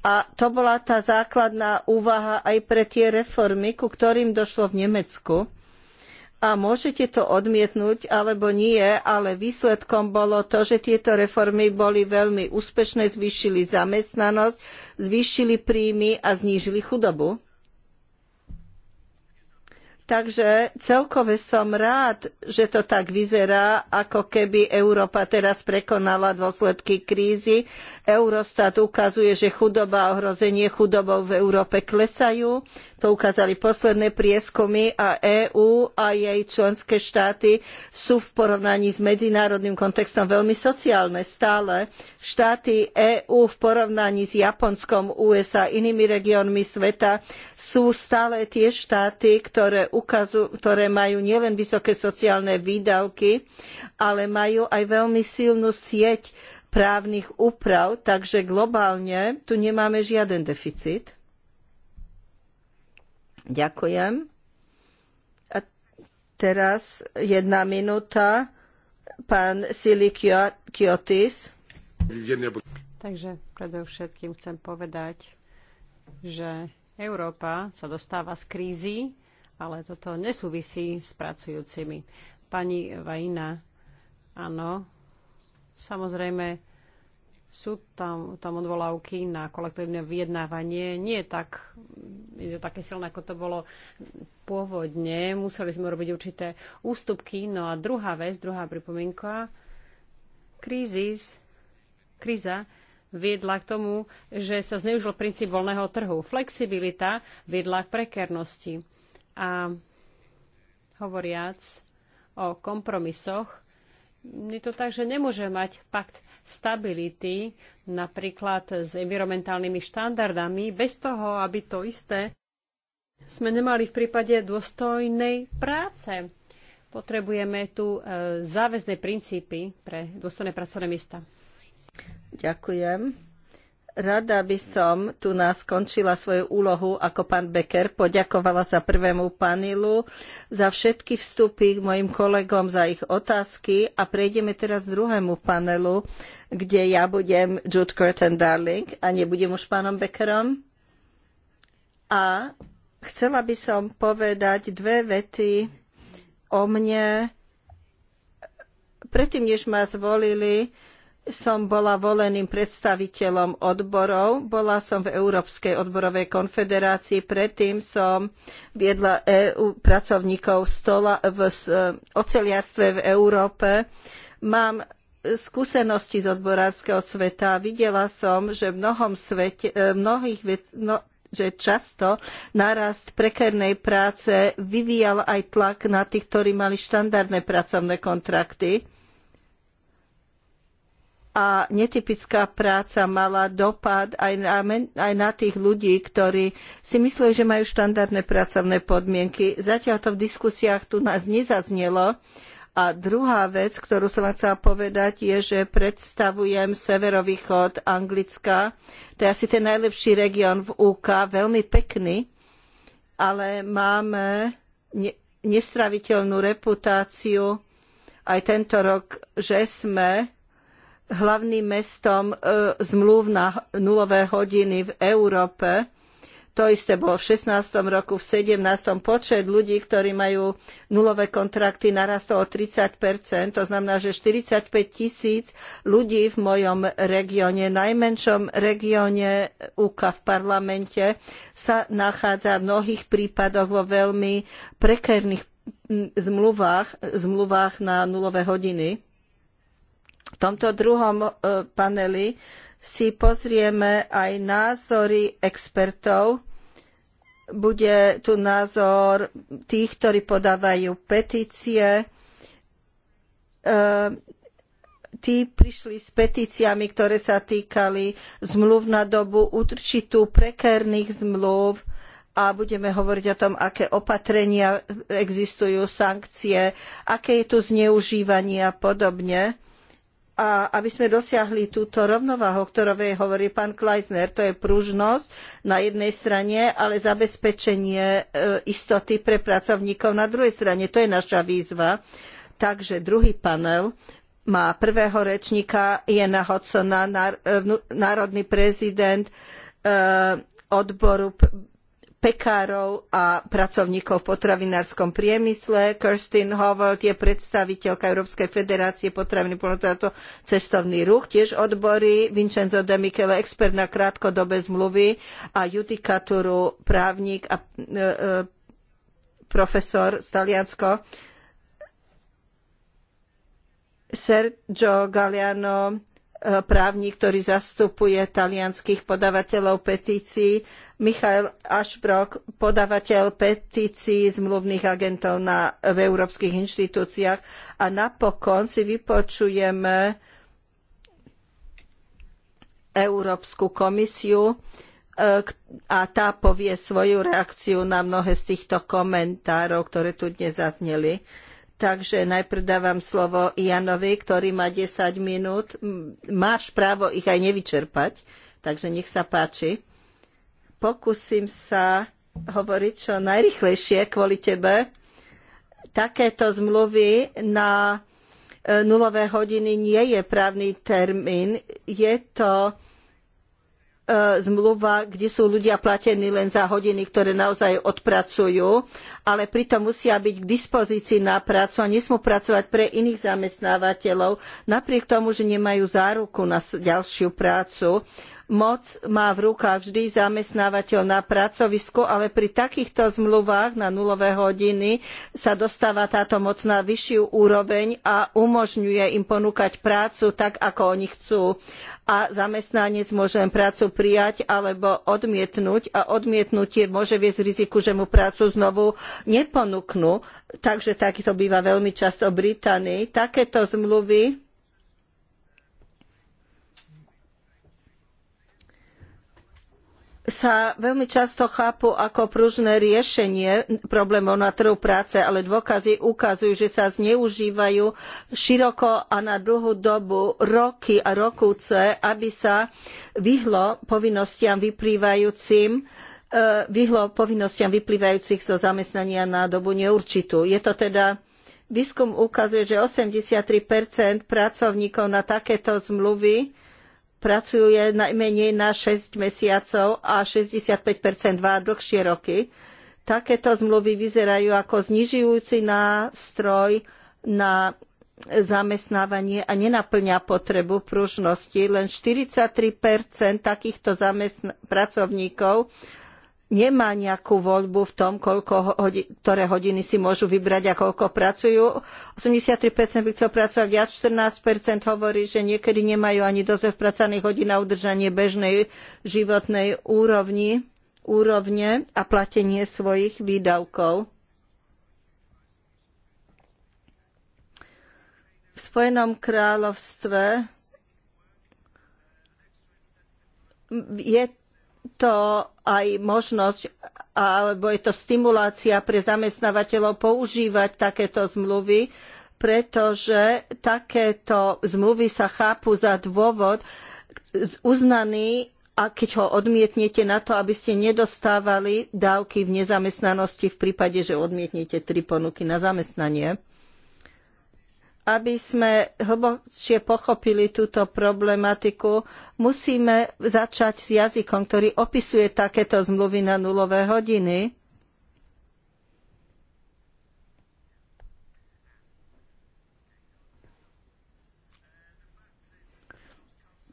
A to bola tá základná úvaha aj pre tie reformy, ku ktorým došlo v Nemecku. A môžete to odmietnúť alebo nie, ale výsledkom bolo to, že tieto reformy boli veľmi úspešné, zvýšili zamestnanosť, zvýšili príjmy a znížili chudobu. Takže celkové som rád, že to tak vyzerá, ako keby Európa teraz prekonala dôsledky krízy. Eurostat ukazuje, že chudoba a ohrozenie chudobou v Európe klesajú. To ukázali posledné prieskumy a EÚ a jej členské štáty sú v porovnaní s medzinárodným kontextom veľmi sociálne stále. Štáty EÚ v porovnaní s Japonskom, USA, inými regiónmi sveta sú stále tie štáty, ktoré ktoré majú nielen vysoké sociálne výdavky, ale majú aj veľmi silnú sieť právnych úprav, takže globálne tu nemáme žiaden deficit. Ďakujem. A teraz jedna minúta. Pán Sili Kiotis. Takže predovšetkým chcem povedať, že Európa sa dostáva z krízy, ale toto nesúvisí s pracujúcimi. Pani Vajina, áno, samozrejme sú tam, tam odvolávky na kolektívne vyjednávanie. Nie je, tak, je to také silné, ako to bolo pôvodne. Museli sme robiť určité ústupky. No a druhá vec, druhá pripomienka, krízis, kríza viedla k tomu, že sa zneužil princíp voľného trhu. Flexibilita viedla k prekernosti. A hovoriac o kompromisoch, je to tak, že nemôže mať pakt stability napríklad s environmentálnymi štandardami bez toho, aby to isté sme nemali v prípade dôstojnej práce. Potrebujeme tu e, záväzné princípy pre dôstojné pracovné miesta. Ďakujem. Rada by som tu nás skončila svoju úlohu ako pán Becker, poďakovala sa prvému panelu za všetky vstupy k mojim kolegom za ich otázky a prejdeme teraz k druhému panelu, kde ja budem Jude Curtin Darling a nebudem už pánom Beckerom. A chcela by som povedať dve vety o mne. Predtým, než ma zvolili, som bola voleným predstaviteľom odborov. Bola som v Európskej odborovej konfederácii, predtým som viedla EU pracovníkov stola v e, oceliarstve v Európe. Mám skúsenosti z odborárskeho sveta. Videla som, že v mnohom svete, e, mnohých, no, že často nárast prekernej práce vyvíjal aj tlak na tých, ktorí mali štandardné pracovné kontrakty a netypická práca mala dopad aj na, aj na, tých ľudí, ktorí si mysleli, že majú štandardné pracovné podmienky. Zatiaľ to v diskusiách tu nás nezaznelo. A druhá vec, ktorú som vám chcela povedať, je, že predstavujem severovýchod Anglicka. To je asi ten najlepší región v UK, veľmi pekný, ale máme ne- nestraviteľnú reputáciu aj tento rok, že sme hlavným mestom e, zmluv na nulové hodiny v Európe. To isté bolo v 16. roku, v 17. počet ľudí, ktorí majú nulové kontrakty, narastol o 30 To znamená, že 45 tisíc ľudí v mojom regióne, najmenšom regióne UK v parlamente, sa nachádza v mnohých prípadoch vo veľmi prekérnych zmluvách, zmluvách na nulové hodiny v tomto druhom e, paneli si pozrieme aj názory expertov. Bude tu názor tých, ktorí podávajú petície. E, tí prišli s petíciami, ktoré sa týkali zmluv na dobu určitú prekérnych zmluv a budeme hovoriť o tom, aké opatrenia existujú, sankcie, aké je tu zneužívanie a podobne a aby sme dosiahli túto rovnováhu, o ktorej hovorí pán Kleisner, to je pružnosť na jednej strane, ale zabezpečenie e, istoty pre pracovníkov na druhej strane. To je naša výzva. Takže druhý panel má prvého rečníka Jena Hodsona, e, národný prezident e, odboru pekárov a pracovníkov v potravinárskom priemysle. Kirstin Howard je predstaviteľka Európskej federácie potraviny polnotovarov cestovný ruch, tiež odbory, Vincenzo De Michele, expert na krátkodobé zmluvy a judikatúru právnik a e, e, profesor z Taliansko. Sergio Galliano, E, právnik, ktorý zastupuje talianskych podavateľov petícií, Michael Ashbrook, podávateľ petícií zmluvných agentov na, v európskych inštitúciách. A napokon si vypočujeme Európsku komisiu e, a tá povie svoju reakciu na mnohé z týchto komentárov, ktoré tu dnes zazneli. Uh, Takže najprv dávam slovo Janovi, ktorý má 10 minút. Máš právo ich aj nevyčerpať, takže nech sa páči. Pokúsim sa hovoriť čo najrychlejšie kvôli tebe. Takéto zmluvy na e, nulové hodiny nie je právny termín. Je to E, zmluva, kde sú ľudia platení len za hodiny, ktoré naozaj odpracujú, ale pritom musia byť k dispozícii na prácu a nesmú pracovať pre iných zamestnávateľov, napriek tomu, že nemajú záruku na ďalšiu prácu. Moc má v rukách vždy zamestnávateľ na pracovisku, ale pri takýchto zmluvách na nulové hodiny sa dostáva táto moc na vyššiu úroveň a umožňuje im ponúkať prácu tak, ako oni chcú a zamestnanec môže len prácu prijať alebo odmietnuť a odmietnutie môže viesť k riziku, že mu prácu znovu neponúknú. Takže takýto býva veľmi často v Británii. Takéto zmluvy sa veľmi často chápu ako pružné riešenie problémov na trhu práce, ale dôkazy ukazujú, že sa zneužívajú široko a na dlhú dobu, roky a rokúce, aby sa vyhlo povinnostiam vyplývajúcim e, vyhlo povinnostiam vyplývajúcich zo zamestnania na dobu neurčitú. Je to teda Výskum ukazuje, že 83 pracovníkov na takéto zmluvy pracuje najmenej na 6 mesiacov a 65 dva dlhšie roky. Takéto zmluvy vyzerajú ako znižujúci nástroj na zamestnávanie a nenaplňa potrebu pružnosti. Len 43 takýchto pracovníkov nemá nejakú voľbu v tom, koľko ktoré hodiny si môžu vybrať a koľko pracujú. 83% by chcel pracovať viac, 14% hovorí, že niekedy nemajú ani dosť pracovných hodín na udržanie bežnej životnej úrovni, úrovne a platenie svojich výdavkov. V Spojenom kráľovstve je to aj možnosť, alebo je to stimulácia pre zamestnávateľov používať takéto zmluvy, pretože takéto zmluvy sa chápu za dôvod uznaný a keď ho odmietnete na to, aby ste nedostávali dávky v nezamestnanosti v prípade, že odmietnete tri ponuky na zamestnanie aby sme hlbšie pochopili túto problematiku, musíme začať s jazykom, ktorý opisuje takéto zmluvy na nulové hodiny.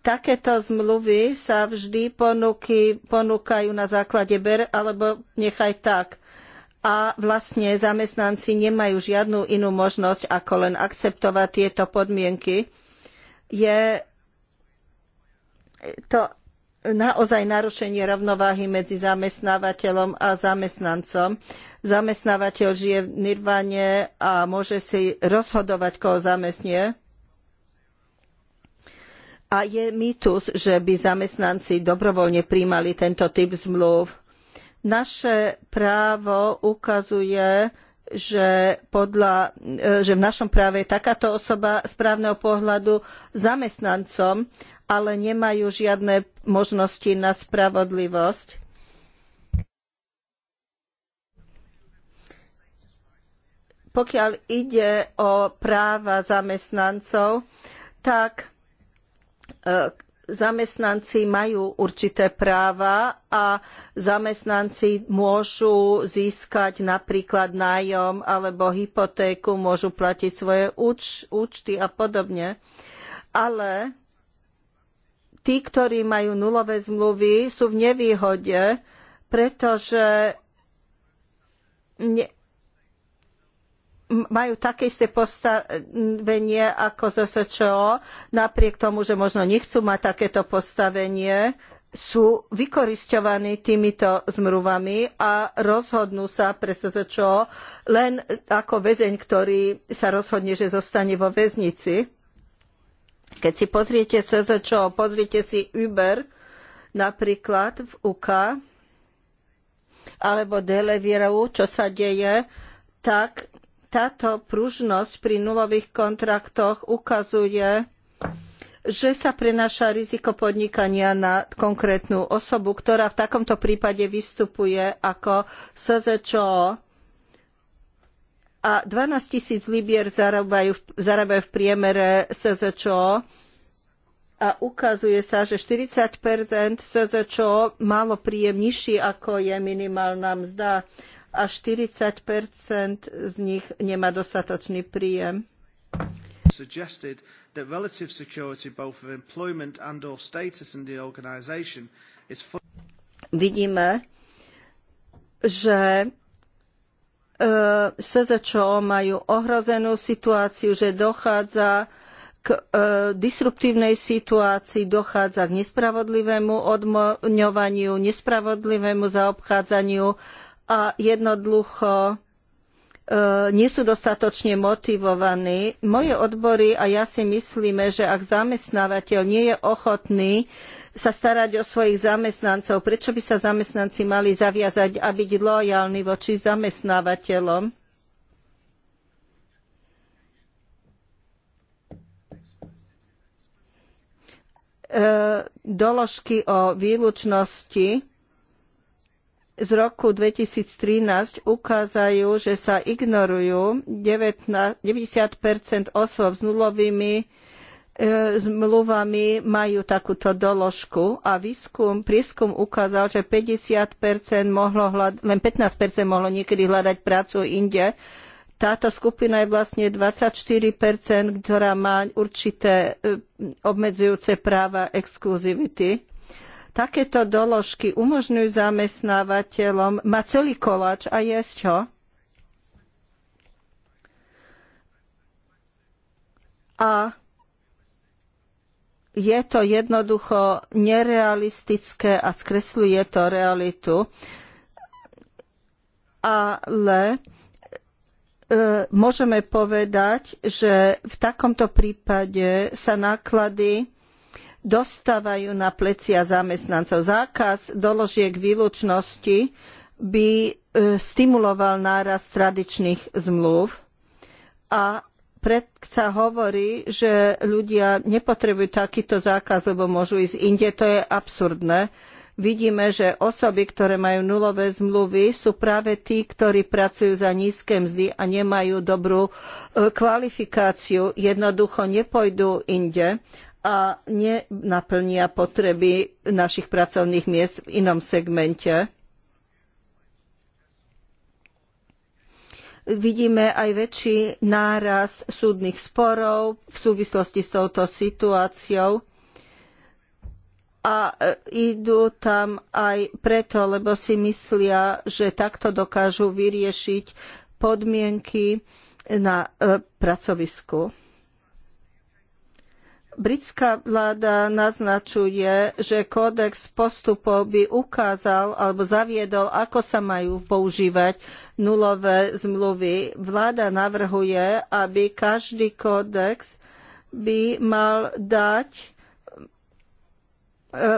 Takéto zmluvy sa vždy ponuky, ponúkajú na základe ber alebo nechaj tak a vlastne zamestnanci nemajú žiadnu inú možnosť, ako len akceptovať tieto podmienky. Je to naozaj narušenie rovnováhy medzi zamestnávateľom a zamestnancom. Zamestnávateľ žije v nirvane a môže si rozhodovať, koho zamestnie. A je mýtus, že by zamestnanci dobrovoľne príjmali tento typ zmluv naše právo ukazuje, že, podľa, e, že v našom práve je takáto osoba správneho pohľadu zamestnancom, ale nemajú žiadne možnosti na spravodlivosť. Pokiaľ ide o práva zamestnancov, tak e, zamestnanci majú určité práva a zamestnanci môžu získať napríklad nájom alebo hypotéku, môžu platiť svoje úč účty a podobne. Ale tí, ktorí majú nulové zmluvy, sú v nevýhode, pretože ne majú také isté postavenie ako ZSČO, napriek tomu, že možno nechcú mať takéto postavenie, sú vykorisťovaní týmito zmluvami a rozhodnú sa pre SZČO len ako väzeň, ktorý sa rozhodne, že zostane vo väznici. Keď si pozriete SZČO, pozrite si Uber napríklad v UK alebo Deleviru, čo sa deje, tak táto pružnosť pri nulových kontraktoch ukazuje, že sa prenáša riziko podnikania na konkrétnu osobu, ktorá v takomto prípade vystupuje ako SZČO. A 12 tisíc libier zarábajú, zarábajú v priemere SZČO a ukazuje sa, že 40 SZČO malo príjem nižší ako je minimálna mzda a 40 z nich nemá dostatočný príjem. suggested that relative security both of employment and or status in the organization is Vidíme, že e, SZČO majú ohrozenú situáciu, že dochádza k e, disruptívnej situácii, dochádza k nespravodlivému odmoňovaniu, nespravodlivému zaobchádzaniu a jednoducho e, nie sú dostatočne motivovaní. Moje odbory a ja si myslíme, že ak zamestnávateľ nie je ochotný sa starať o svojich zamestnancov, prečo by sa zamestnanci mali zaviazať a byť lojálni voči zamestnávateľom? E, doložky o výlučnosti z roku 2013 ukázajú, že sa ignorujú 90 osôb s nulovými e, zmluvami majú takúto doložku a výskum, prieskum ukázal, že 50% mohlo hľad, len 15% mohlo niekedy hľadať prácu inde. Táto skupina je vlastne 24%, ktorá má určité e, obmedzujúce práva exkluzivity. Takéto doložky umožňujú zamestnávateľom mať celý koláč a jesť ho. A je to jednoducho nerealistické a skresľuje to realitu. Ale e, môžeme povedať, že v takomto prípade sa náklady dostávajú na plecia zamestnancov. Zákaz doložiek výlučnosti by e, stimuloval nárast tradičných zmluv a predsa hovorí, že ľudia nepotrebujú takýto zákaz, lebo môžu ísť inde. To je absurdné. Vidíme, že osoby, ktoré majú nulové zmluvy, sú práve tí, ktorí pracujú za nízke mzdy a nemajú dobrú e, kvalifikáciu. Jednoducho nepôjdu inde a nenaplnia potreby našich pracovných miest v inom segmente. Vidíme aj väčší nárast súdnych sporov v súvislosti s touto situáciou a e, idú tam aj preto, lebo si myslia, že takto dokážu vyriešiť podmienky na e, pracovisku. Britská vláda naznačuje, že kódex postupov by ukázal alebo zaviedol, ako sa majú používať nulové zmluvy. Vláda navrhuje, aby každý kódex by mal dať e,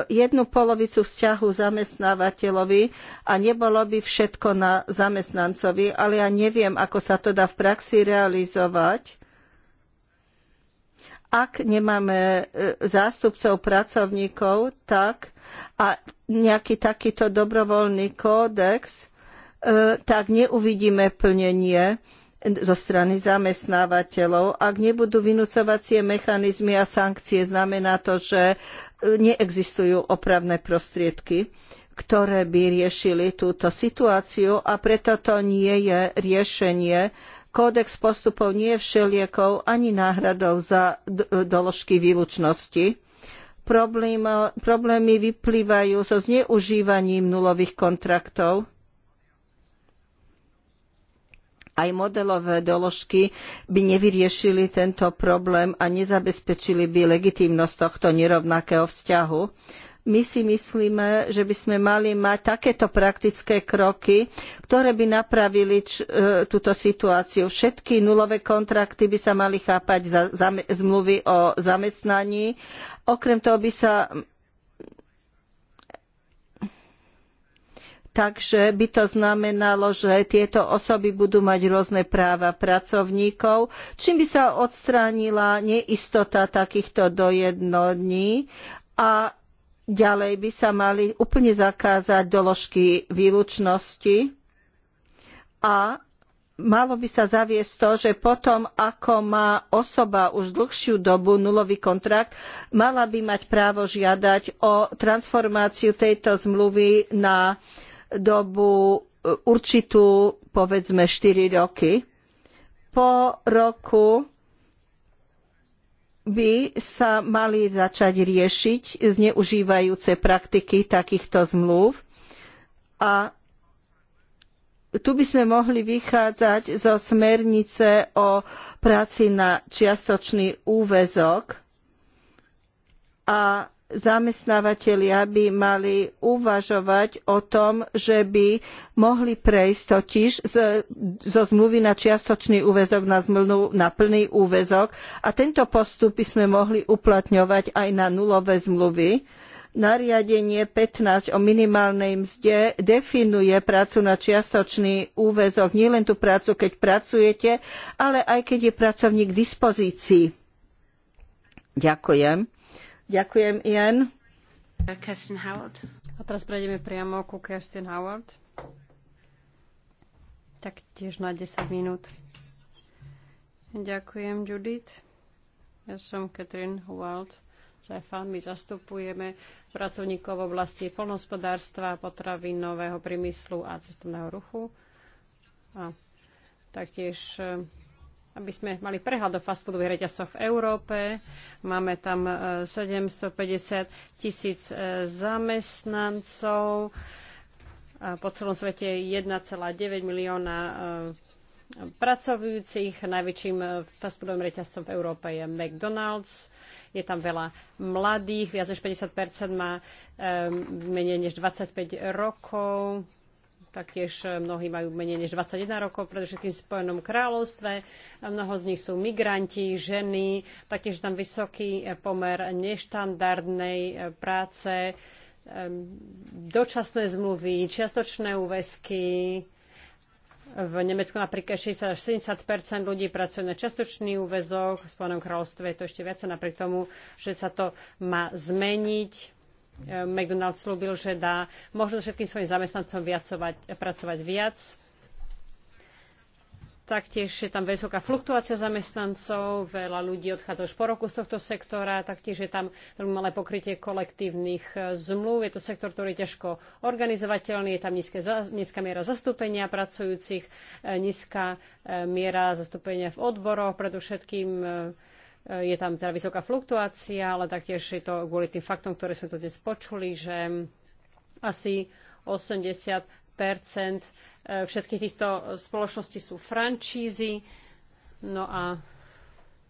jednu polovicu vzťahu zamestnávateľovi a nebolo by všetko na zamestnancovi, ale ja neviem, ako sa to dá v praxi realizovať ak nemáme e, zástupcov pracovníkov, tak a nejaký takýto dobrovoľný kódex, e, tak neuvidíme plnenie zo strany zamestnávateľov. Ak nebudú vynúcovacie mechanizmy a sankcie, znamená to, že e, neexistujú opravné prostriedky, ktoré by riešili túto situáciu a preto to nie je riešenie Kódex postupov nie je všeliekou ani náhradou za doložky výlučnosti. Problém, problémy vyplývajú so zneužívaním nulových kontraktov. Aj modelové doložky by nevyriešili tento problém a nezabezpečili by legitímnosť tohto nerovnakého vzťahu. My si myslíme, že by sme mali mať takéto praktické kroky, ktoré by napravili č, e, túto situáciu. Všetky nulové kontrakty by sa mali chápať za, zmluvy o zamestnaní. Okrem toho by sa takže by to znamenalo, že tieto osoby budú mať rôzne práva pracovníkov, čím by sa odstránila neistota takýchto do dní a Ďalej by sa mali úplne zakázať doložky výlučnosti a malo by sa zaviesť to, že potom, ako má osoba už dlhšiu dobu nulový kontrakt, mala by mať právo žiadať o transformáciu tejto zmluvy na dobu e, určitú, povedzme 4 roky. Po roku by sa mali začať riešiť zneužívajúce praktiky takýchto zmluv a tu by sme mohli vychádzať zo smernice o práci na čiastočný úväzok a zamestnávateľia by mali uvažovať o tom, že by mohli prejsť totiž zo zmluvy na čiastočný úväzok na zmluvu na plný úväzok a tento postup by sme mohli uplatňovať aj na nulové zmluvy. Nariadenie 15 o minimálnej mzde definuje prácu na čiastočný úväzok, nielen tú prácu, keď pracujete, ale aj keď je pracovník k dispozícii. Ďakujem. Ďakujem, Ian. Kirsten Howard. A teraz prejdeme priamo ku Kirsten Howard. Tak tiež na 10 minút. Ďakujem, Judith. Ja som Katrin Howard. Šéfa, my zastupujeme pracovníkov v oblasti polnospodárstva, potravinového priemyslu a cestovného ruchu. A taktiež aby sme mali prehľad o fast foodových reťazcoch v Európe. Máme tam 750 e, tisíc e, zamestnancov. po celom svete je 1,9 milióna e, pracujúcich. Najväčším fast foodovým reťazcom v Európe je McDonald's. Je tam veľa mladých, viac než 50 má menej než 25 rokov taktiež e, mnohí majú menej než 21 rokov, predovšetkým v Spojenom kráľovstve. E, mnoho z nich sú migranti, ženy, taktiež tam vysoký e, pomer neštandardnej práce, dočasné zmluvy, čiastočné úväzky. V Nemecku napríklad 60 až 70 ľudí pracuje na častočný úväzok v Spojenom kráľovstve je to ešte viac, napriek tomu, že sa to má zmeniť McDonald's slúbil, že dá možnosť všetkým svojim zamestnancom viacovať, pracovať viac. Taktiež je tam vysoká fluktuácia zamestnancov, veľa ľudí odchádza už po roku z tohto sektora, taktiež je tam malé pokrytie kolektívnych eh, zmluv. Je to sektor, ktorý je ťažko organizovateľný, je tam nízke, nízka miera zastúpenia pracujúcich, eh, nízka eh, miera zastúpenia v odboroch, predovšetkým je tam teda vysoká fluktuácia, ale taktiež je to kvôli tým faktom, ktoré sme tu dnes počuli, že asi 80 eh, všetkých týchto spoločností sú francízy. No a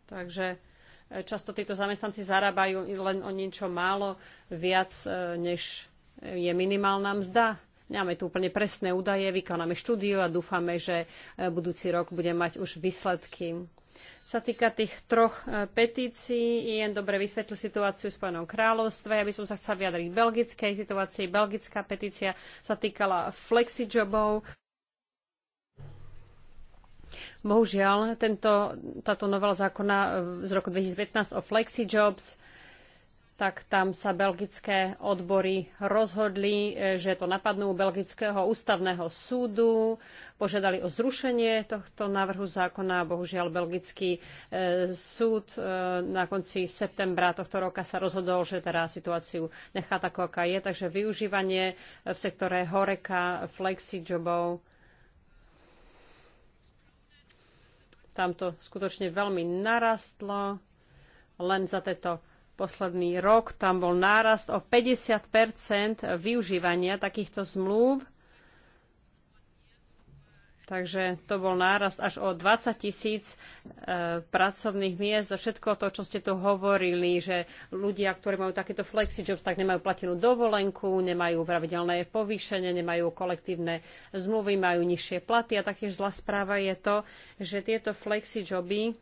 takže eh, často títo zamestnanci zarábajú len o niečo málo viac, eh, než je minimálna mzda. Nemáme tu úplne presné údaje, vykonáme štúdiu a dúfame, že budúci rok bude mať už výsledky. Čo sa týka tých troch e, petícií, jen dobre vysvetlil situáciu v Spojenom kráľovstve. Ja by som sa chcela vyjadriť k belgickej situácii. Belgická petícia sa týkala flexijobov. Bohužiaľ, tento, táto novela zákona e, z roku 2015 o flexijobs tak tam sa belgické odbory rozhodli, e, že to napadnú Belgického ústavného súdu, požiadali o zrušenie tohto návrhu zákona. Bohužiaľ, Belgický e, súd e, na konci septembra tohto roka sa rozhodol, že teda situáciu nechá takú, aká je. Takže využívanie e, v sektore horeka, flexijobov, tam to skutočne veľmi narastlo len za tieto posledný rok tam bol nárast o 50 využívania takýchto zmluv. Takže to bol nárast až o 20 tisíc e, pracovných miest a všetko to, čo ste tu hovorili, že ľudia, ktorí majú takéto flexijobs, tak nemajú platenú dovolenku, nemajú pravidelné povýšenie, nemajú kolektívne zmluvy, majú nižšie platy. A taktiež zlá správa je to, že tieto flexijoby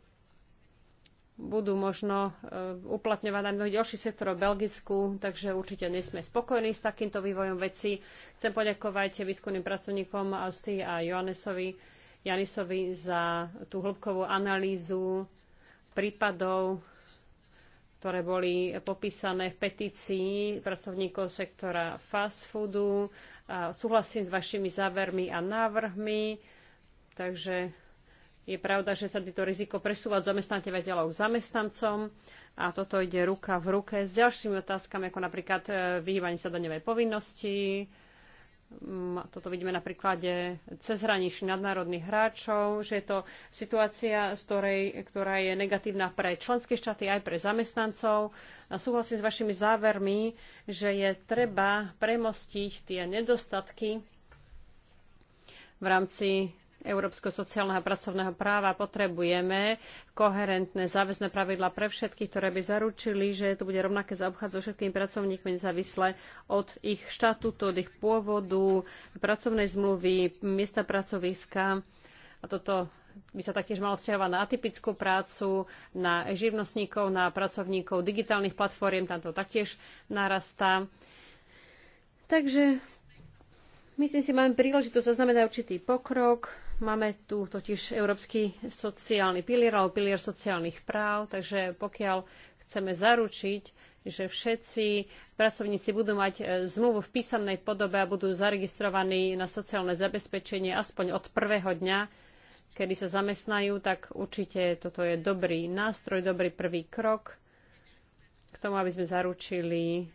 budú možno e, uplatňovať aj mnohí ďalší sektor v Belgicku, takže určite nesme spokojní s takýmto vývojom veci. Chcem poďakovať výskumným pracovníkom Austy a Johannesovi, Janisovi za tú hĺbkovú analýzu prípadov, ktoré boli popísané v petícii pracovníkov sektora fast foodu. A súhlasím s vašimi závermi a návrhmi, takže je pravda, že sa to riziko presúva od zamestnávateľov k zamestnancom a toto ide ruka v ruke s ďalšími otázkami, ako napríklad e, vyhýbanie sa daňovej povinnosti. Mm, toto vidíme na príklade cezhraničných nadnárodných hráčov, že je to situácia, z ktorej, ktorá je negatívna pre členské štáty aj pre zamestnancov. A súhlasím s vašimi závermi, že je treba premostiť tie nedostatky v rámci Európskeho sociálneho a pracovného práva potrebujeme koherentné záväzné pravidla pre všetkých, ktoré by zaručili, že tu bude rovnaké zaobchádzať so všetkými pracovníkmi nezávisle od ich štatútu, od ich pôvodu, pracovnej zmluvy, miesta pracoviska. A toto by sa taktiež malo vzťahovať na atypickú prácu, na živnostníkov, na pracovníkov digitálnych platform, tam to taktiež narastá. Takže myslím si, máme príležitosť zaznamenať určitý pokrok. Máme tu totiž Európsky sociálny pilier alebo pilier sociálnych práv, takže pokiaľ chceme zaručiť, že všetci pracovníci budú mať e, zmluvu v písomnej podobe a budú zaregistrovaní na sociálne zabezpečenie aspoň od prvého dňa, kedy sa zamestnajú, tak určite toto je dobrý nástroj, dobrý prvý krok k tomu, aby sme zaručili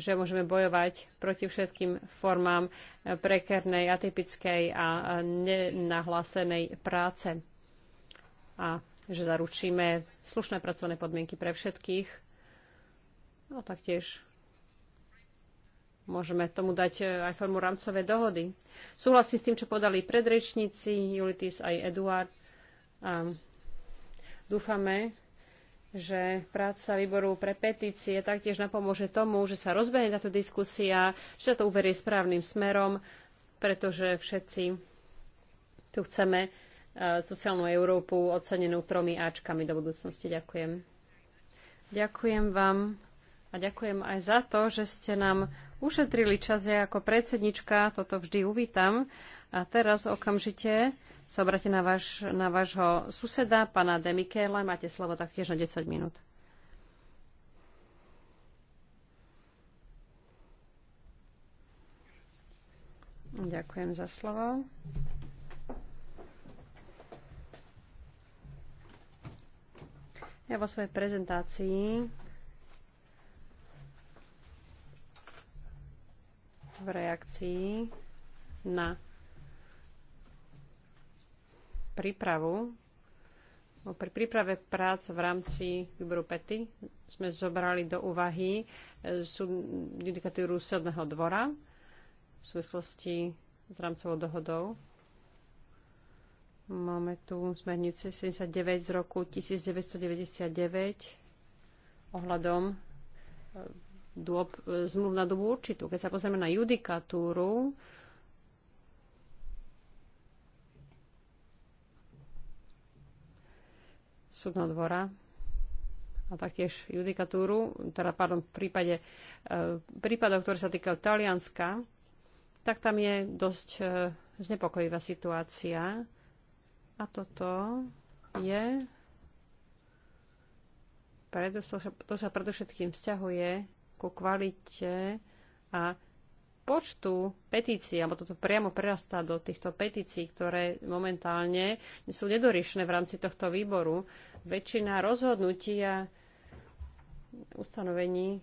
že môžeme bojovať proti všetkým formám e, prekernej, atypickej a nenahlásenej práce. A že zaručíme slušné pracovné podmienky pre všetkých. No taktiež môžeme tomu dať e, aj formu rámcovej dohody. Súhlasím s tým, čo podali predrečníci Julitis aj Eduard. A dúfame, že práca výboru pre petície taktiež napomôže tomu, že sa rozbehne táto diskusia, že sa to uberie správnym smerom, pretože všetci tu chceme e, sociálnu Európu ocenenú tromi Ačkami do budúcnosti. Ďakujem. Ďakujem vám. A ďakujem aj za to, že ste nám ušetrili čas. Ja ako predsednička toto vždy uvítam. A teraz okamžite sa obráte na, váš, na vášho suseda, pana Demikela. Máte slovo taktiež na 10 minút. Ďakujem za slovo. Ja vo svojej prezentácii v reakcii na prípravu pri príprave prác v rámci výboru PETI sme zobrali do úvahy e, judikatúru súdneho dvora v súvislosti s rámcovou dohodou. Máme tu smernicu 79 z roku 1999 ohľadom e, dôb, e, zmluv na dobu určitú. Keď sa pozrieme na judikatúru, súdno dvora a taktiež judikatúru, teda pardon, v prípade e, prípadov, ktoré sa týkajú Talianska, tak tam je dosť e, znepokojivá situácia. A toto je, predu, to sa predovšetkým vzťahuje ku kvalite a počtu petícií, alebo toto priamo prerastá do týchto petícií, ktoré momentálne sú nedorišné v rámci tohto výboru. Väčšina rozhodnutí a ustanovení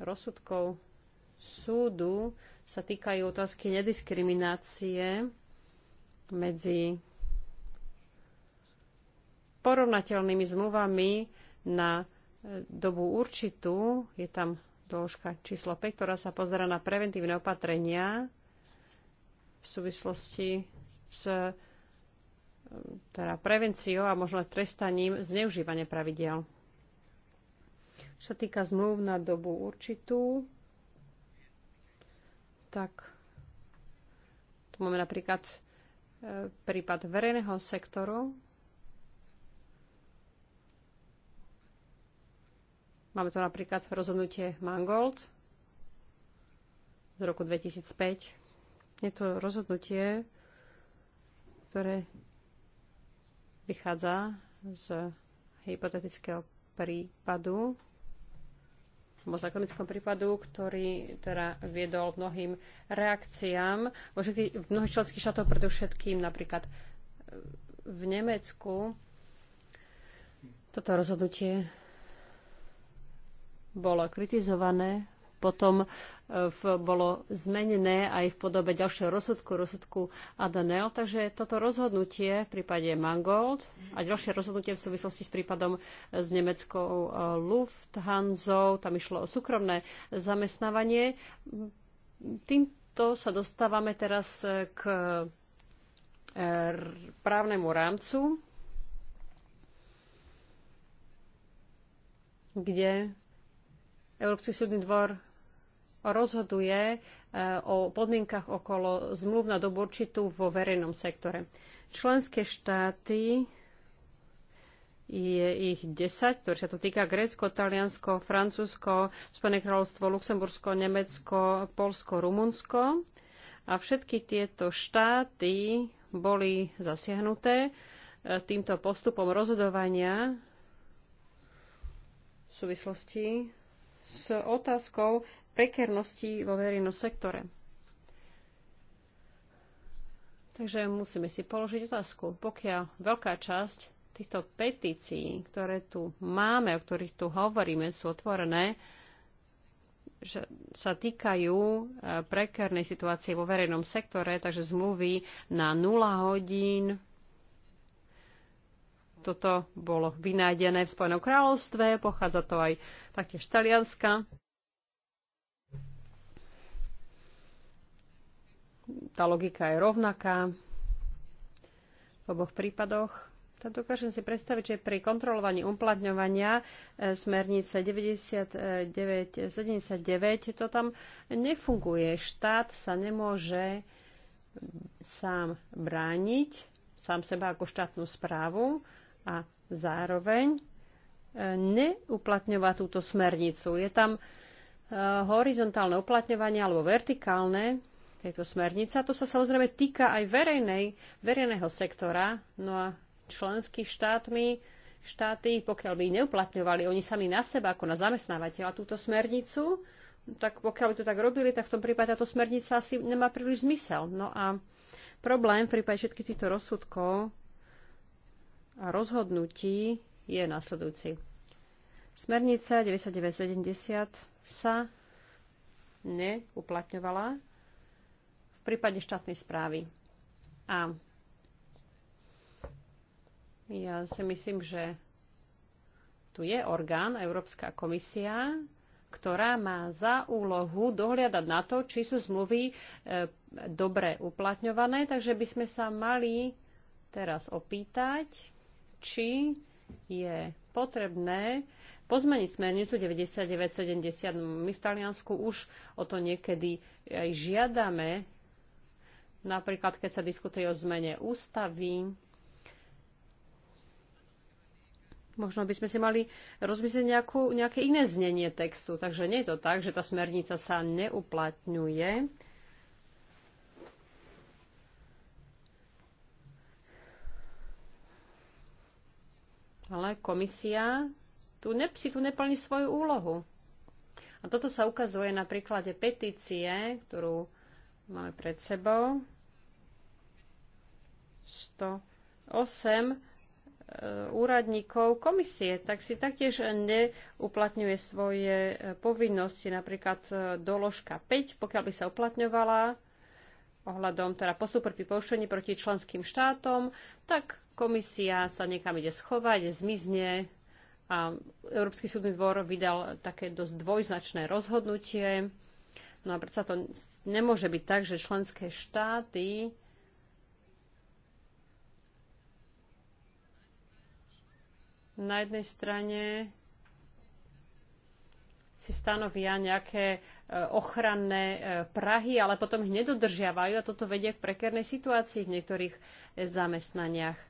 rozsudkov súdu sa týkajú otázky nediskriminácie medzi porovnateľnými zmluvami na dobu určitú. Je tam doložka číslo 5, ktorá sa pozera na preventívne opatrenia v súvislosti s teda prevenciou a možno aj trestaním zneužívania pravidel. Čo sa týka zmluv na dobu určitú, tak tu máme napríklad e, prípad verejného sektoru, Máme tu napríklad rozhodnutie Mangold z roku 2005. Je to rozhodnutie, ktoré vychádza z hypotetického prípadu, alebo zákonnickom prípadu, ktorý teda viedol mnohým reakciám vo v mnohých členských štátoch, predovšetkým napríklad e, v Nemecku. Toto rozhodnutie bolo kritizované, potom e, v, bolo zmenené aj v podobe ďalšieho rozsudku, rozsudku Adonel. Takže toto rozhodnutie v prípade Mangold a ďalšie rozhodnutie v súvislosti s prípadom e, s nemeckou e, Lufthansou, tam išlo o súkromné zamestnávanie. Týmto sa dostávame teraz k právnemu rámcu, kde Európsky súdny dvor rozhoduje e, o podmienkach okolo zmluv na dobu určitú vo verejnom sektore. Členské štáty je ich 10, ktoré sa tu týka Grécko, Taliansko, Francúzsko, Spojené kráľovstvo, Luxembursko, Nemecko, Polsko, Rumunsko. A všetky tieto štáty boli zasiahnuté e, týmto postupom rozhodovania v súvislosti s otázkou prekernosti vo verejnom sektore. Takže musíme si položiť otázku, pokiaľ veľká časť týchto petícií, ktoré tu máme, o ktorých tu hovoríme, sú otvorené, že sa týkajú e, prekernej situácie vo verejnom sektore, takže zmluvy na 0 hodín, toto bolo vynájdené v Spojenom kráľovstve, pochádza to aj taktiež z Talianska. Tá logika je rovnaká v oboch prípadoch. Tak dokážem si predstaviť, že pri kontrolovaní uplatňovania e, smernice 99-79 to tam nefunguje. Štát sa nemôže sám brániť, sám seba ako štátnu správu a zároveň e, neuplatňovať túto smernicu. Je tam e, horizontálne uplatňovanie alebo vertikálne tejto smernice. to sa samozrejme týka aj verejnej, verejného sektora. No a členských štátmi, štáty, pokiaľ by ich neuplatňovali oni sami na seba ako na zamestnávateľa túto smernicu, tak pokiaľ by to tak robili, tak v tom prípade táto smernica asi nemá príliš zmysel. No a problém v prípade všetkých týchto rozsudkov a rozhodnutí je nasledujúci. Smernica 9970 sa neuplatňovala v prípade štátnej správy. A ja si myslím, že tu je orgán, Európska komisia, ktorá má za úlohu dohliadať na to, či sú zmluvy e, dobre uplatňované. Takže by sme sa mali teraz opýtať, či je potrebné pozmeniť smernicu 9970. My v Taliansku už o to niekedy aj žiadame, napríklad keď sa diskutuje o zmene ústavy. Možno by sme si mali rozmyslieť nejakú, nejaké iné znenie textu. Takže nie je to tak, že tá smernica sa neuplatňuje. ale komisia tu, ne, si tu neplní svoju úlohu. A toto sa ukazuje na príklade petície, ktorú máme pred sebou. 108 e, úradníkov komisie, tak si taktiež neuplatňuje svoje e, povinnosti, napríklad e, doložka 5, pokiaľ by sa uplatňovala ohľadom teda postup pri porušení proti členským štátom, tak Komisia sa niekam ide schovať, zmizne a Európsky súdny dvor vydal také dosť dvojznačné rozhodnutie. No a predsa to nemôže byť tak, že členské štáty na jednej strane si stanovia nejaké e, ochranné e, prahy, ale potom ich nedodržiavajú a toto vedie k prekernej situácii v niektorých e, zamestnaniach.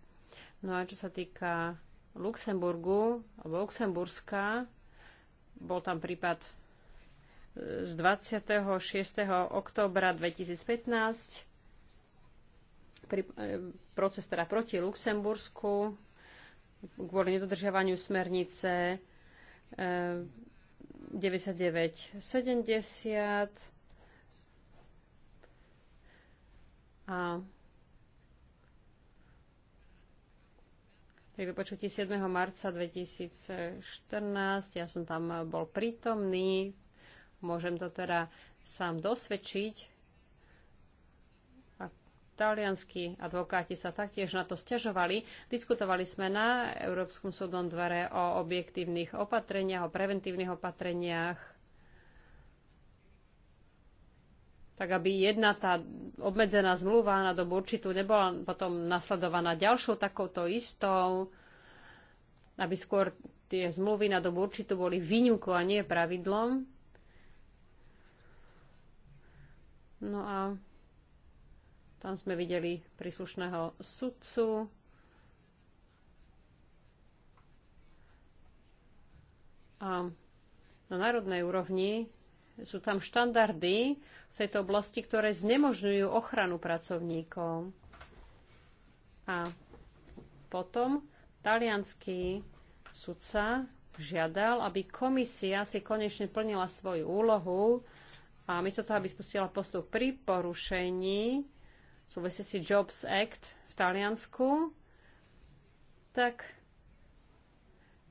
No a čo sa týka Luxemburgu, alebo Luxemburska, bol tam prípad e, z 26. oktobra 2015, pri, e, proces teda proti Luxembursku kvôli nedodržiavaniu smernice 9970 e, a pri vypočutí 7. marca 2014. Ja som tam bol prítomný, môžem to teda sám dosvedčiť. A talianskí advokáti sa taktiež na to stiažovali. Diskutovali sme na Európskom súdnom dvere o objektívnych opatreniach, o preventívnych opatreniach tak aby jedna tá obmedzená zmluva na dobu určitú nebola potom nasledovaná ďalšou takouto istou, aby skôr tie zmluvy na dobu určitú boli výnimkou a nie pravidlom. No a tam sme videli príslušného sudcu. A na národnej úrovni sú tam štandardy, v tejto oblasti, ktoré znemožňujú ochranu pracovníkov. A potom talianský sudca žiadal, aby komisia si konečne plnila svoju úlohu a my to aby spustila postup pri porušení súvisí si Jobs Act v Taliansku, tak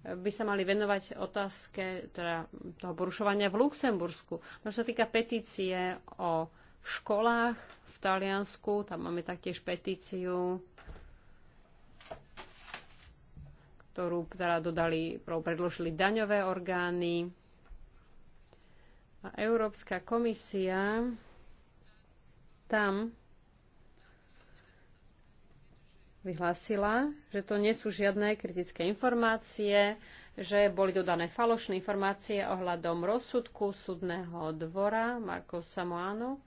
by sa mali venovať otázke teda toho porušovania v Luxembursku. No, čo sa týka petície o školách v Taliansku, tam máme taktiež petíciu, ktorú teda dodali, predložili daňové orgány. A Európska komisia tam vyhlásila, že to nie sú žiadne kritické informácie, že boli dodané falošné informácie ohľadom rozsudku súdneho dvora Marko Samoano.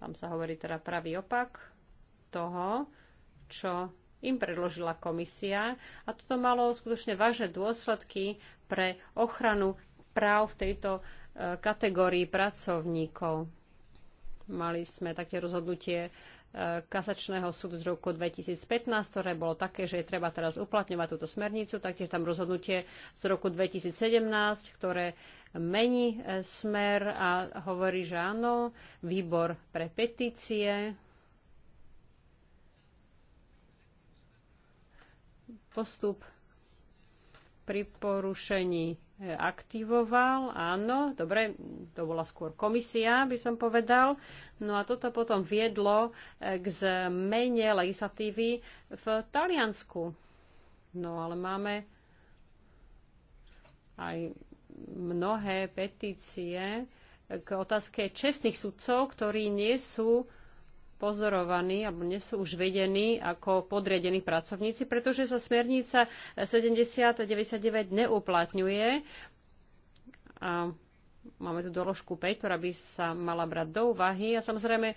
Tam sa hovorí teda pravý opak toho, čo im predložila komisia a toto malo skutočne vážne dôsledky pre ochranu práv v tejto e, kategórii pracovníkov. Mali sme také rozhodnutie kasačného súdu z roku 2015, ktoré bolo také, že je treba teraz uplatňovať túto smernicu, taktiež tam rozhodnutie z roku 2017, ktoré mení e, smer a hovorí, že áno, výbor pre petície postup pri porušení Eh, aktivoval, áno, dobre, to bola skôr komisia, by som povedal. No a toto potom viedlo eh, k zmene legislatívy v Taliansku. No ale máme aj mnohé petície eh, k otázke čestných sudcov, ktorí nie sú pozorovaní alebo nie sú už vedení ako podriadení pracovníci, pretože sa smernica 7099 neuplatňuje. A máme tu doložku 5, ktorá by sa mala brať do úvahy a samozrejme ehm,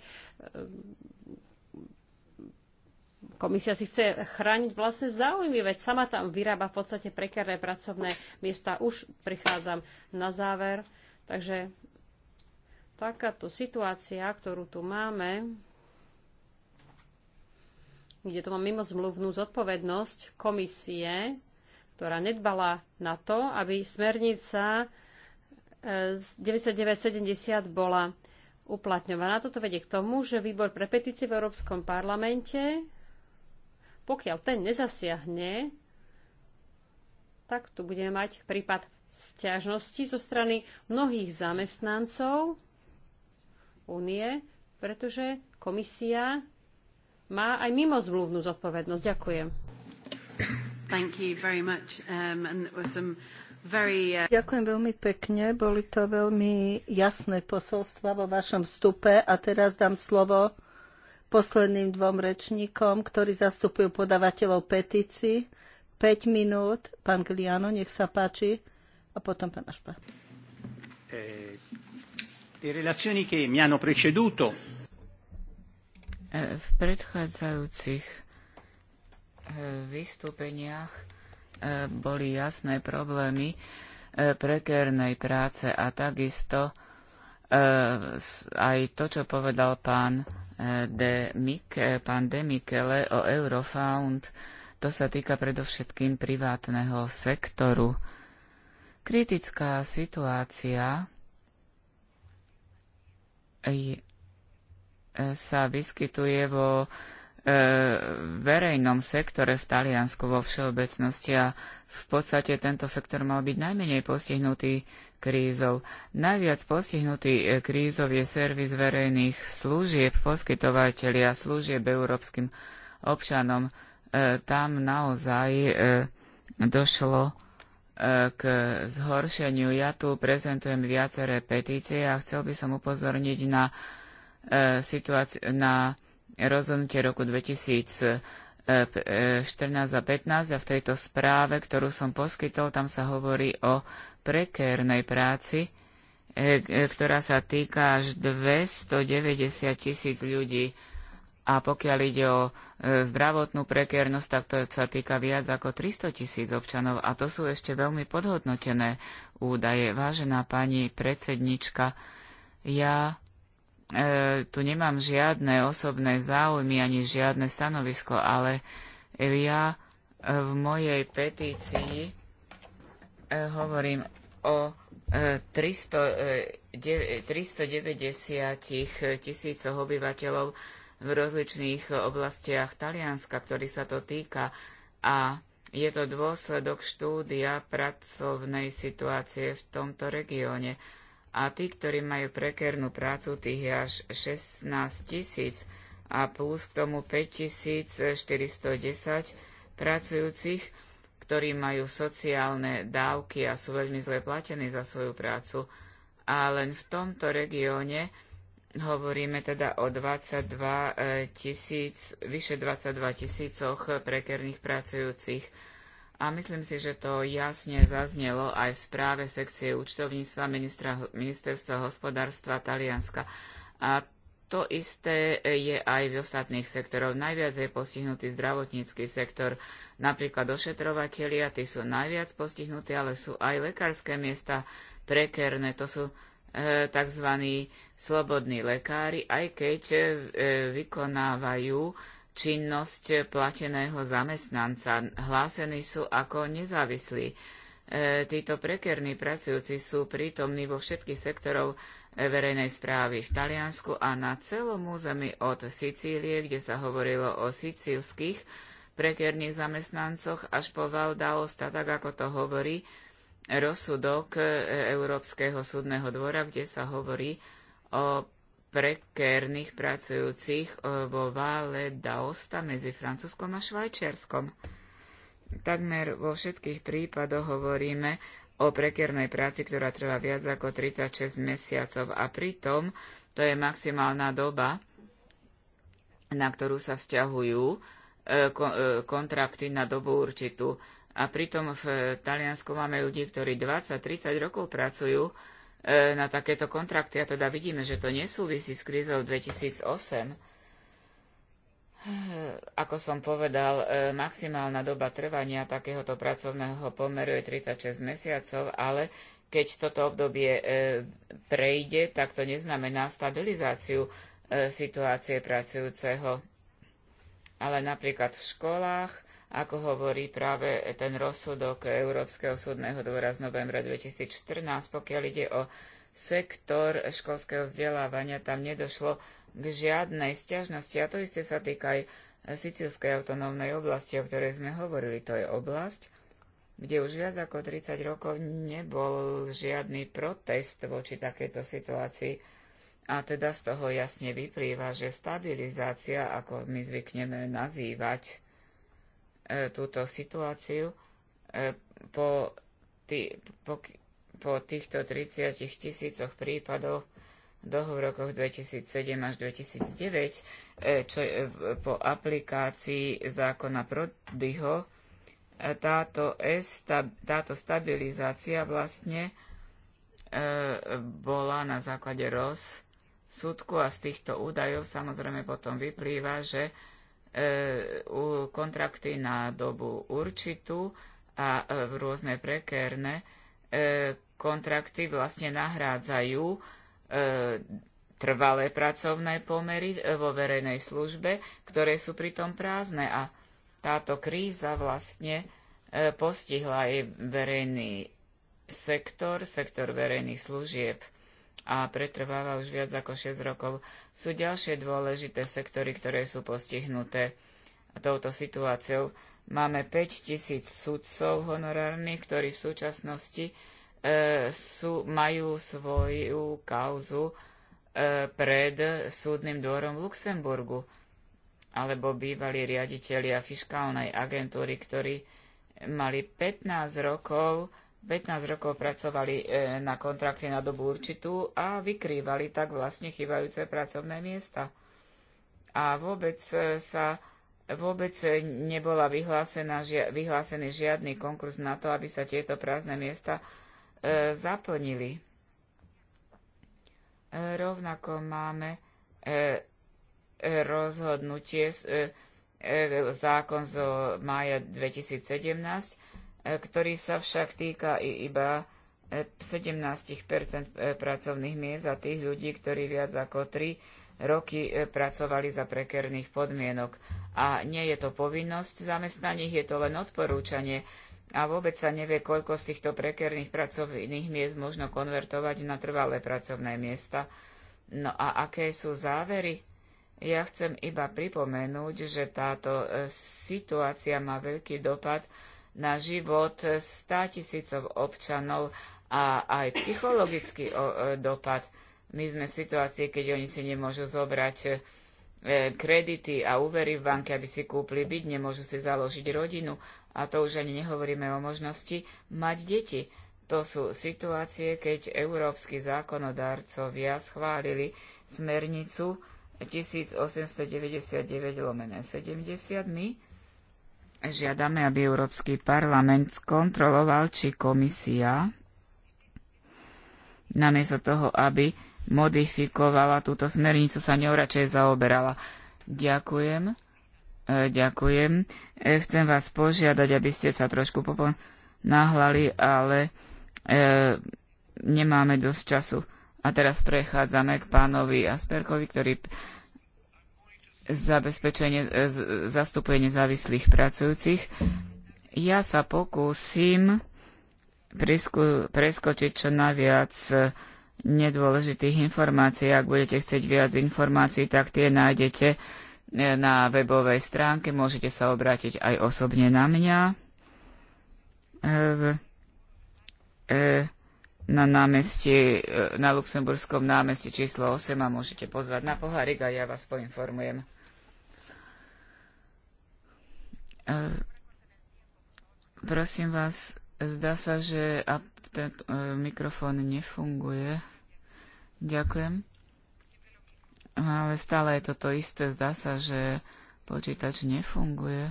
komisia si chce chrániť vlastne záujmy, veď sama tam vyrába v podstate prekerné pracovné miesta. Už prichádzam na záver. Takže takáto situácia, ktorú tu máme, kde to má mimo zmluvnú zodpovednosť komisie, ktorá nedbala na to, aby smernica e, z 9970 bola uplatňovaná. Toto vedie k tomu, že výbor pre petície v Európskom parlamente, pokiaľ ten nezasiahne, tak tu budeme mať prípad sťažnosti zo strany mnohých zamestnancov únie, pretože komisia má aj mimo zmluvnú zodpovednosť. Ďakujem. Thank you very much. Um, and there were some very, uh... Ďakujem veľmi pekne. Boli to veľmi jasné posolstva vo vašom vstupe a teraz dám slovo posledným dvom rečníkom, ktorí zastupujú podávateľov petícií. 5 minút. Pán Gliano, nech sa páči. A potom pán Ašpa. Eh, v predchádzajúcich eh, vystúpeniach eh, boli jasné problémy eh, prekérnej práce a takisto aj to, čo povedal pán de Mike, pán de Michele o Eurofound, to sa týka predovšetkým privátneho sektoru. Kritická situácia sa vyskytuje vo e, verejnom sektore v Taliansku vo všeobecnosti a v podstate tento sektor mal byť najmenej postihnutý krízou. Najviac postihnutý e, krízou je servis verejných služieb, poskytovateľia služieb európskym občanom. E, tam naozaj e, došlo e, k zhoršeniu. Ja tu prezentujem viaceré petície a chcel by som upozorniť na E, situáciu, na rozhodnutie roku 2014 e, e, a 15 a v tejto správe, ktorú som poskytol, tam sa hovorí o prekérnej práci, ktorá sa týka až 290 tisíc ľudí. A pokiaľ ide o zdravotnú prekérnosť, tak to sa týka viac ako 300 tisíc občanov. A to sú ešte veľmi podhodnotené údaje. Vážená pani predsednička, ja e, tu nemám žiadne osobné záujmy ani žiadne stanovisko, ale ja v mojej petícii e, hovorím o e, 300, 390 e, tisícoch obyvateľov v rozličných oblastiach Talianska, ktorý sa to týka a je to dôsledok štúdia pracovnej situácie v tomto regióne a tí, ktorí majú prekernú prácu, tých je až 16 tisíc a plus k tomu 5410 pracujúcich, ktorí majú sociálne dávky a sú veľmi zle platení za svoju prácu. A len v tomto regióne hovoríme teda o 22 eh, tisíc, vyše 22 tisícoch prekerných pracujúcich a myslím si, že to jasne zaznelo aj v správe sekcie účtovníctva ministerstva hospodárstva Talianska. A to isté je aj v ostatných sektoroch. Najviac je postihnutý zdravotnícky sektor. Napríklad ošetrovatelia, tí sú najviac postihnutí, ale sú aj lekárske miesta prekerné. To sú e, tzv. slobodní lekári, aj keď e, vykonávajú činnosť plateného zamestnanca. Hlásení sú ako nezávislí. E, títo prekerní pracujúci sú prítomní vo všetkých sektorov e, verejnej správy v Taliansku a na celom území od Sicílie, kde sa hovorilo o sicílskych prekerných zamestnancoch, až po Valdaosta, tak ako to hovorí rozsudok e, Európskeho súdneho dvora, kde sa hovorí o prekérnych pracujúcich e, vo Vále d'Aosta medzi Francúzskom a Švajčiarskom. Takmer vo všetkých prípadoch hovoríme o prekernej práci, ktorá trvá viac ako 36 mesiacov a pritom to je maximálna doba, na ktorú sa vzťahujú e, e, kontrakty na dobu určitú. A pritom v Taliansku máme ľudí, ktorí 20-30 rokov pracujú E, na takéto kontrakty. A teda vidíme, že to nesúvisí s krízou 2008. Ako som povedal, e, maximálna doba trvania takéhoto pracovného pomeru je 36 mesiacov, ale keď toto obdobie e, prejde, tak to neznamená stabilizáciu situácie pracujúceho. Ale napríklad v školách ako hovorí práve ten rozsudok Európskeho súdneho dvora z novembra 2014, pokiaľ ide o sektor školského vzdelávania, tam nedošlo k žiadnej stiažnosti. A to isté sa týka aj Sicilskej autonómnej oblasti, o ktorej sme hovorili. To je oblasť, kde už viac ako 30 rokov nebol žiadny protest voči takejto situácii. A teda z toho jasne vyplýva, že stabilizácia, ako my zvykneme nazývať, E, túto situáciu e, po, tý, po, po týchto 30 tisícoch prípadoch dlhu v rokoch 2007 až 2009, e, čo je po aplikácii zákona Prodyho, táto, esta, táto stabilizácia vlastne e, bola na základe rozsudku a z týchto údajov samozrejme potom vyplýva, že E, kontrakty na dobu určitú a e, v rôzne prekérne e, kontrakty vlastne nahrádzajú trvalé pracovné pomery vo verejnej službe, ktoré sú pritom prázdne a táto kríza vlastne postihla aj verejný sektor, sektor verejných služieb a pretrváva už viac ako 6 rokov. Sú ďalšie dôležité sektory, ktoré sú postihnuté touto situáciou. Máme 5 tisíc sudcov honorárnych, ktorí v súčasnosti e, sú, majú svoju kauzu e, pred súdnym dvorom v Luxemburgu alebo bývalí riaditeľia fiškálnej agentúry, ktorí mali 15 rokov 15 rokov pracovali e, na kontrakte na dobu určitú a vykrývali tak vlastne chýbajúce pracovné miesta. A vôbec e, sa vôbec nebola vyhlásená, vyhlásený žiadny konkurs na to, aby sa tieto prázdne miesta e, zaplnili. rovnako máme rozhodnutie, zákon zo mája 2017, E, ktorý sa však týka i iba 17 e, e, pracovných miest a tých ľudí, ktorí viac ako 3 roky pracovali za prekerných podmienok. A nie je to povinnosť zamestnaní, je to len odporúčanie a vôbec sa nevie, koľko z týchto prekerných pracovných miest možno konvertovať na trvalé pracovné miesta. No a aké sú závery? Ja chcem iba pripomenúť, že táto situácia má veľký dopad na život 100 tisícov občanov a aj psychologický e, dopad. My sme v situácii, keď oni si nemôžu zobrať e, kredity a úvery v banke, aby si kúpli byt, nemôžu si založiť rodinu a to už ani nehovoríme o možnosti mať deti. To sú situácie, keď európsky zákonodárcovia schválili smernicu 1899 70. My Žiadame, aby Európsky parlament skontroloval, či komisia namiesto toho, aby modifikovala túto smernicu, sa ňou radšej zaoberala. Ďakujem. E, ďakujem. E, chcem vás požiadať, aby ste sa trošku nahlali, ale e, nemáme dosť času. A teraz prechádzame k pánovi Asperkovi, ktorý zabezpečenie, e, zastupuje nezávislých pracujúcich. Ja sa pokúsim preskočiť čo najviac e, nedôležitých informácií. Ak budete chcieť viac informácií, tak tie nájdete e, na webovej stránke. Môžete sa obrátiť aj osobne na mňa. na námestí, na Luxemburskom námestí číslo 8 a môžete pozvať na pohárik a ja vás poinformujem. Prosím vás, zdá sa, že ten e, mikrofón nefunguje. Ďakujem. Ale stále je toto isté. Zdá sa, že počítač nefunguje.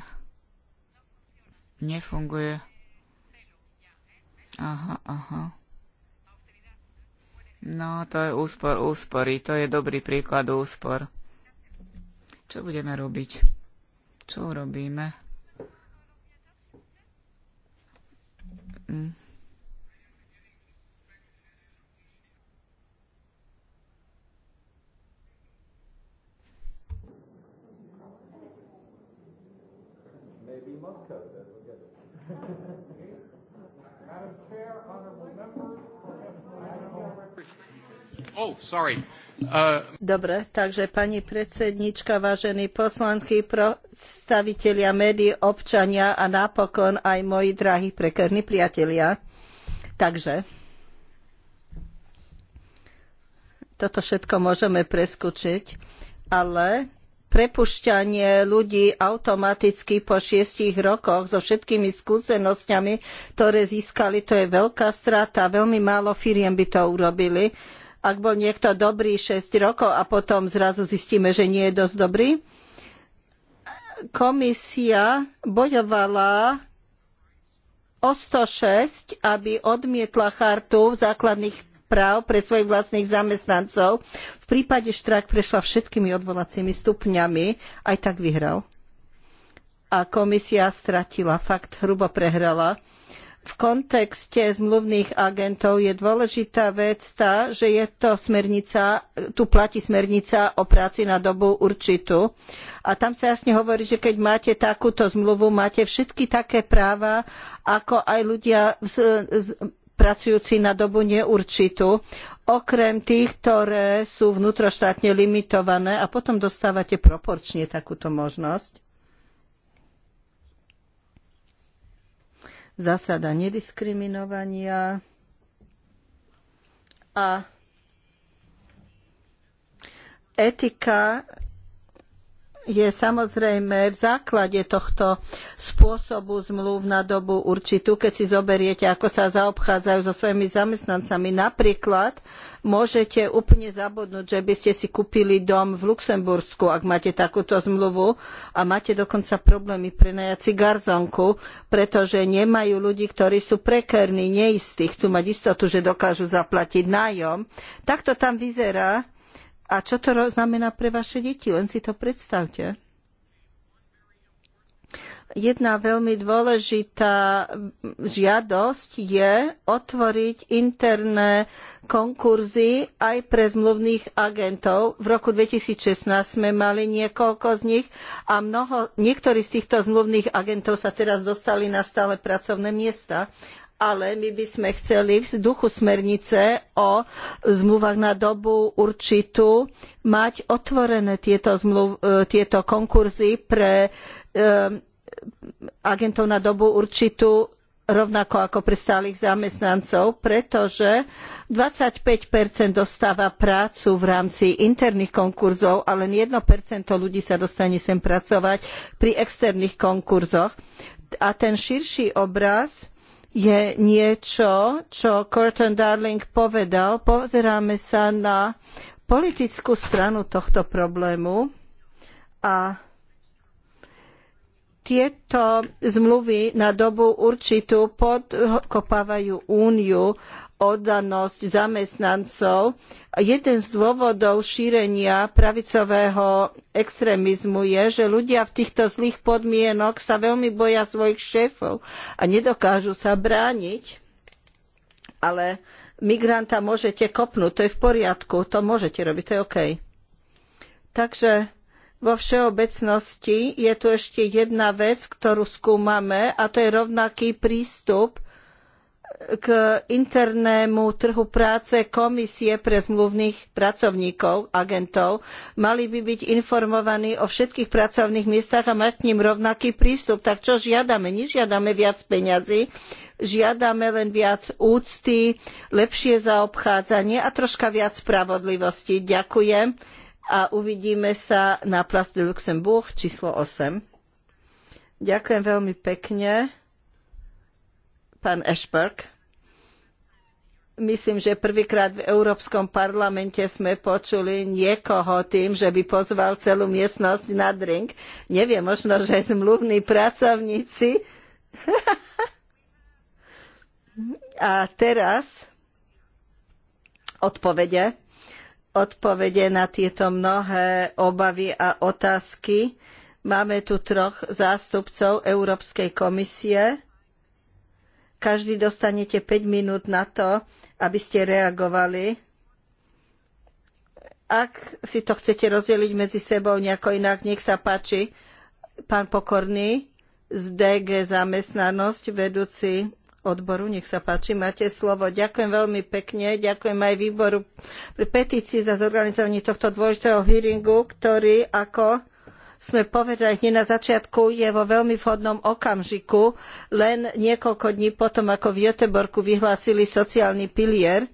Nefunguje. Aha, aha. No, to je úspor úspory. To je dobrý príklad úspor. Čo budeme robiť? Čo urobíme? Maybe Moscow then we'll get it. Madam Chair, honorable members, no oh, sorry. Uh, Dobre, takže pani predsednička, vážení poslanskí predstavitelia médií, občania a napokon aj moji drahí prekerní priatelia. Takže toto všetko môžeme preskočiť, ale prepušťanie ľudí automaticky po šiestich rokoch so všetkými skúsenosťami, ktoré získali, to je veľká strata. Veľmi málo firiem by to urobili ak bol niekto dobrý šesť rokov a potom zrazu zistíme, že nie je dosť dobrý. Komisia bojovala o 106, aby odmietla chartu základných práv pre svojich vlastných zamestnancov. V prípade štrajk prešla všetkými odvolacími stupňami, aj tak vyhral. A komisia stratila, fakt hrubo prehrala v kontexte zmluvných agentov je dôležitá vec tá, že je to smernica, tu platí smernica o práci na dobu určitú. A tam sa jasne hovorí, že keď máte takúto zmluvu, máte všetky také práva, ako aj ľudia z, z, pracujúci na dobu neurčitú, okrem tých, ktoré sú vnútroštátne limitované a potom dostávate proporčne takúto možnosť. zásada nediskriminovania a etika je samozrejme v základe tohto spôsobu zmluv na dobu určitú, keď si zoberiete, ako sa zaobchádzajú so svojimi zamestnancami. Napríklad môžete úplne zabudnúť, že by ste si kúpili dom v Luxembursku, ak máte takúto zmluvu a máte dokonca problémy prenajať si garzonku, pretože nemajú ľudí, ktorí sú prekerní, neistí, chcú mať istotu, že dokážu zaplatiť nájom. Takto tam vyzerá a čo to znamená pre vaše deti? Len si to predstavte. Jedna veľmi dôležitá žiadosť je otvoriť interné konkurzy aj pre zmluvných agentov. V roku 2016 sme mali niekoľko z nich a mnoho, niektorí z týchto zmluvných agentov sa teraz dostali na stále pracovné miesta ale my by sme chceli v duchu smernice o zmluvách na dobu určitú mať otvorené tieto, zmluv, e, tieto konkurzy pre e, agentov na dobu určitú rovnako ako pre stálych zamestnancov, pretože 25 dostáva prácu v rámci interných konkurzov a len 1 ľudí sa dostane sem pracovať pri externých konkurzoch. A ten širší obraz je niečo, čo Curtin Darling povedal. Pozeráme sa na politickú stranu tohto problému a tieto zmluvy na dobu určitú podkopávajú úniu oddanosť zamestnancov. Jeden z dôvodov šírenia pravicového extrémizmu je, že ľudia v týchto zlých podmienok sa veľmi boja svojich šéfov a nedokážu sa brániť. Ale migranta môžete kopnúť, to je v poriadku, to môžete robiť, to je OK. Takže vo všeobecnosti je tu ešte jedna vec, ktorú skúmame a to je rovnaký prístup k internému trhu práce komisie pre zmluvných pracovníkov, agentov. Mali by byť informovaní o všetkých pracovných miestach a mať k ním rovnaký prístup. Tak čo žiadame? Nežiadame viac peňazí, žiadame len viac úcty, lepšie zaobchádzanie a troška viac spravodlivosti. Ďakujem a uvidíme sa na Place de Luxembourg číslo 8. Ďakujem veľmi pekne pán Myslím, že prvýkrát v Európskom parlamente sme počuli niekoho tým, že by pozval celú miestnosť na drink. Neviem, možno, že zmluvní pracovníci. <laughs> A teraz odpovede. Odpovede na tieto mnohé obavy a otázky. Máme tu troch zástupcov Európskej komisie každý dostanete 5 minút na to, aby ste reagovali. Ak si to chcete rozdeliť medzi sebou nejako inak, nech sa páči. Pán Pokorný z DG zamestnanosť, vedúci odboru. Nech sa páči, máte slovo. Ďakujem veľmi pekne. Ďakujem aj výboru pre petícii za zorganizovanie tohto dôležitého hearingu, ktorý, ako sme povedali hneď na začiatku, je vo veľmi vhodnom okamžiku, len niekoľko dní potom, ako v Göteborgu vyhlásili sociálny pilier.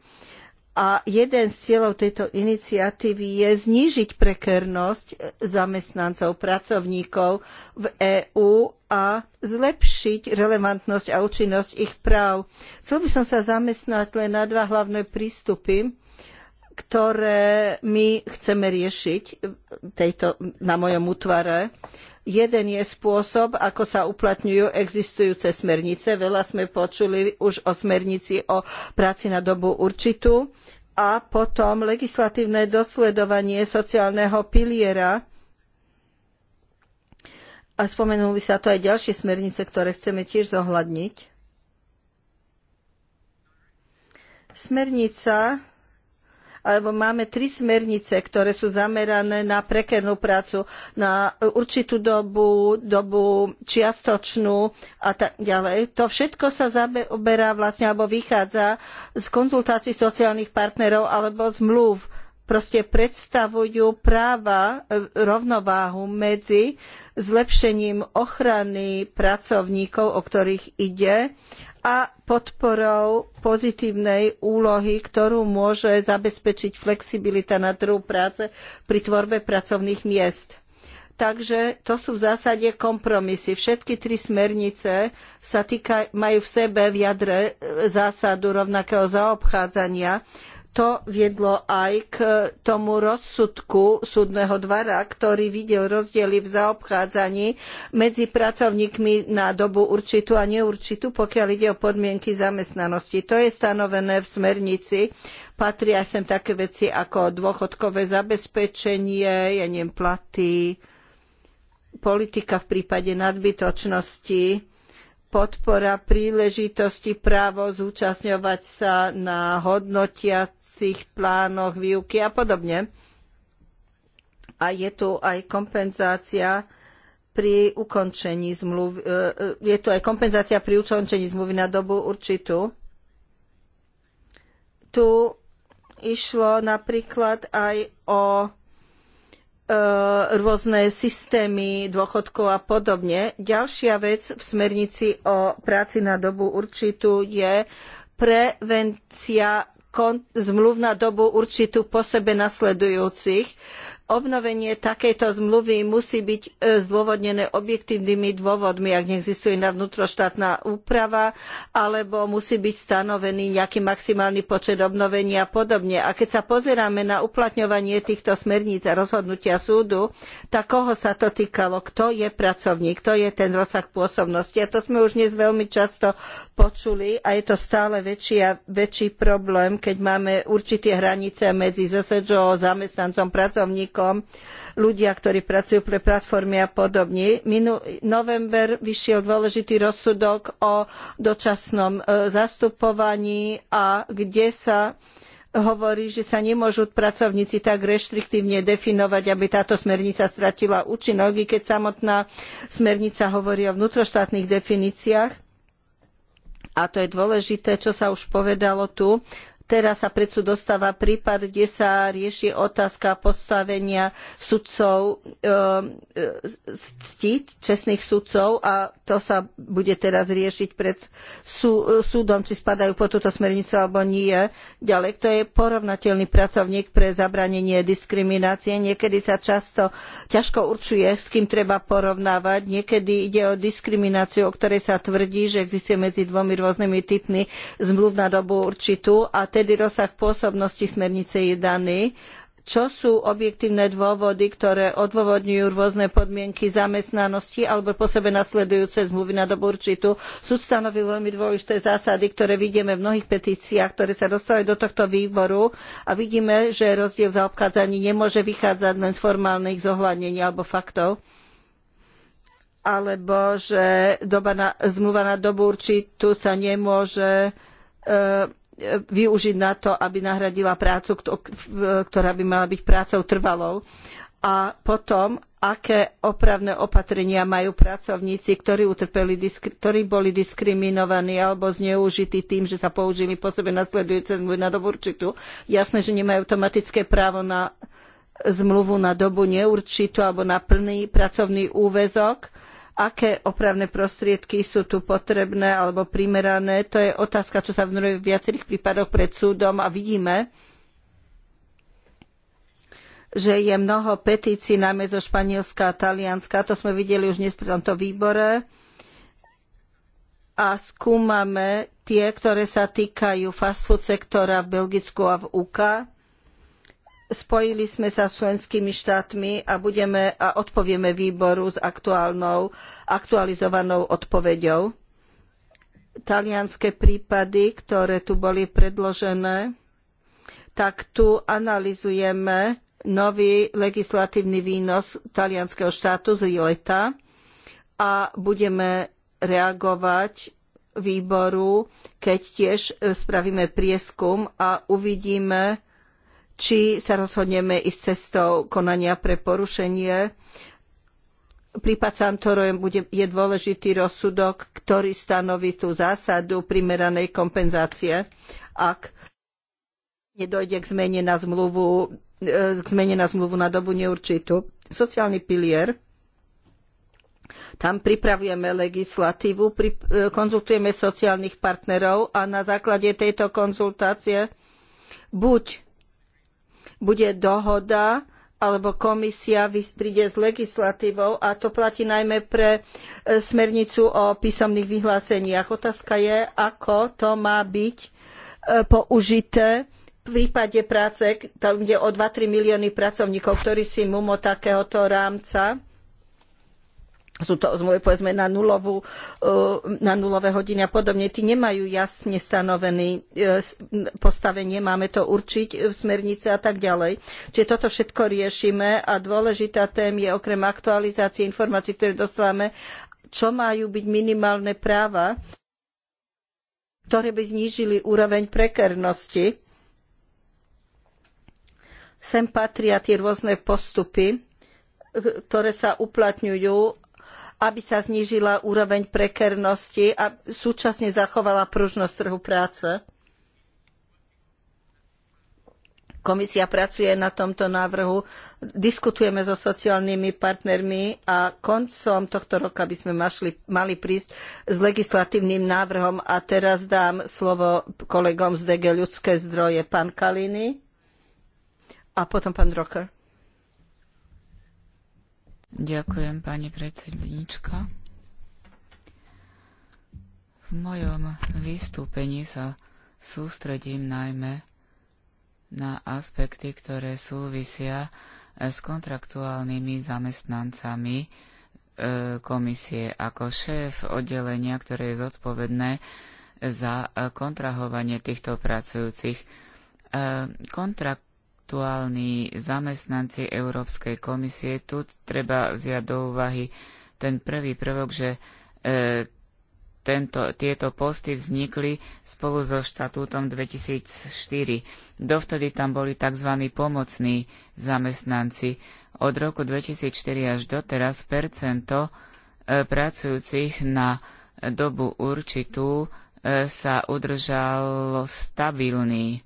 A jeden z cieľov tejto iniciatívy je znížiť prekernosť zamestnancov, pracovníkov v EÚ a zlepšiť relevantnosť a účinnosť ich práv. Chcel by som sa zamestnať len na dva hlavné prístupy ktoré my chceme riešiť tejto, na mojom útvare. Jeden je spôsob, ako sa uplatňujú existujúce smernice. Veľa sme počuli už o smernici o práci na dobu určitú a potom legislatívne dosledovanie sociálneho piliera. A spomenuli sa tu aj ďalšie smernice, ktoré chceme tiež zohľadniť. Smernica alebo máme tri smernice, ktoré sú zamerané na prekernú prácu, na určitú dobu, dobu čiastočnú a tak ďalej. To všetko sa zaoberá vlastne, alebo vychádza z konzultácií sociálnych partnerov alebo zmluv proste predstavujú práva e, rovnováhu medzi zlepšením ochrany pracovníkov, o ktorých ide, a podporou pozitívnej úlohy, ktorú môže zabezpečiť flexibilita na trhu práce pri tvorbe pracovných miest. Takže to sú v zásade kompromisy. Všetky tri smernice sa týka, majú v sebe v jadre e, zásadu rovnakého zaobchádzania to viedlo aj k tomu rozsudku súdneho dvora, ktorý videl rozdiely v zaobchádzaní medzi pracovníkmi na dobu určitú a neurčitú, pokiaľ ide o podmienky zamestnanosti. To je stanovené v smernici. Patria sem také veci ako dôchodkové zabezpečenie, ja neviem, platy, politika v prípade nadbytočnosti, podpora príležitosti, právo zúčastňovať sa na hodnotiacich plánoch výuky a podobne. A je tu aj kompenzácia pri ukončení zmluvy, e, e, je tu aj kompenzácia pri ukončení zmluvy na dobu určitú. Tu išlo napríklad aj o E, rôzne systémy dôchodkov a podobne. Ďalšia vec v smernici o práci na dobu určitú je prevencia zmluv na dobu určitú po sebe nasledujúcich. Obnovenie takejto zmluvy musí byť e, zdôvodnené objektívnymi dôvodmi, ak neexistuje iná vnútroštátna úprava, alebo musí byť stanovený nejaký maximálny počet obnovenia a podobne. A keď sa pozeráme na uplatňovanie týchto smerníc a rozhodnutia súdu, tak koho sa to týkalo? Kto je pracovník? Kto je ten rozsah pôsobnosti? A to sme už dnes veľmi často počuli a je to stále väčší a väčší problém, keď máme určité hranice medzi ZSČO, zamestnancom, pracovníkom podnikom, ľudia, ktorí pracujú pre platformy a podobne. Minulý november vyšiel dôležitý rozsudok o dočasnom e, zastupovaní a kde sa hovorí, že sa nemôžu pracovníci tak reštriktívne definovať, aby táto smernica stratila účinok, i keď samotná smernica hovorí o vnútroštátnych definíciách. A to je dôležité, čo sa už povedalo tu, Teraz sa predsu dostáva prípad, kde sa rieši otázka postavenia sudcov, e, ctiť čestných sudcov a to sa bude teraz riešiť pred sú, súdom, či spadajú po túto smernicu alebo nie. Ďalej, to je porovnateľný pracovník pre zabranenie diskriminácie. Niekedy sa často ťažko určuje, s kým treba porovnávať. Niekedy ide o diskrimináciu, o ktorej sa tvrdí, že existuje medzi dvomi rôznymi typmi zmluv na dobu určitú a vtedy rozsah pôsobnosti smernice je daný. Čo sú objektívne dôvody, ktoré odôvodňujú rôzne podmienky zamestnanosti alebo po sebe nasledujúce zmluvy na dobu určitú? Súd stanovil veľmi dôležité zásady, ktoré vidíme v mnohých petíciách, ktoré sa dostali do tohto výboru a vidíme, že rozdiel v zaobchádzaní nemôže vychádzať len z formálnych zohľadnení alebo faktov alebo že doba na, zmluva na dobu určitú sa nemôže e, využiť na to, aby nahradila prácu, ktorá by mala byť prácou trvalou. A potom, aké opravné opatrenia majú pracovníci, ktorí, utrpeli, ktorí boli diskriminovaní alebo zneužití tým, že sa použili po sebe nasledujúce zmluvy na dobu určitú. Jasné, že nemajú automatické právo na zmluvu na dobu neurčitú alebo na plný pracovný úväzok aké opravné prostriedky sú tu potrebné alebo primerané. To je otázka, čo sa vnoruje v viacerých prípadoch pred súdom a vidíme, že je mnoho petícií najmä zo Španielska a Talianska. To sme videli už dnes pri tomto výbore. A skúmame tie, ktoré sa týkajú fast food sektora v Belgicku a v UK spojili sme sa s členskými štátmi a, budeme, a odpovieme výboru s aktuálnou, aktualizovanou odpoveďou. Talianske prípady, ktoré tu boli predložené, tak tu analizujeme nový legislatívny výnos talianskeho štátu z leta a budeme reagovať výboru, keď tiež spravíme prieskum a uvidíme, či sa rozhodneme ísť cestou konania pre porušenie. Prípad Santoro je dôležitý rozsudok, ktorý stanoví tú zásadu primeranej kompenzácie, ak nedojde k zmene na zmluvu, e, k zmene na zmluvu na dobu neurčitú. Sociálny pilier tam pripravujeme legislatívu, e, konzultujeme sociálnych partnerov a na základe tejto konzultácie buď bude dohoda alebo komisia príde s legislatívou a to platí najmä pre e, smernicu o písomných vyhláseniach. Otázka je, ako to má byť e, použité v prípade práce, tam ide o two three milióny pracovníkov, ktorí si mimo takéhoto rámca sú to zmluvy povedzme na, nulovú, e, na nulové hodiny a podobne, tí nemajú jasne stanovené e, postavenie, máme to určiť v smernice a tak ďalej. Čiže toto všetko riešime a dôležitá téma je okrem aktualizácie informácií, ktoré dostávame, čo majú byť minimálne práva, ktoré by znížili úroveň prekernosti. Sem patria tie rôzne postupy, ktoré sa uplatňujú aby sa znížila úroveň prekernosti a súčasne zachovala pružnosť trhu práce. Komisia pracuje na tomto návrhu, diskutujeme so sociálnymi partnermi a koncom tohto roka by sme mašli, mali prísť s legislatívnym návrhom. A teraz dám slovo kolegom z DG ľudské zdroje, pán Kaliny a potom pán Rocker. Ďakujem, pani predsednička. V mojom vystúpení sa sústredím najmä na aspekty, ktoré súvisia eh, s kontraktuálnymi zamestnancami eh, komisie ako šéf oddelenia, ktoré je zodpovedné eh, za kontrahovanie týchto pracujúcich. Kontrakt aktuálni zamestnanci Európskej komisie. Tu treba vziať do úvahy ten prvý prvok, že e, tento, tieto posty vznikli spolu so štatútom 2004. Dovtedy tam boli tzv. pomocní zamestnanci. Od roku 2004 až doteraz percento e, pracujúcich na dobu určitú e, sa udržalo stabilný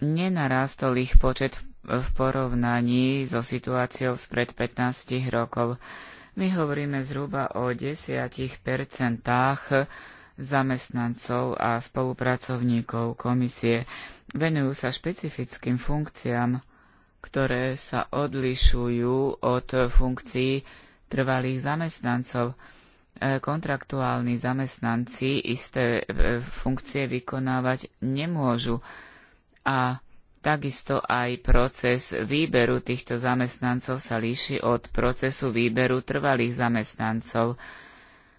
nenarástol ich počet v porovnaní so situáciou spred 15 rokov. My hovoríme zhruba o 10 zamestnancov a spolupracovníkov komisie. Venujú sa špecifickým funkciám, ktoré sa odlišujú od funkcií trvalých zamestnancov. E, kontraktuálni zamestnanci isté e, funkcie vykonávať nemôžu a takisto aj proces výberu týchto zamestnancov sa líši od procesu výberu trvalých zamestnancov.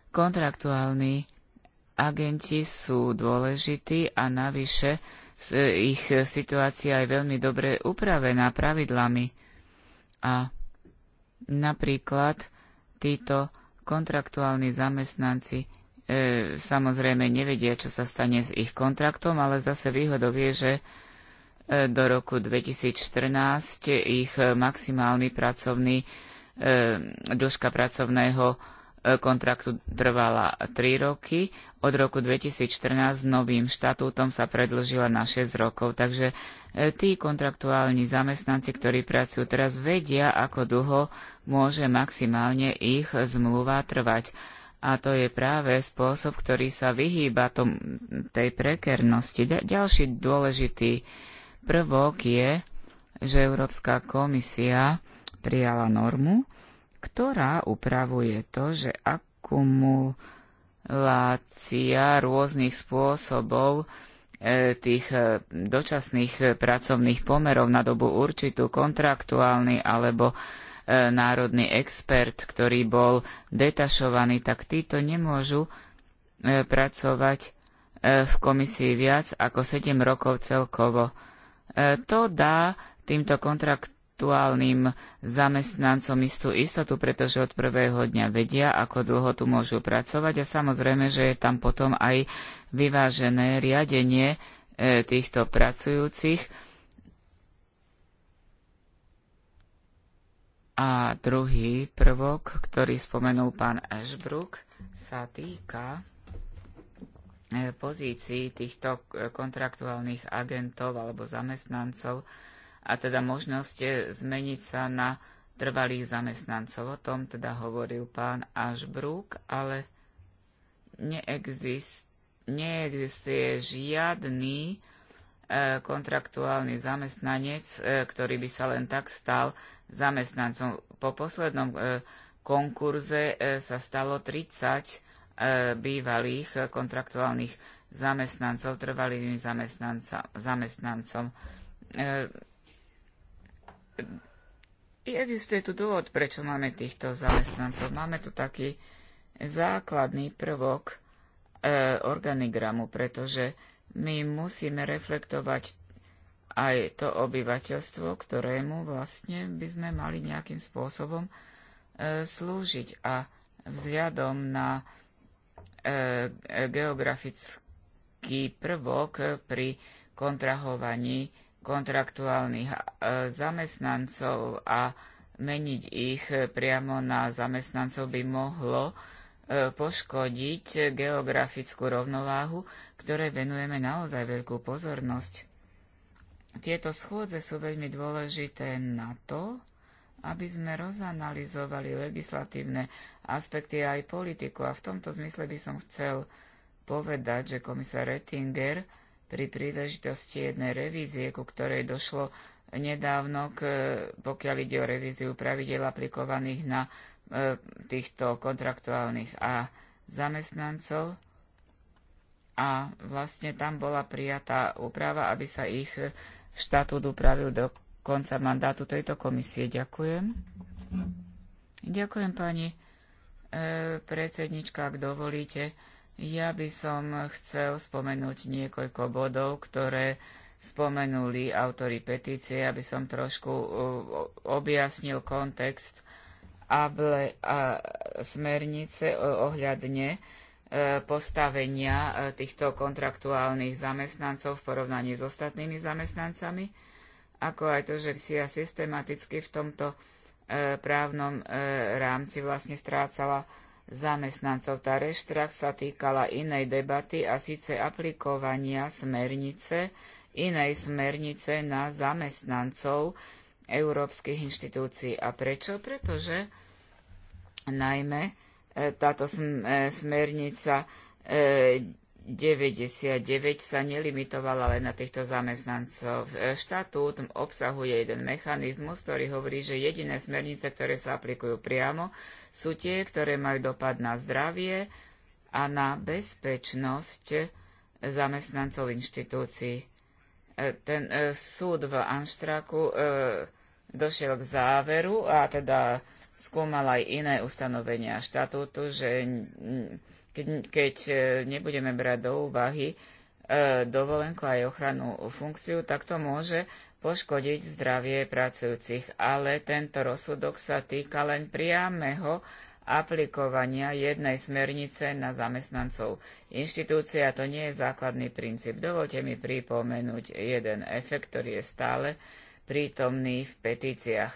Kontraktuálni agenti sú dôležití a navyše ich situácia je veľmi dobre upravená pravidlami. A napríklad títo kontraktuálni zamestnanci e, samozrejme nevedia, čo sa stane s ich kontraktom, ale zase výhodou je, že E, do roku 2014 ich maximálny pracovný, e, dĺžka pracovného e, kontraktu trvala 3 roky, od roku 2014 s novým štatútom sa predlžila na 6 rokov. Takže tí kontraktuálni zamestnanci, ktorí pracujú teraz, vedia, ako dlho môže maximálne ich zmluva trvať. A to je práve spôsob, ktorý sa vyhýba tom, tej prekernosti. Ďalší dôležitý Prvok je, že Európska komisia prijala normu, ktorá upravuje to, že akumulácia rôznych spôsobov e, tých e, dočasných pracovných pomerov na dobu určitú, kontraktuálny alebo e, národný expert, ktorý bol detašovaný, tak títo nemôžu pracovať v komisii viac ako 7 rokov celkovo. E, to dá týmto kontraktuálnym zamestnancom istú istotu, pretože od prvého dňa vedia, ako dlho tu môžu pracovať a samozrejme, že je tam potom aj vyvážené riadenie e, týchto pracujúcich. A druhý prvok, ktorý spomenul pán Ashbrook, sa týka E, pozícií týchto kontraktuálnych agentov alebo zamestnancov a teda možnosť e, zmeniť sa na trvalých zamestnancov. O tom teda hovoril pán Ashbrook, ale neexist, neexistuje žiadny e, kontraktuálny zamestnanec, ktorý by sa len tak stal zamestnancom. Po poslednom konkurze sa stalo 30 E, bývalých kontraktuálnych zamestnancov, trvalým zamestnancom. E, existuje tu dôvod, prečo máme týchto zamestnancov. Máme tu taký základný prvok e, organigramu, pretože my musíme reflektovať aj to obyvateľstvo, ktorému vlastne by sme mali nejakým spôsobom slúžiť. A vzhľadom na E, e, geografický prvok pri kontrahovaní kontraktuálnych e, zamestnancov a meniť ich priamo na zamestnancov by mohlo poškodiť geografickú rovnováhu, ktoré venujeme naozaj veľkú pozornosť. Tieto schôdze sú veľmi dôležité na to, aby sme rozanalizovali legislatívne aspekty aj politiku. A v tomto zmysle by som chcel povedať, že komisár Rettinger pri príležitosti jednej revízie, ku ktorej došlo nedávno, k, pokiaľ ide o revíziu pravidel aplikovaných na e, týchto kontraktuálnych a zamestnancov. A vlastne tam bola prijatá úprava, aby sa ich štatút upravil do konca mandátu tejto komisie. Ďakujem. Ďakujem pani e, predsednička, ak dovolíte. Ja by som chcel spomenúť niekoľko bodov, ktoré spomenuli autory petície, aby som trošku e, objasnil kontext able a smernice e, ohľadne e, postavenia týchto kontraktuálnych zamestnancov v porovnaní s ostatnými zamestnancami ako aj to, že si ja systematicky v tomto e, právnom e, rámci vlastne strácala zamestnancov. Tá reštrach sa týkala inej debaty a síce aplikovania smernice, inej smernice na zamestnancov európskych inštitúcií. A prečo? Pretože najmä e, táto smernica 99 sa nelimitovala len na týchto zamestnancov. E, štatút obsahuje jeden mechanizmus, ktorý hovorí, že jediné smernice, ktoré sa aplikujú priamo, sú tie, ktoré majú dopad na zdravie a na bezpečnosť zamestnancov inštitúcií. E, ten e, súd v Anštraku došiel k záveru a teda skúmal aj iné ustanovenia štatútu, že keď, keď nebudeme brať do úvahy e, dovolenku aj ochranu funkciu, tak to môže poškodiť zdravie pracujúcich. Ale tento rozsudok sa týka len priameho aplikovania jednej smernice na zamestnancov inštitúcia. To nie je základný princíp. Dovolte mi pripomenúť jeden efekt, ktorý je stále prítomný v petíciách.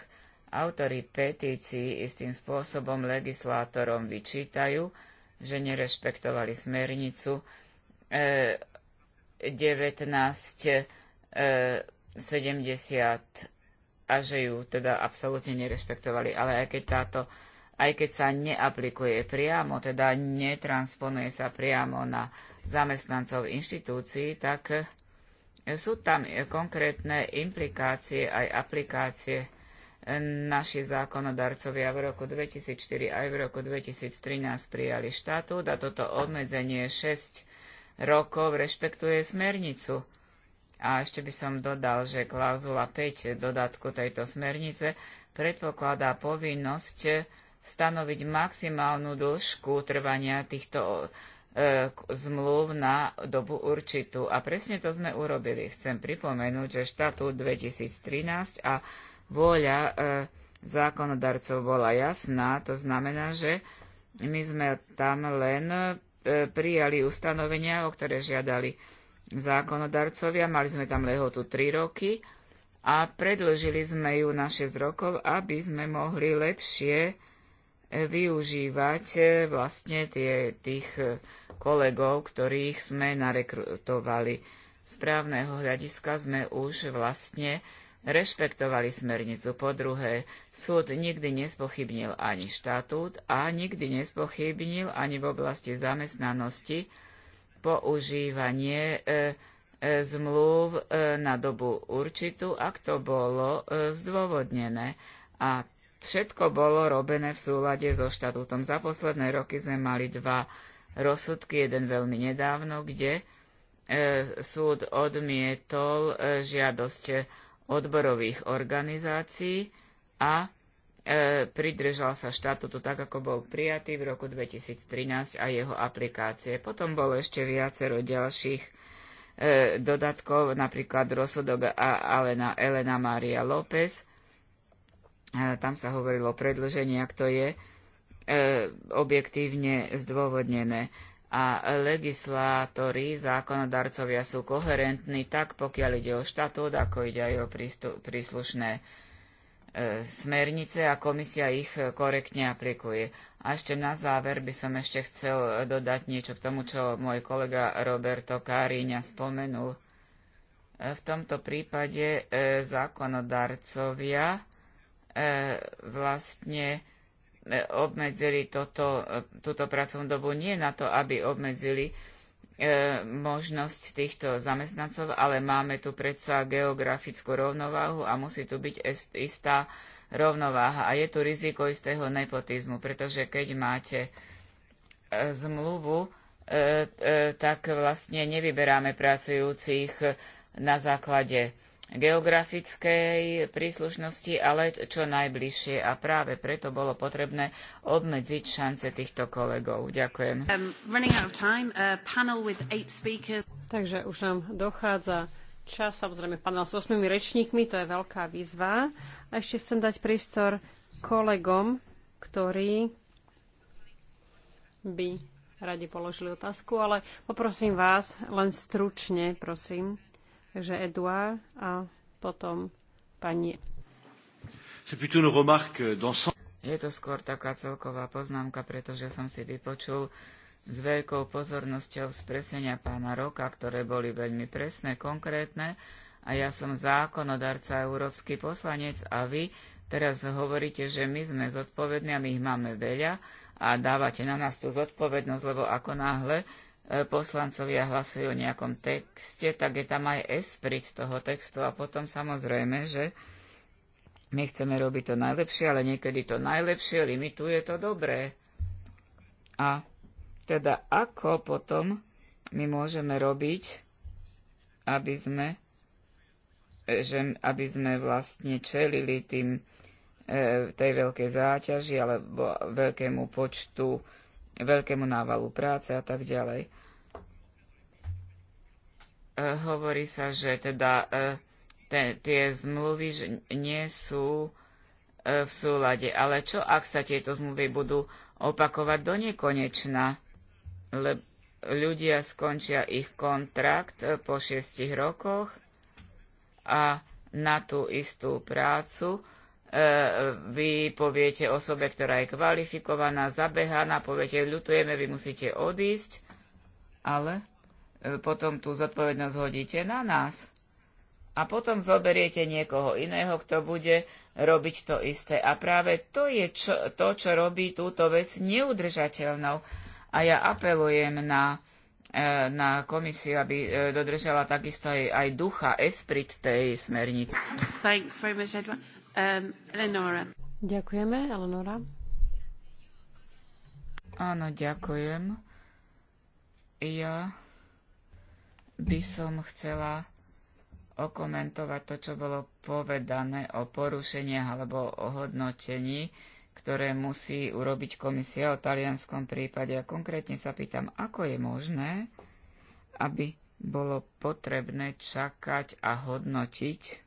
Autori petícií istým spôsobom legislátorom vyčítajú, že nerespektovali smernicu e, 1970 e, a že ju teda absolútne nerespektovali, Ale aj keď, táto, aj keď sa neaplikuje priamo, teda netransponuje sa priamo na zamestnancov inštitúcií, tak sú tam konkrétne implikácie aj aplikácie naši zákonodarcovia v roku 2004 aj v roku 2013 prijali štatút a toto obmedzenie 6 rokov rešpektuje smernicu. A ešte by som dodal, že klauzula 5 dodatku tejto smernice predpokladá povinnosť stanoviť maximálnu dĺžku trvania týchto e, zmluv na dobu určitú. A presne to sme urobili. Chcem pripomenúť, že štatút 2013 a vôľa e, zákonodarcov bola jasná, to znamená, že my sme tam len e, prijali ustanovenia, o ktoré žiadali zákonodarcovia, mali sme tam lehotu 3 roky a predlžili sme ju na 6 rokov, aby sme mohli lepšie e, využívať e, vlastne tie, tých e, kolegov, ktorých sme narekrutovali. Z právneho hľadiska sme už vlastne rešpektovali smernicu. Po druhé, súd nikdy nespochybnil ani štatút a nikdy nespochybnil ani v oblasti zamestnanosti používanie e, e, zmluv e, na dobu určitú, ak to bolo e, zdôvodnené. A všetko bolo robené v súlade so štatútom. Za posledné roky sme mali dva rozsudky, jeden veľmi nedávno, kde e, súd odmietol e, žiadosť odborových organizácií a e, pridržal sa štatutu tak, ako bol prijatý v roku 2013 a jeho aplikácie. Potom bolo ešte viacero ďalších e, dodatkov, napríklad rozsudok a Alena, Elena Maria López. E, tam sa hovorilo o ak to je e, objektívne zdôvodnené a legislátori, zákonodarcovia sú koherentní tak, pokiaľ ide o štatút, ako ide aj o príslušné e, smernice a komisia ich korektne aplikuje. A ešte na záver by som ešte chcel dodať niečo k tomu, čo môj kolega Roberto Káriňa spomenul. E, v tomto prípade e, zákonodarcovia vlastne E, obmedzili toto, e, túto pracovnú dobu nie na to, aby obmedzili e, možnosť týchto zamestnancov, ale máme tu predsa geografickú rovnováhu a musí tu byť istá rovnováha. A je tu riziko istého nepotizmu, pretože keď máte e, zmluvu, e, e tak vlastne nevyberáme pracujúcich na základe geografickej príslušnosti, ale čo najbližšie. A práve preto bolo potrebné obmedziť šance týchto kolegov. Ďakujem. Um, Takže už nám dochádza čas, samozrejme panel s osmými rečníkmi, to je veľká výzva. A ešte chcem dať prístor kolegom, ktorí by radi položili otázku, ale poprosím vás len stručne, prosím. Takže Eduard a potom pani. Je to skôr taká celková poznámka, pretože som si vypočul s veľkou pozornosťou spresenia pána Roka, ktoré boli veľmi presné, konkrétne a ja som zákonodarca, európsky poslanec a vy teraz hovoríte, že my sme zodpovední a my ich máme veľa a dávate na nás tú zodpovednosť, lebo ako náhle E, poslancovia hlasujú o nejakom texte, tak je tam aj esprit toho textu a potom samozrejme, že my chceme robiť to najlepšie, ale niekedy to najlepšie limituje to dobré. A teda ako potom my môžeme robiť, aby sme, e, že, aby sme vlastne čelili tým, e, tej veľkej záťaži alebo veľkému počtu veľkému návalu práce a tak ďalej. E, hovorí sa, že teda e, te, tie zmluvy že nie sú e, v súlade. Ale čo, ak sa tieto zmluvy budú opakovať do nekonečna? Le, ľudia skončia ich kontrakt e, po šiestich rokoch a na tú istú prácu E, vy poviete osobe, ktorá je kvalifikovaná, zabehaná, poviete, ľutujeme, vy musíte odísť, ale e, potom tú zodpovednosť hodíte na nás. A potom zoberiete niekoho iného, kto bude robiť to isté. A práve to je čo, to, čo robí túto vec neudržateľnou. A ja apelujem na, e, na komisiu, aby dodržala takisto aj, aj ducha, esprit tej smernice. Thanks very much, Edward. Um, Ďakujeme, Eleonora. Áno, ďakujem. Ja by som chcela okomentovať to, čo bolo povedané o porušeniach alebo o hodnotení, ktoré musí urobiť komisia o talianskom prípade. A konkrétne sa pýtam, ako je možné, aby bolo potrebné čakať a hodnotiť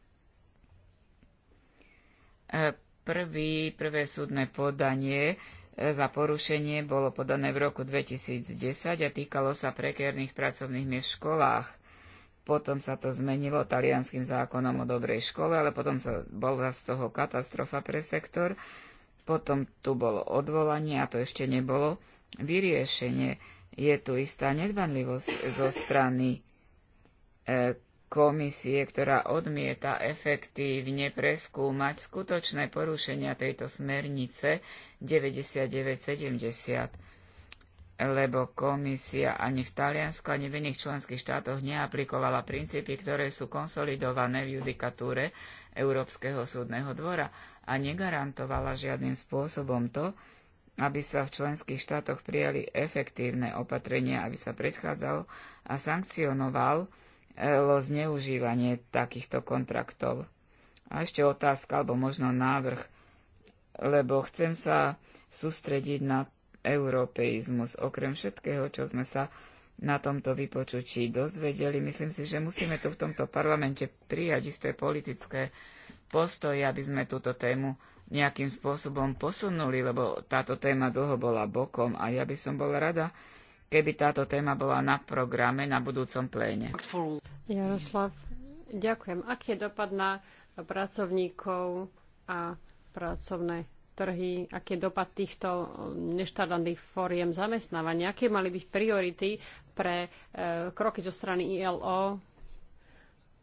Prvý, prvé súdne podanie e, za porušenie bolo podané v roku 2010 a týkalo sa prekérnych pracovných miest v školách. Potom sa to zmenilo talianským zákonom o dobrej škole, ale potom sa bola z toho katastrofa pre sektor. Potom tu bolo odvolanie a to ešte nebolo vyriešenie. Je tu istá nedbanlivosť zo strany e, komisie, ktorá odmieta efektívne preskúmať skutočné porušenia tejto smernice 9970, lebo komisia ani v Taliansku, ani v iných členských štátoch neaplikovala princípy, ktoré sú konsolidované v judikatúre Európskeho súdneho dvora a negarantovala žiadnym spôsobom to, aby sa v členských štátoch prijali efektívne opatrenia, aby sa predchádzal a sankcionoval zneužívanie takýchto kontraktov. A ešte otázka, alebo možno návrh, lebo chcem sa sústrediť na europeizmus. Okrem všetkého, čo sme sa na tomto vypočutí dozvedeli, myslím si, že musíme tu v tomto parlamente prijať isté politické postoje, aby sme túto tému nejakým spôsobom posunuli, lebo táto téma dlho bola bokom a ja by som bola rada, keby táto téma bola na programe na budúcom pléne. Jaroslav, ďakujem. Aký je dopad na pracovníkov a pracovné trhy, aký je dopad týchto neštandardných fóriem zamestnávania, aké mali byť priority pre e, kroky zo strany ILO,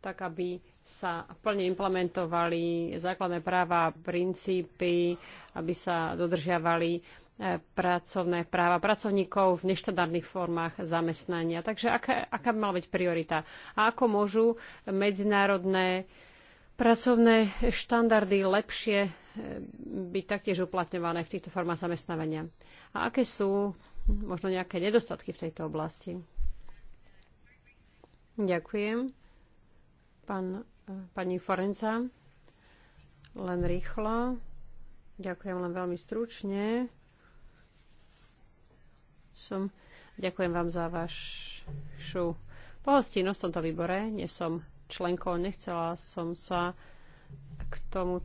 tak aby sa plne implementovali základné práva a princípy, aby sa dodržiavali E, pracovné práva pracovníkov v neštandardných formách zamestnania. Takže aká, aká by mala byť priorita? A ako môžu medzinárodné pracovné štandardy lepšie e, byť taktiež uplatňované v týchto formách zamestnávania? A aké sú možno nejaké nedostatky v tejto oblasti? Ďakujem. Pán, e, pani Forenca, len rýchlo. Ďakujem len veľmi stručne som. Ďakujem vám za vašu pohostinnosť v tomto výbore. Nie som členkou, nechcela som sa k tomu,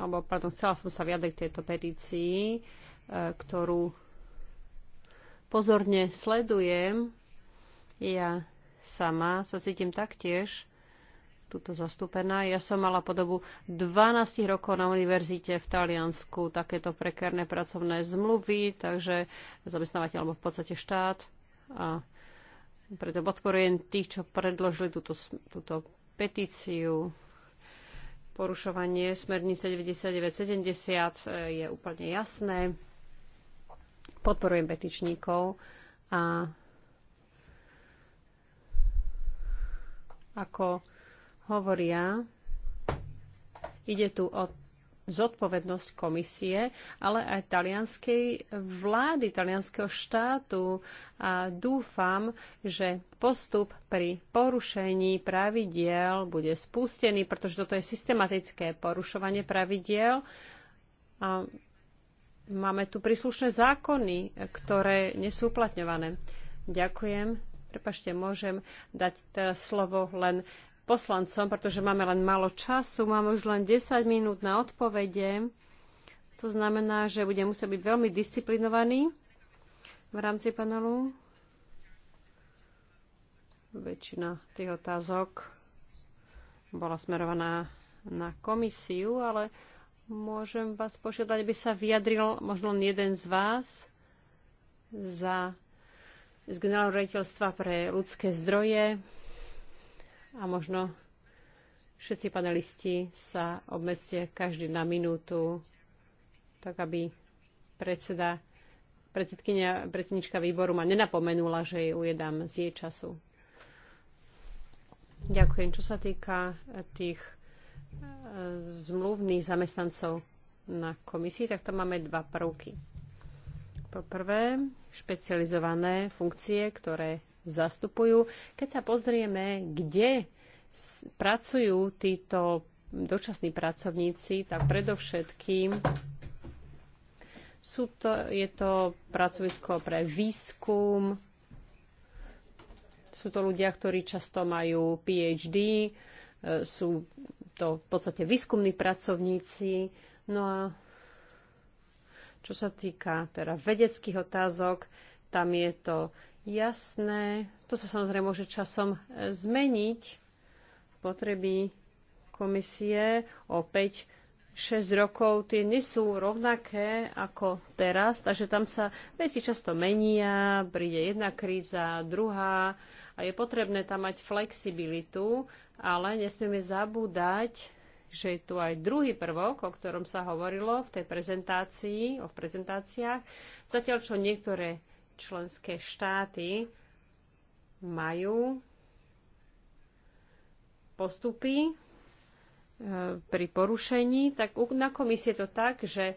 alebo pardon, chcela som sa vyjadriť k tejto petícii, e, ktorú pozorne sledujem. Ja sama sa cítim taktiež tuto zastúpená. Ja som mala podobu 12 rokov na univerzite v Taliansku takéto prekerné pracovné zmluvy, takže zamestnávateľ alebo v podstate štát. A preto podporujem tých, čo predložili túto, túto petíciu. Porušovanie smernice 9970 e, je úplne jasné. Podporujem petičníkov a ako hovoria, ide tu o zodpovednosť komisie, ale aj talianskej vlády, talianského štátu. A dúfam, že postup pri porušení pravidiel bude spustený, pretože toto je systematické porušovanie pravidiel. A máme tu príslušné zákony, ktoré nie sú uplatňované. Ďakujem. Prepašte, môžem dať teraz slovo len poslancom, pretože máme len málo času. Máme už len 10 minút na odpovede. To znamená, že budem musieť byť veľmi disciplinovaný v rámci panelu. Väčšina tých otázok bola smerovaná na komisiu, ale môžem vás požiadať, aby sa vyjadril možno len jeden z vás za z generálneho pre ľudské zdroje, a možno všetci panelisti sa obmedzte každý na minútu, tak aby predseda, predsedkynia, predsednička výboru ma nenapomenula, že ju ujedám z jej času. Ďakujem. Čo sa týka tých e, zmluvných zamestnancov na komisii, tak tam máme dva prvky. Po prvé, špecializované funkcie, ktoré zastupujú. Keď sa pozrieme, kde pracujú títo dočasní pracovníci, tak predovšetkým sú to, je to pracovisko pre výskum, sú to ľudia, ktorí často majú PhD, e, sú to v podstate výskumní pracovníci. No a čo sa týka teda vedeckých otázok, tam je to jasné. To sa samozrejme môže časom e, zmeniť. Potreby komisie o 5-6 rokov tie nie sú rovnaké ako teraz, takže tam sa veci často menia, príde jedna kríza, druhá a je potrebné tam mať flexibilitu, ale nesmieme zabúdať, že je tu aj druhý prvok, o ktorom sa hovorilo v tej prezentácii, o prezentáciách. Zatiaľ, čo niektoré členské štáty majú postupy e, pri porušení, tak na komisie je to tak, že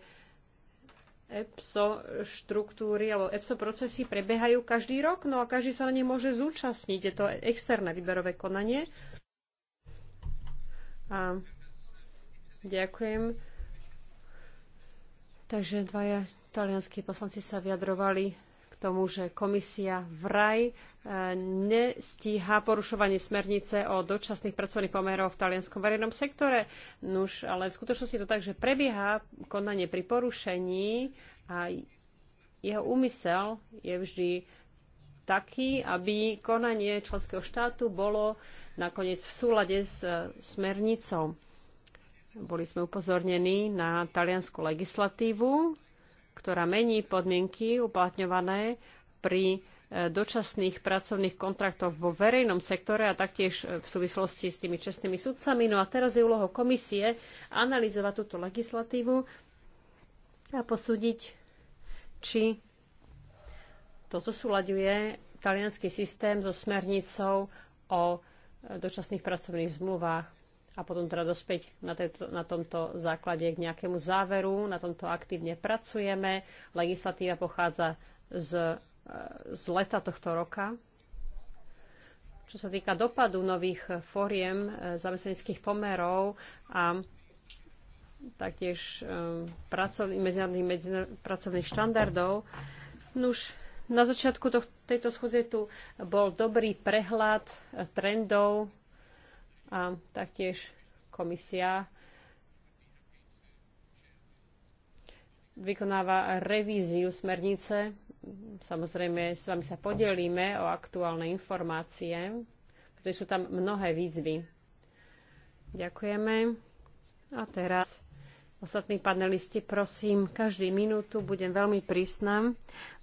EPSO štruktúry alebo EPSO procesy prebiehajú každý rok, no a každý sa na ne môže zúčastniť. Je to externé výberové konanie. A ďakujem. Takže dvaja talianskí poslanci sa vyjadrovali tomu, že komisia vraj e, nestíha porušovanie smernice o dočasných pracovných pomeroch v talianskom verejnom sektore. Nuž, ale v skutočnosti je to tak, že prebieha konanie pri porušení a jeho úmysel je vždy taký, aby konanie členského štátu bolo nakoniec v súlade s e, smernicou. Boli sme upozornení na taliansku legislatívu, ktorá mení podmienky uplatňované pri e, dočasných pracovných kontraktoch vo verejnom sektore a taktiež e, v súvislosti s tými čestnými sudcami. No a teraz je úlohou komisie analyzovať túto legislatívu a posúdiť, či to zosúľaďuje talianský systém so smernicou o e, dočasných pracovných zmluvách a potom teda dospäť na, tejto, na tomto základe k nejakému záveru. Na tomto aktívne pracujeme. Legislatíva pochádza z, e, z leta tohto roka. Čo sa týka dopadu nových fóriem e, zamestnických pomerov a taktiež e, pracovný, medzinárodných, pracovných štandardov, nuž na začiatku tejto schôze tu bol dobrý prehľad trendov a taktiež komisia vykonáva revíziu smernice. Samozrejme, s vami sa podelíme o aktuálne informácie, pretože sú tam mnohé výzvy. Ďakujeme. A teraz ostatní panelisti, prosím, každý minútu budem veľmi prísna.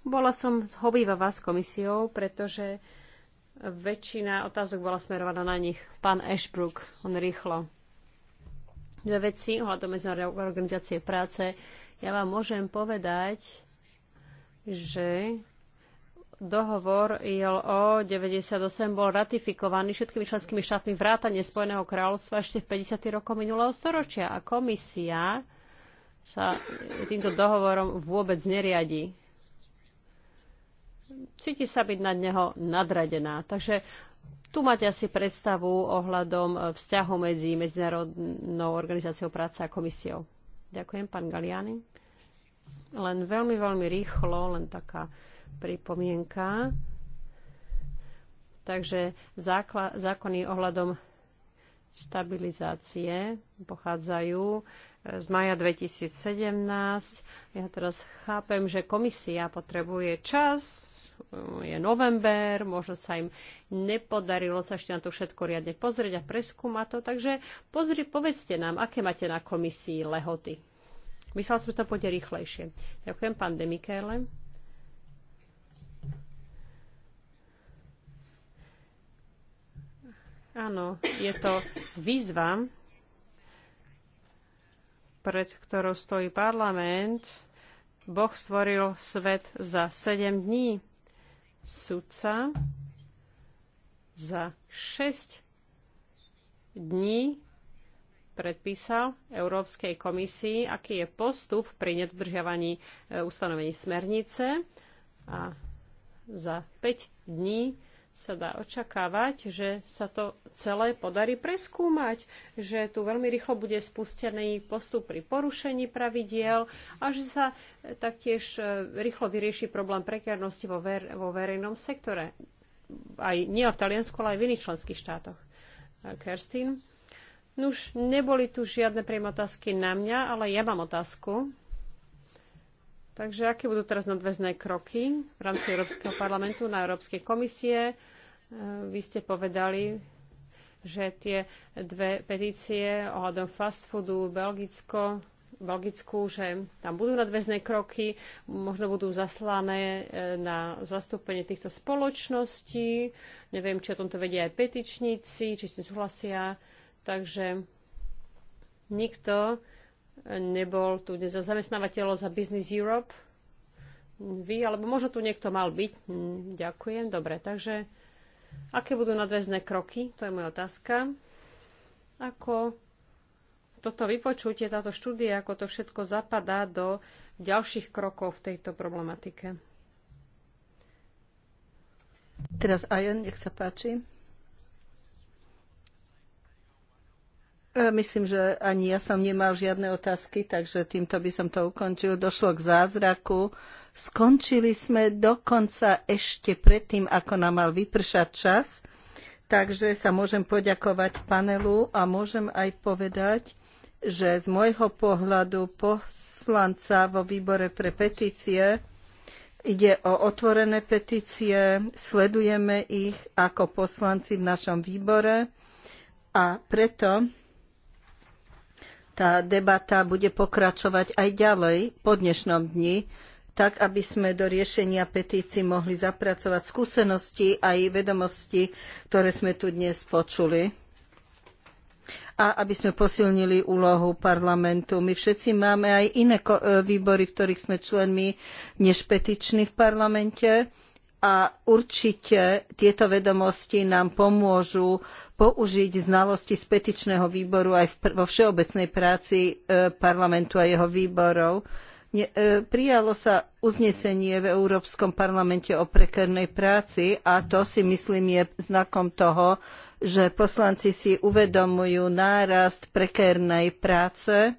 Bola som zhobýva vás komisiou, pretože väčšina otázok bola smerovaná na nich. Pán Ashbrook, on rýchlo. Dve veci ohľadom Medzinárodnej organizácie práce. Ja vám môžem povedať, že dohovor ILO 98 bol ratifikovaný všetkými členskými štátmi vrátane Spojeného kráľovstva ešte v 50. rokoch minulého storočia a komisia sa týmto dohovorom vôbec neriadi cíti sa byť nad neho nadradená. Takže tu máte asi predstavu ohľadom e, vzťahu medzi Medzinárodnou organizáciou práce a komisiou. Ďakujem, pán Galiani. Len veľmi, veľmi rýchlo, len taká pripomienka. Takže zákony ohľadom stabilizácie pochádzajú e, z maja 2017. Ja teraz chápem, že komisia potrebuje čas je november, možno sa im nepodarilo sa ešte na to všetko riadne pozrieť a preskúmať to. Takže pozri, povedzte nám, aké máte na komisii lehoty. Myslel som, že to pôjde rýchlejšie. Ďakujem, pán Demikéle. Áno, je to výzva, pred ktorou stojí parlament. Boh stvoril svet za 7 dní sudca za 6 dní predpísal Európskej komisii, aký je postup pri nedodržiavaní e, ustanovení smernice a za 5 dní sa dá očakávať, že sa to celé podarí preskúmať, že tu veľmi rýchlo bude spustený postup pri porušení pravidiel a že sa e, taktiež e, rýchlo vyrieši problém prekernosti vo, ver- vo verejnom sektore. Aj nie v Taliansku, ale aj v iných členských štátoch. E, Kerstin? Nuž, neboli tu žiadne priam otázky na mňa, ale ja mám otázku Takže aké budú teraz nadväzné kroky v rámci Európskeho parlamentu na Európskej komisie? E, vy ste povedali, že tie dve petície ohľadom fast foodu Belgicko, Belgicku, že tam budú nadväzné kroky, možno budú zaslané e, na zastúpenie týchto spoločností. Neviem, či o tomto vedia aj petičníci, či s tým súhlasia. Takže nikto nebol tu dnes za zamestnávateľov za Business Europe. Vy, alebo možno tu niekto mal byť. Ďakujem, dobre. Takže aké budú nadväzné kroky? To je moja otázka. Ako toto vypočutie, táto štúdia, ako to všetko zapadá do ďalších krokov v tejto problematike. Teraz Ajon, nech sa páči. E, myslím, že ani ja som nemal žiadne otázky, takže týmto by som to ukončil. Došlo k zázraku. Skončili sme dokonca ešte predtým, ako nám mal vypršať čas. Takže sa môžem poďakovať panelu a môžem aj povedať, že z môjho pohľadu poslanca vo výbore pre petície ide o otvorené petície, sledujeme ich ako poslanci v našom výbore a preto tá debata bude pokračovať aj ďalej po dnešnom dni, tak aby sme do riešenia petícií mohli zapracovať skúsenosti aj vedomosti, ktoré sme tu dnes počuli a aby sme posilnili úlohu parlamentu. My všetci máme aj iné e, výbory, v ktorých sme členmi, než petičný v parlamente a určite tieto vedomosti nám pomôžu použiť znalosti z petičného výboru aj vo všeobecnej práci e, parlamentu a jeho výborov. E, prijalo sa uznesenie v Európskom parlamente o prekernej práci a to si myslím je znakom toho, že poslanci si uvedomujú nárast prekérnej práce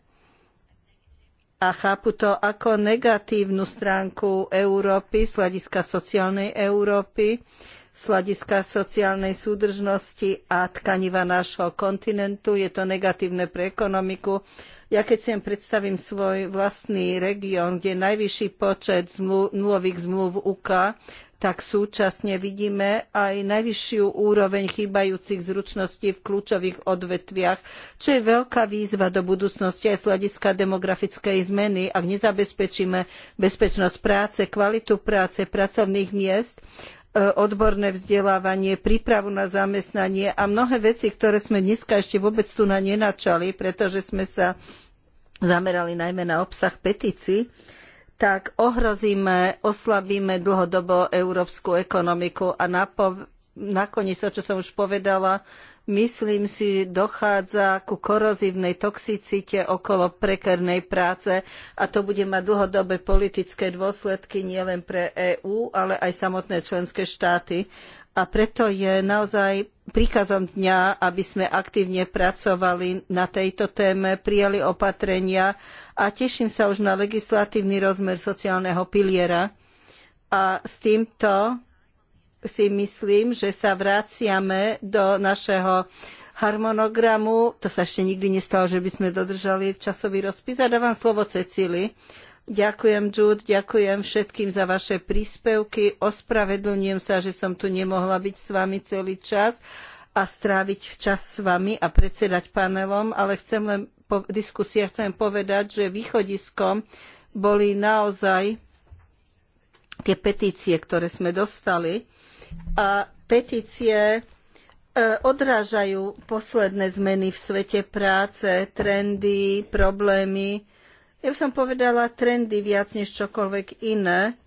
a chápu to ako negatívnu stránku Európy z hľadiska sociálnej Európy, z hľadiska sociálnej súdržnosti a tkaniva nášho kontinentu. Je to negatívne pre ekonomiku. Ja keď si predstavím svoj vlastný región, kde je najvyšší počet zmluv, nulových zmluv UK, tak súčasne vidíme aj najvyššiu úroveň chýbajúcich zručností v kľúčových odvetviach, čo je veľká výzva do budúcnosti aj z hľadiska demografickej zmeny, ak nezabezpečíme bezpečnosť práce, kvalitu práce, pracovných miest e, odborné vzdelávanie, prípravu na zamestnanie a mnohé veci, ktoré sme dneska ešte vôbec tu na nenačali, pretože sme sa zamerali najmä na obsah petícií tak ohrozíme, oslabíme dlhodobo európsku ekonomiku a napo- nakoniec to, čo som už povedala, myslím si, dochádza ku korozívnej toxicite okolo prekernej práce a to bude mať dlhodobé politické dôsledky nielen pre EÚ, ale aj samotné členské štáty. A preto je naozaj príkazom dňa, aby sme aktívne pracovali na tejto téme, prijali opatrenia a teším sa už na legislatívny rozmer sociálneho piliera. A s týmto si myslím, že sa vraciame do našeho harmonogramu. To sa ešte nikdy nestalo, že by sme dodržali časový rozpis. A dávam slovo Cecílii. Ďakujem, Jude, ďakujem všetkým za vaše príspevky. Ospravedlňujem sa, že som tu nemohla byť s vami celý čas a stráviť čas s vami a predsedať panelom, ale chcem len po diskusiách chcem povedať, že východiskom boli naozaj tie petície, ktoré sme dostali. A petície e, odrážajú posledné zmeny v svete práce, trendy, problémy, ja som povedala trendy viac než čokoľvek iné,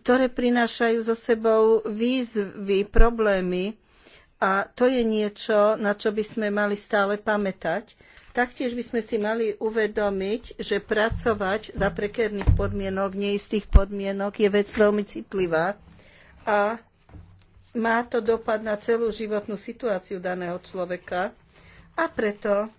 ktoré prinášajú so sebou výzvy, problémy a to je niečo, na čo by sme mali stále pamätať. Taktiež by sme si mali uvedomiť, že pracovať za prekerných podmienok, neistých podmienok je vec veľmi citlivá a má to dopad na celú životnú situáciu daného človeka a preto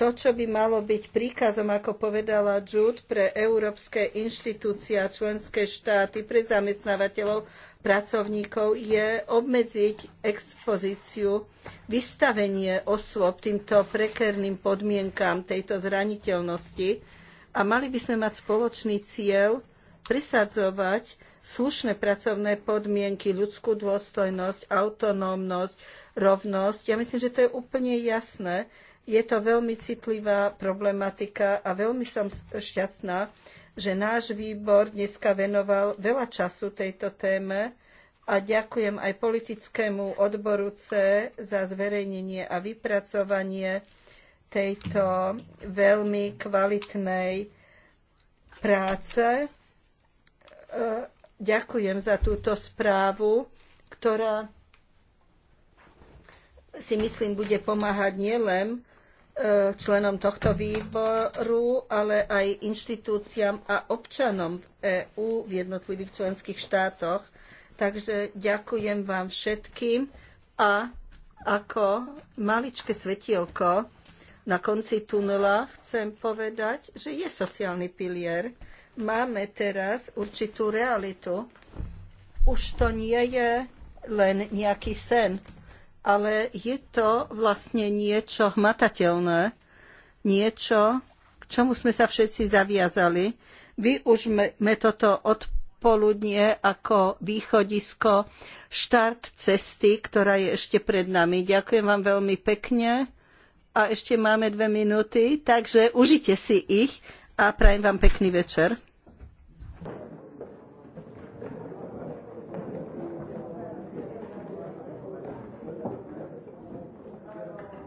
to, čo by malo byť príkazom, ako povedala Jude, pre európske inštitúcie a členské štáty, pre zamestnávateľov, pracovníkov, je obmedziť expozíciu, vystavenie osôb týmto prekerným podmienkám tejto zraniteľnosti a mali by sme mať spoločný cieľ prisadzovať slušné pracovné podmienky, ľudskú dôstojnosť, autonómnosť, rovnosť. Ja myslím, že to je úplne jasné je to veľmi citlivá problematika a veľmi som šťastná, že náš výbor dneska venoval veľa času tejto téme a ďakujem aj politickému odboru C za zverejnenie a vypracovanie tejto veľmi kvalitnej práce. E, ďakujem za túto správu, ktorá si myslím bude pomáhať nielen členom tohto výboru, ale aj inštitúciám a občanom v EÚ v jednotlivých členských štátoch. Takže ďakujem vám všetkým a ako maličké svetielko na konci tunela chcem povedať, že je sociálny pilier. Máme teraz určitú realitu. Už to nie je len nejaký sen ale je to vlastne niečo hmatateľné, niečo, k čomu sme sa všetci zaviazali. Vy už sme toto odpoludne ako východisko, štart cesty, ktorá je ešte pred nami. Ďakujem vám veľmi pekne a ešte máme dve minúty, takže užite si ich a prajem vám pekný večer.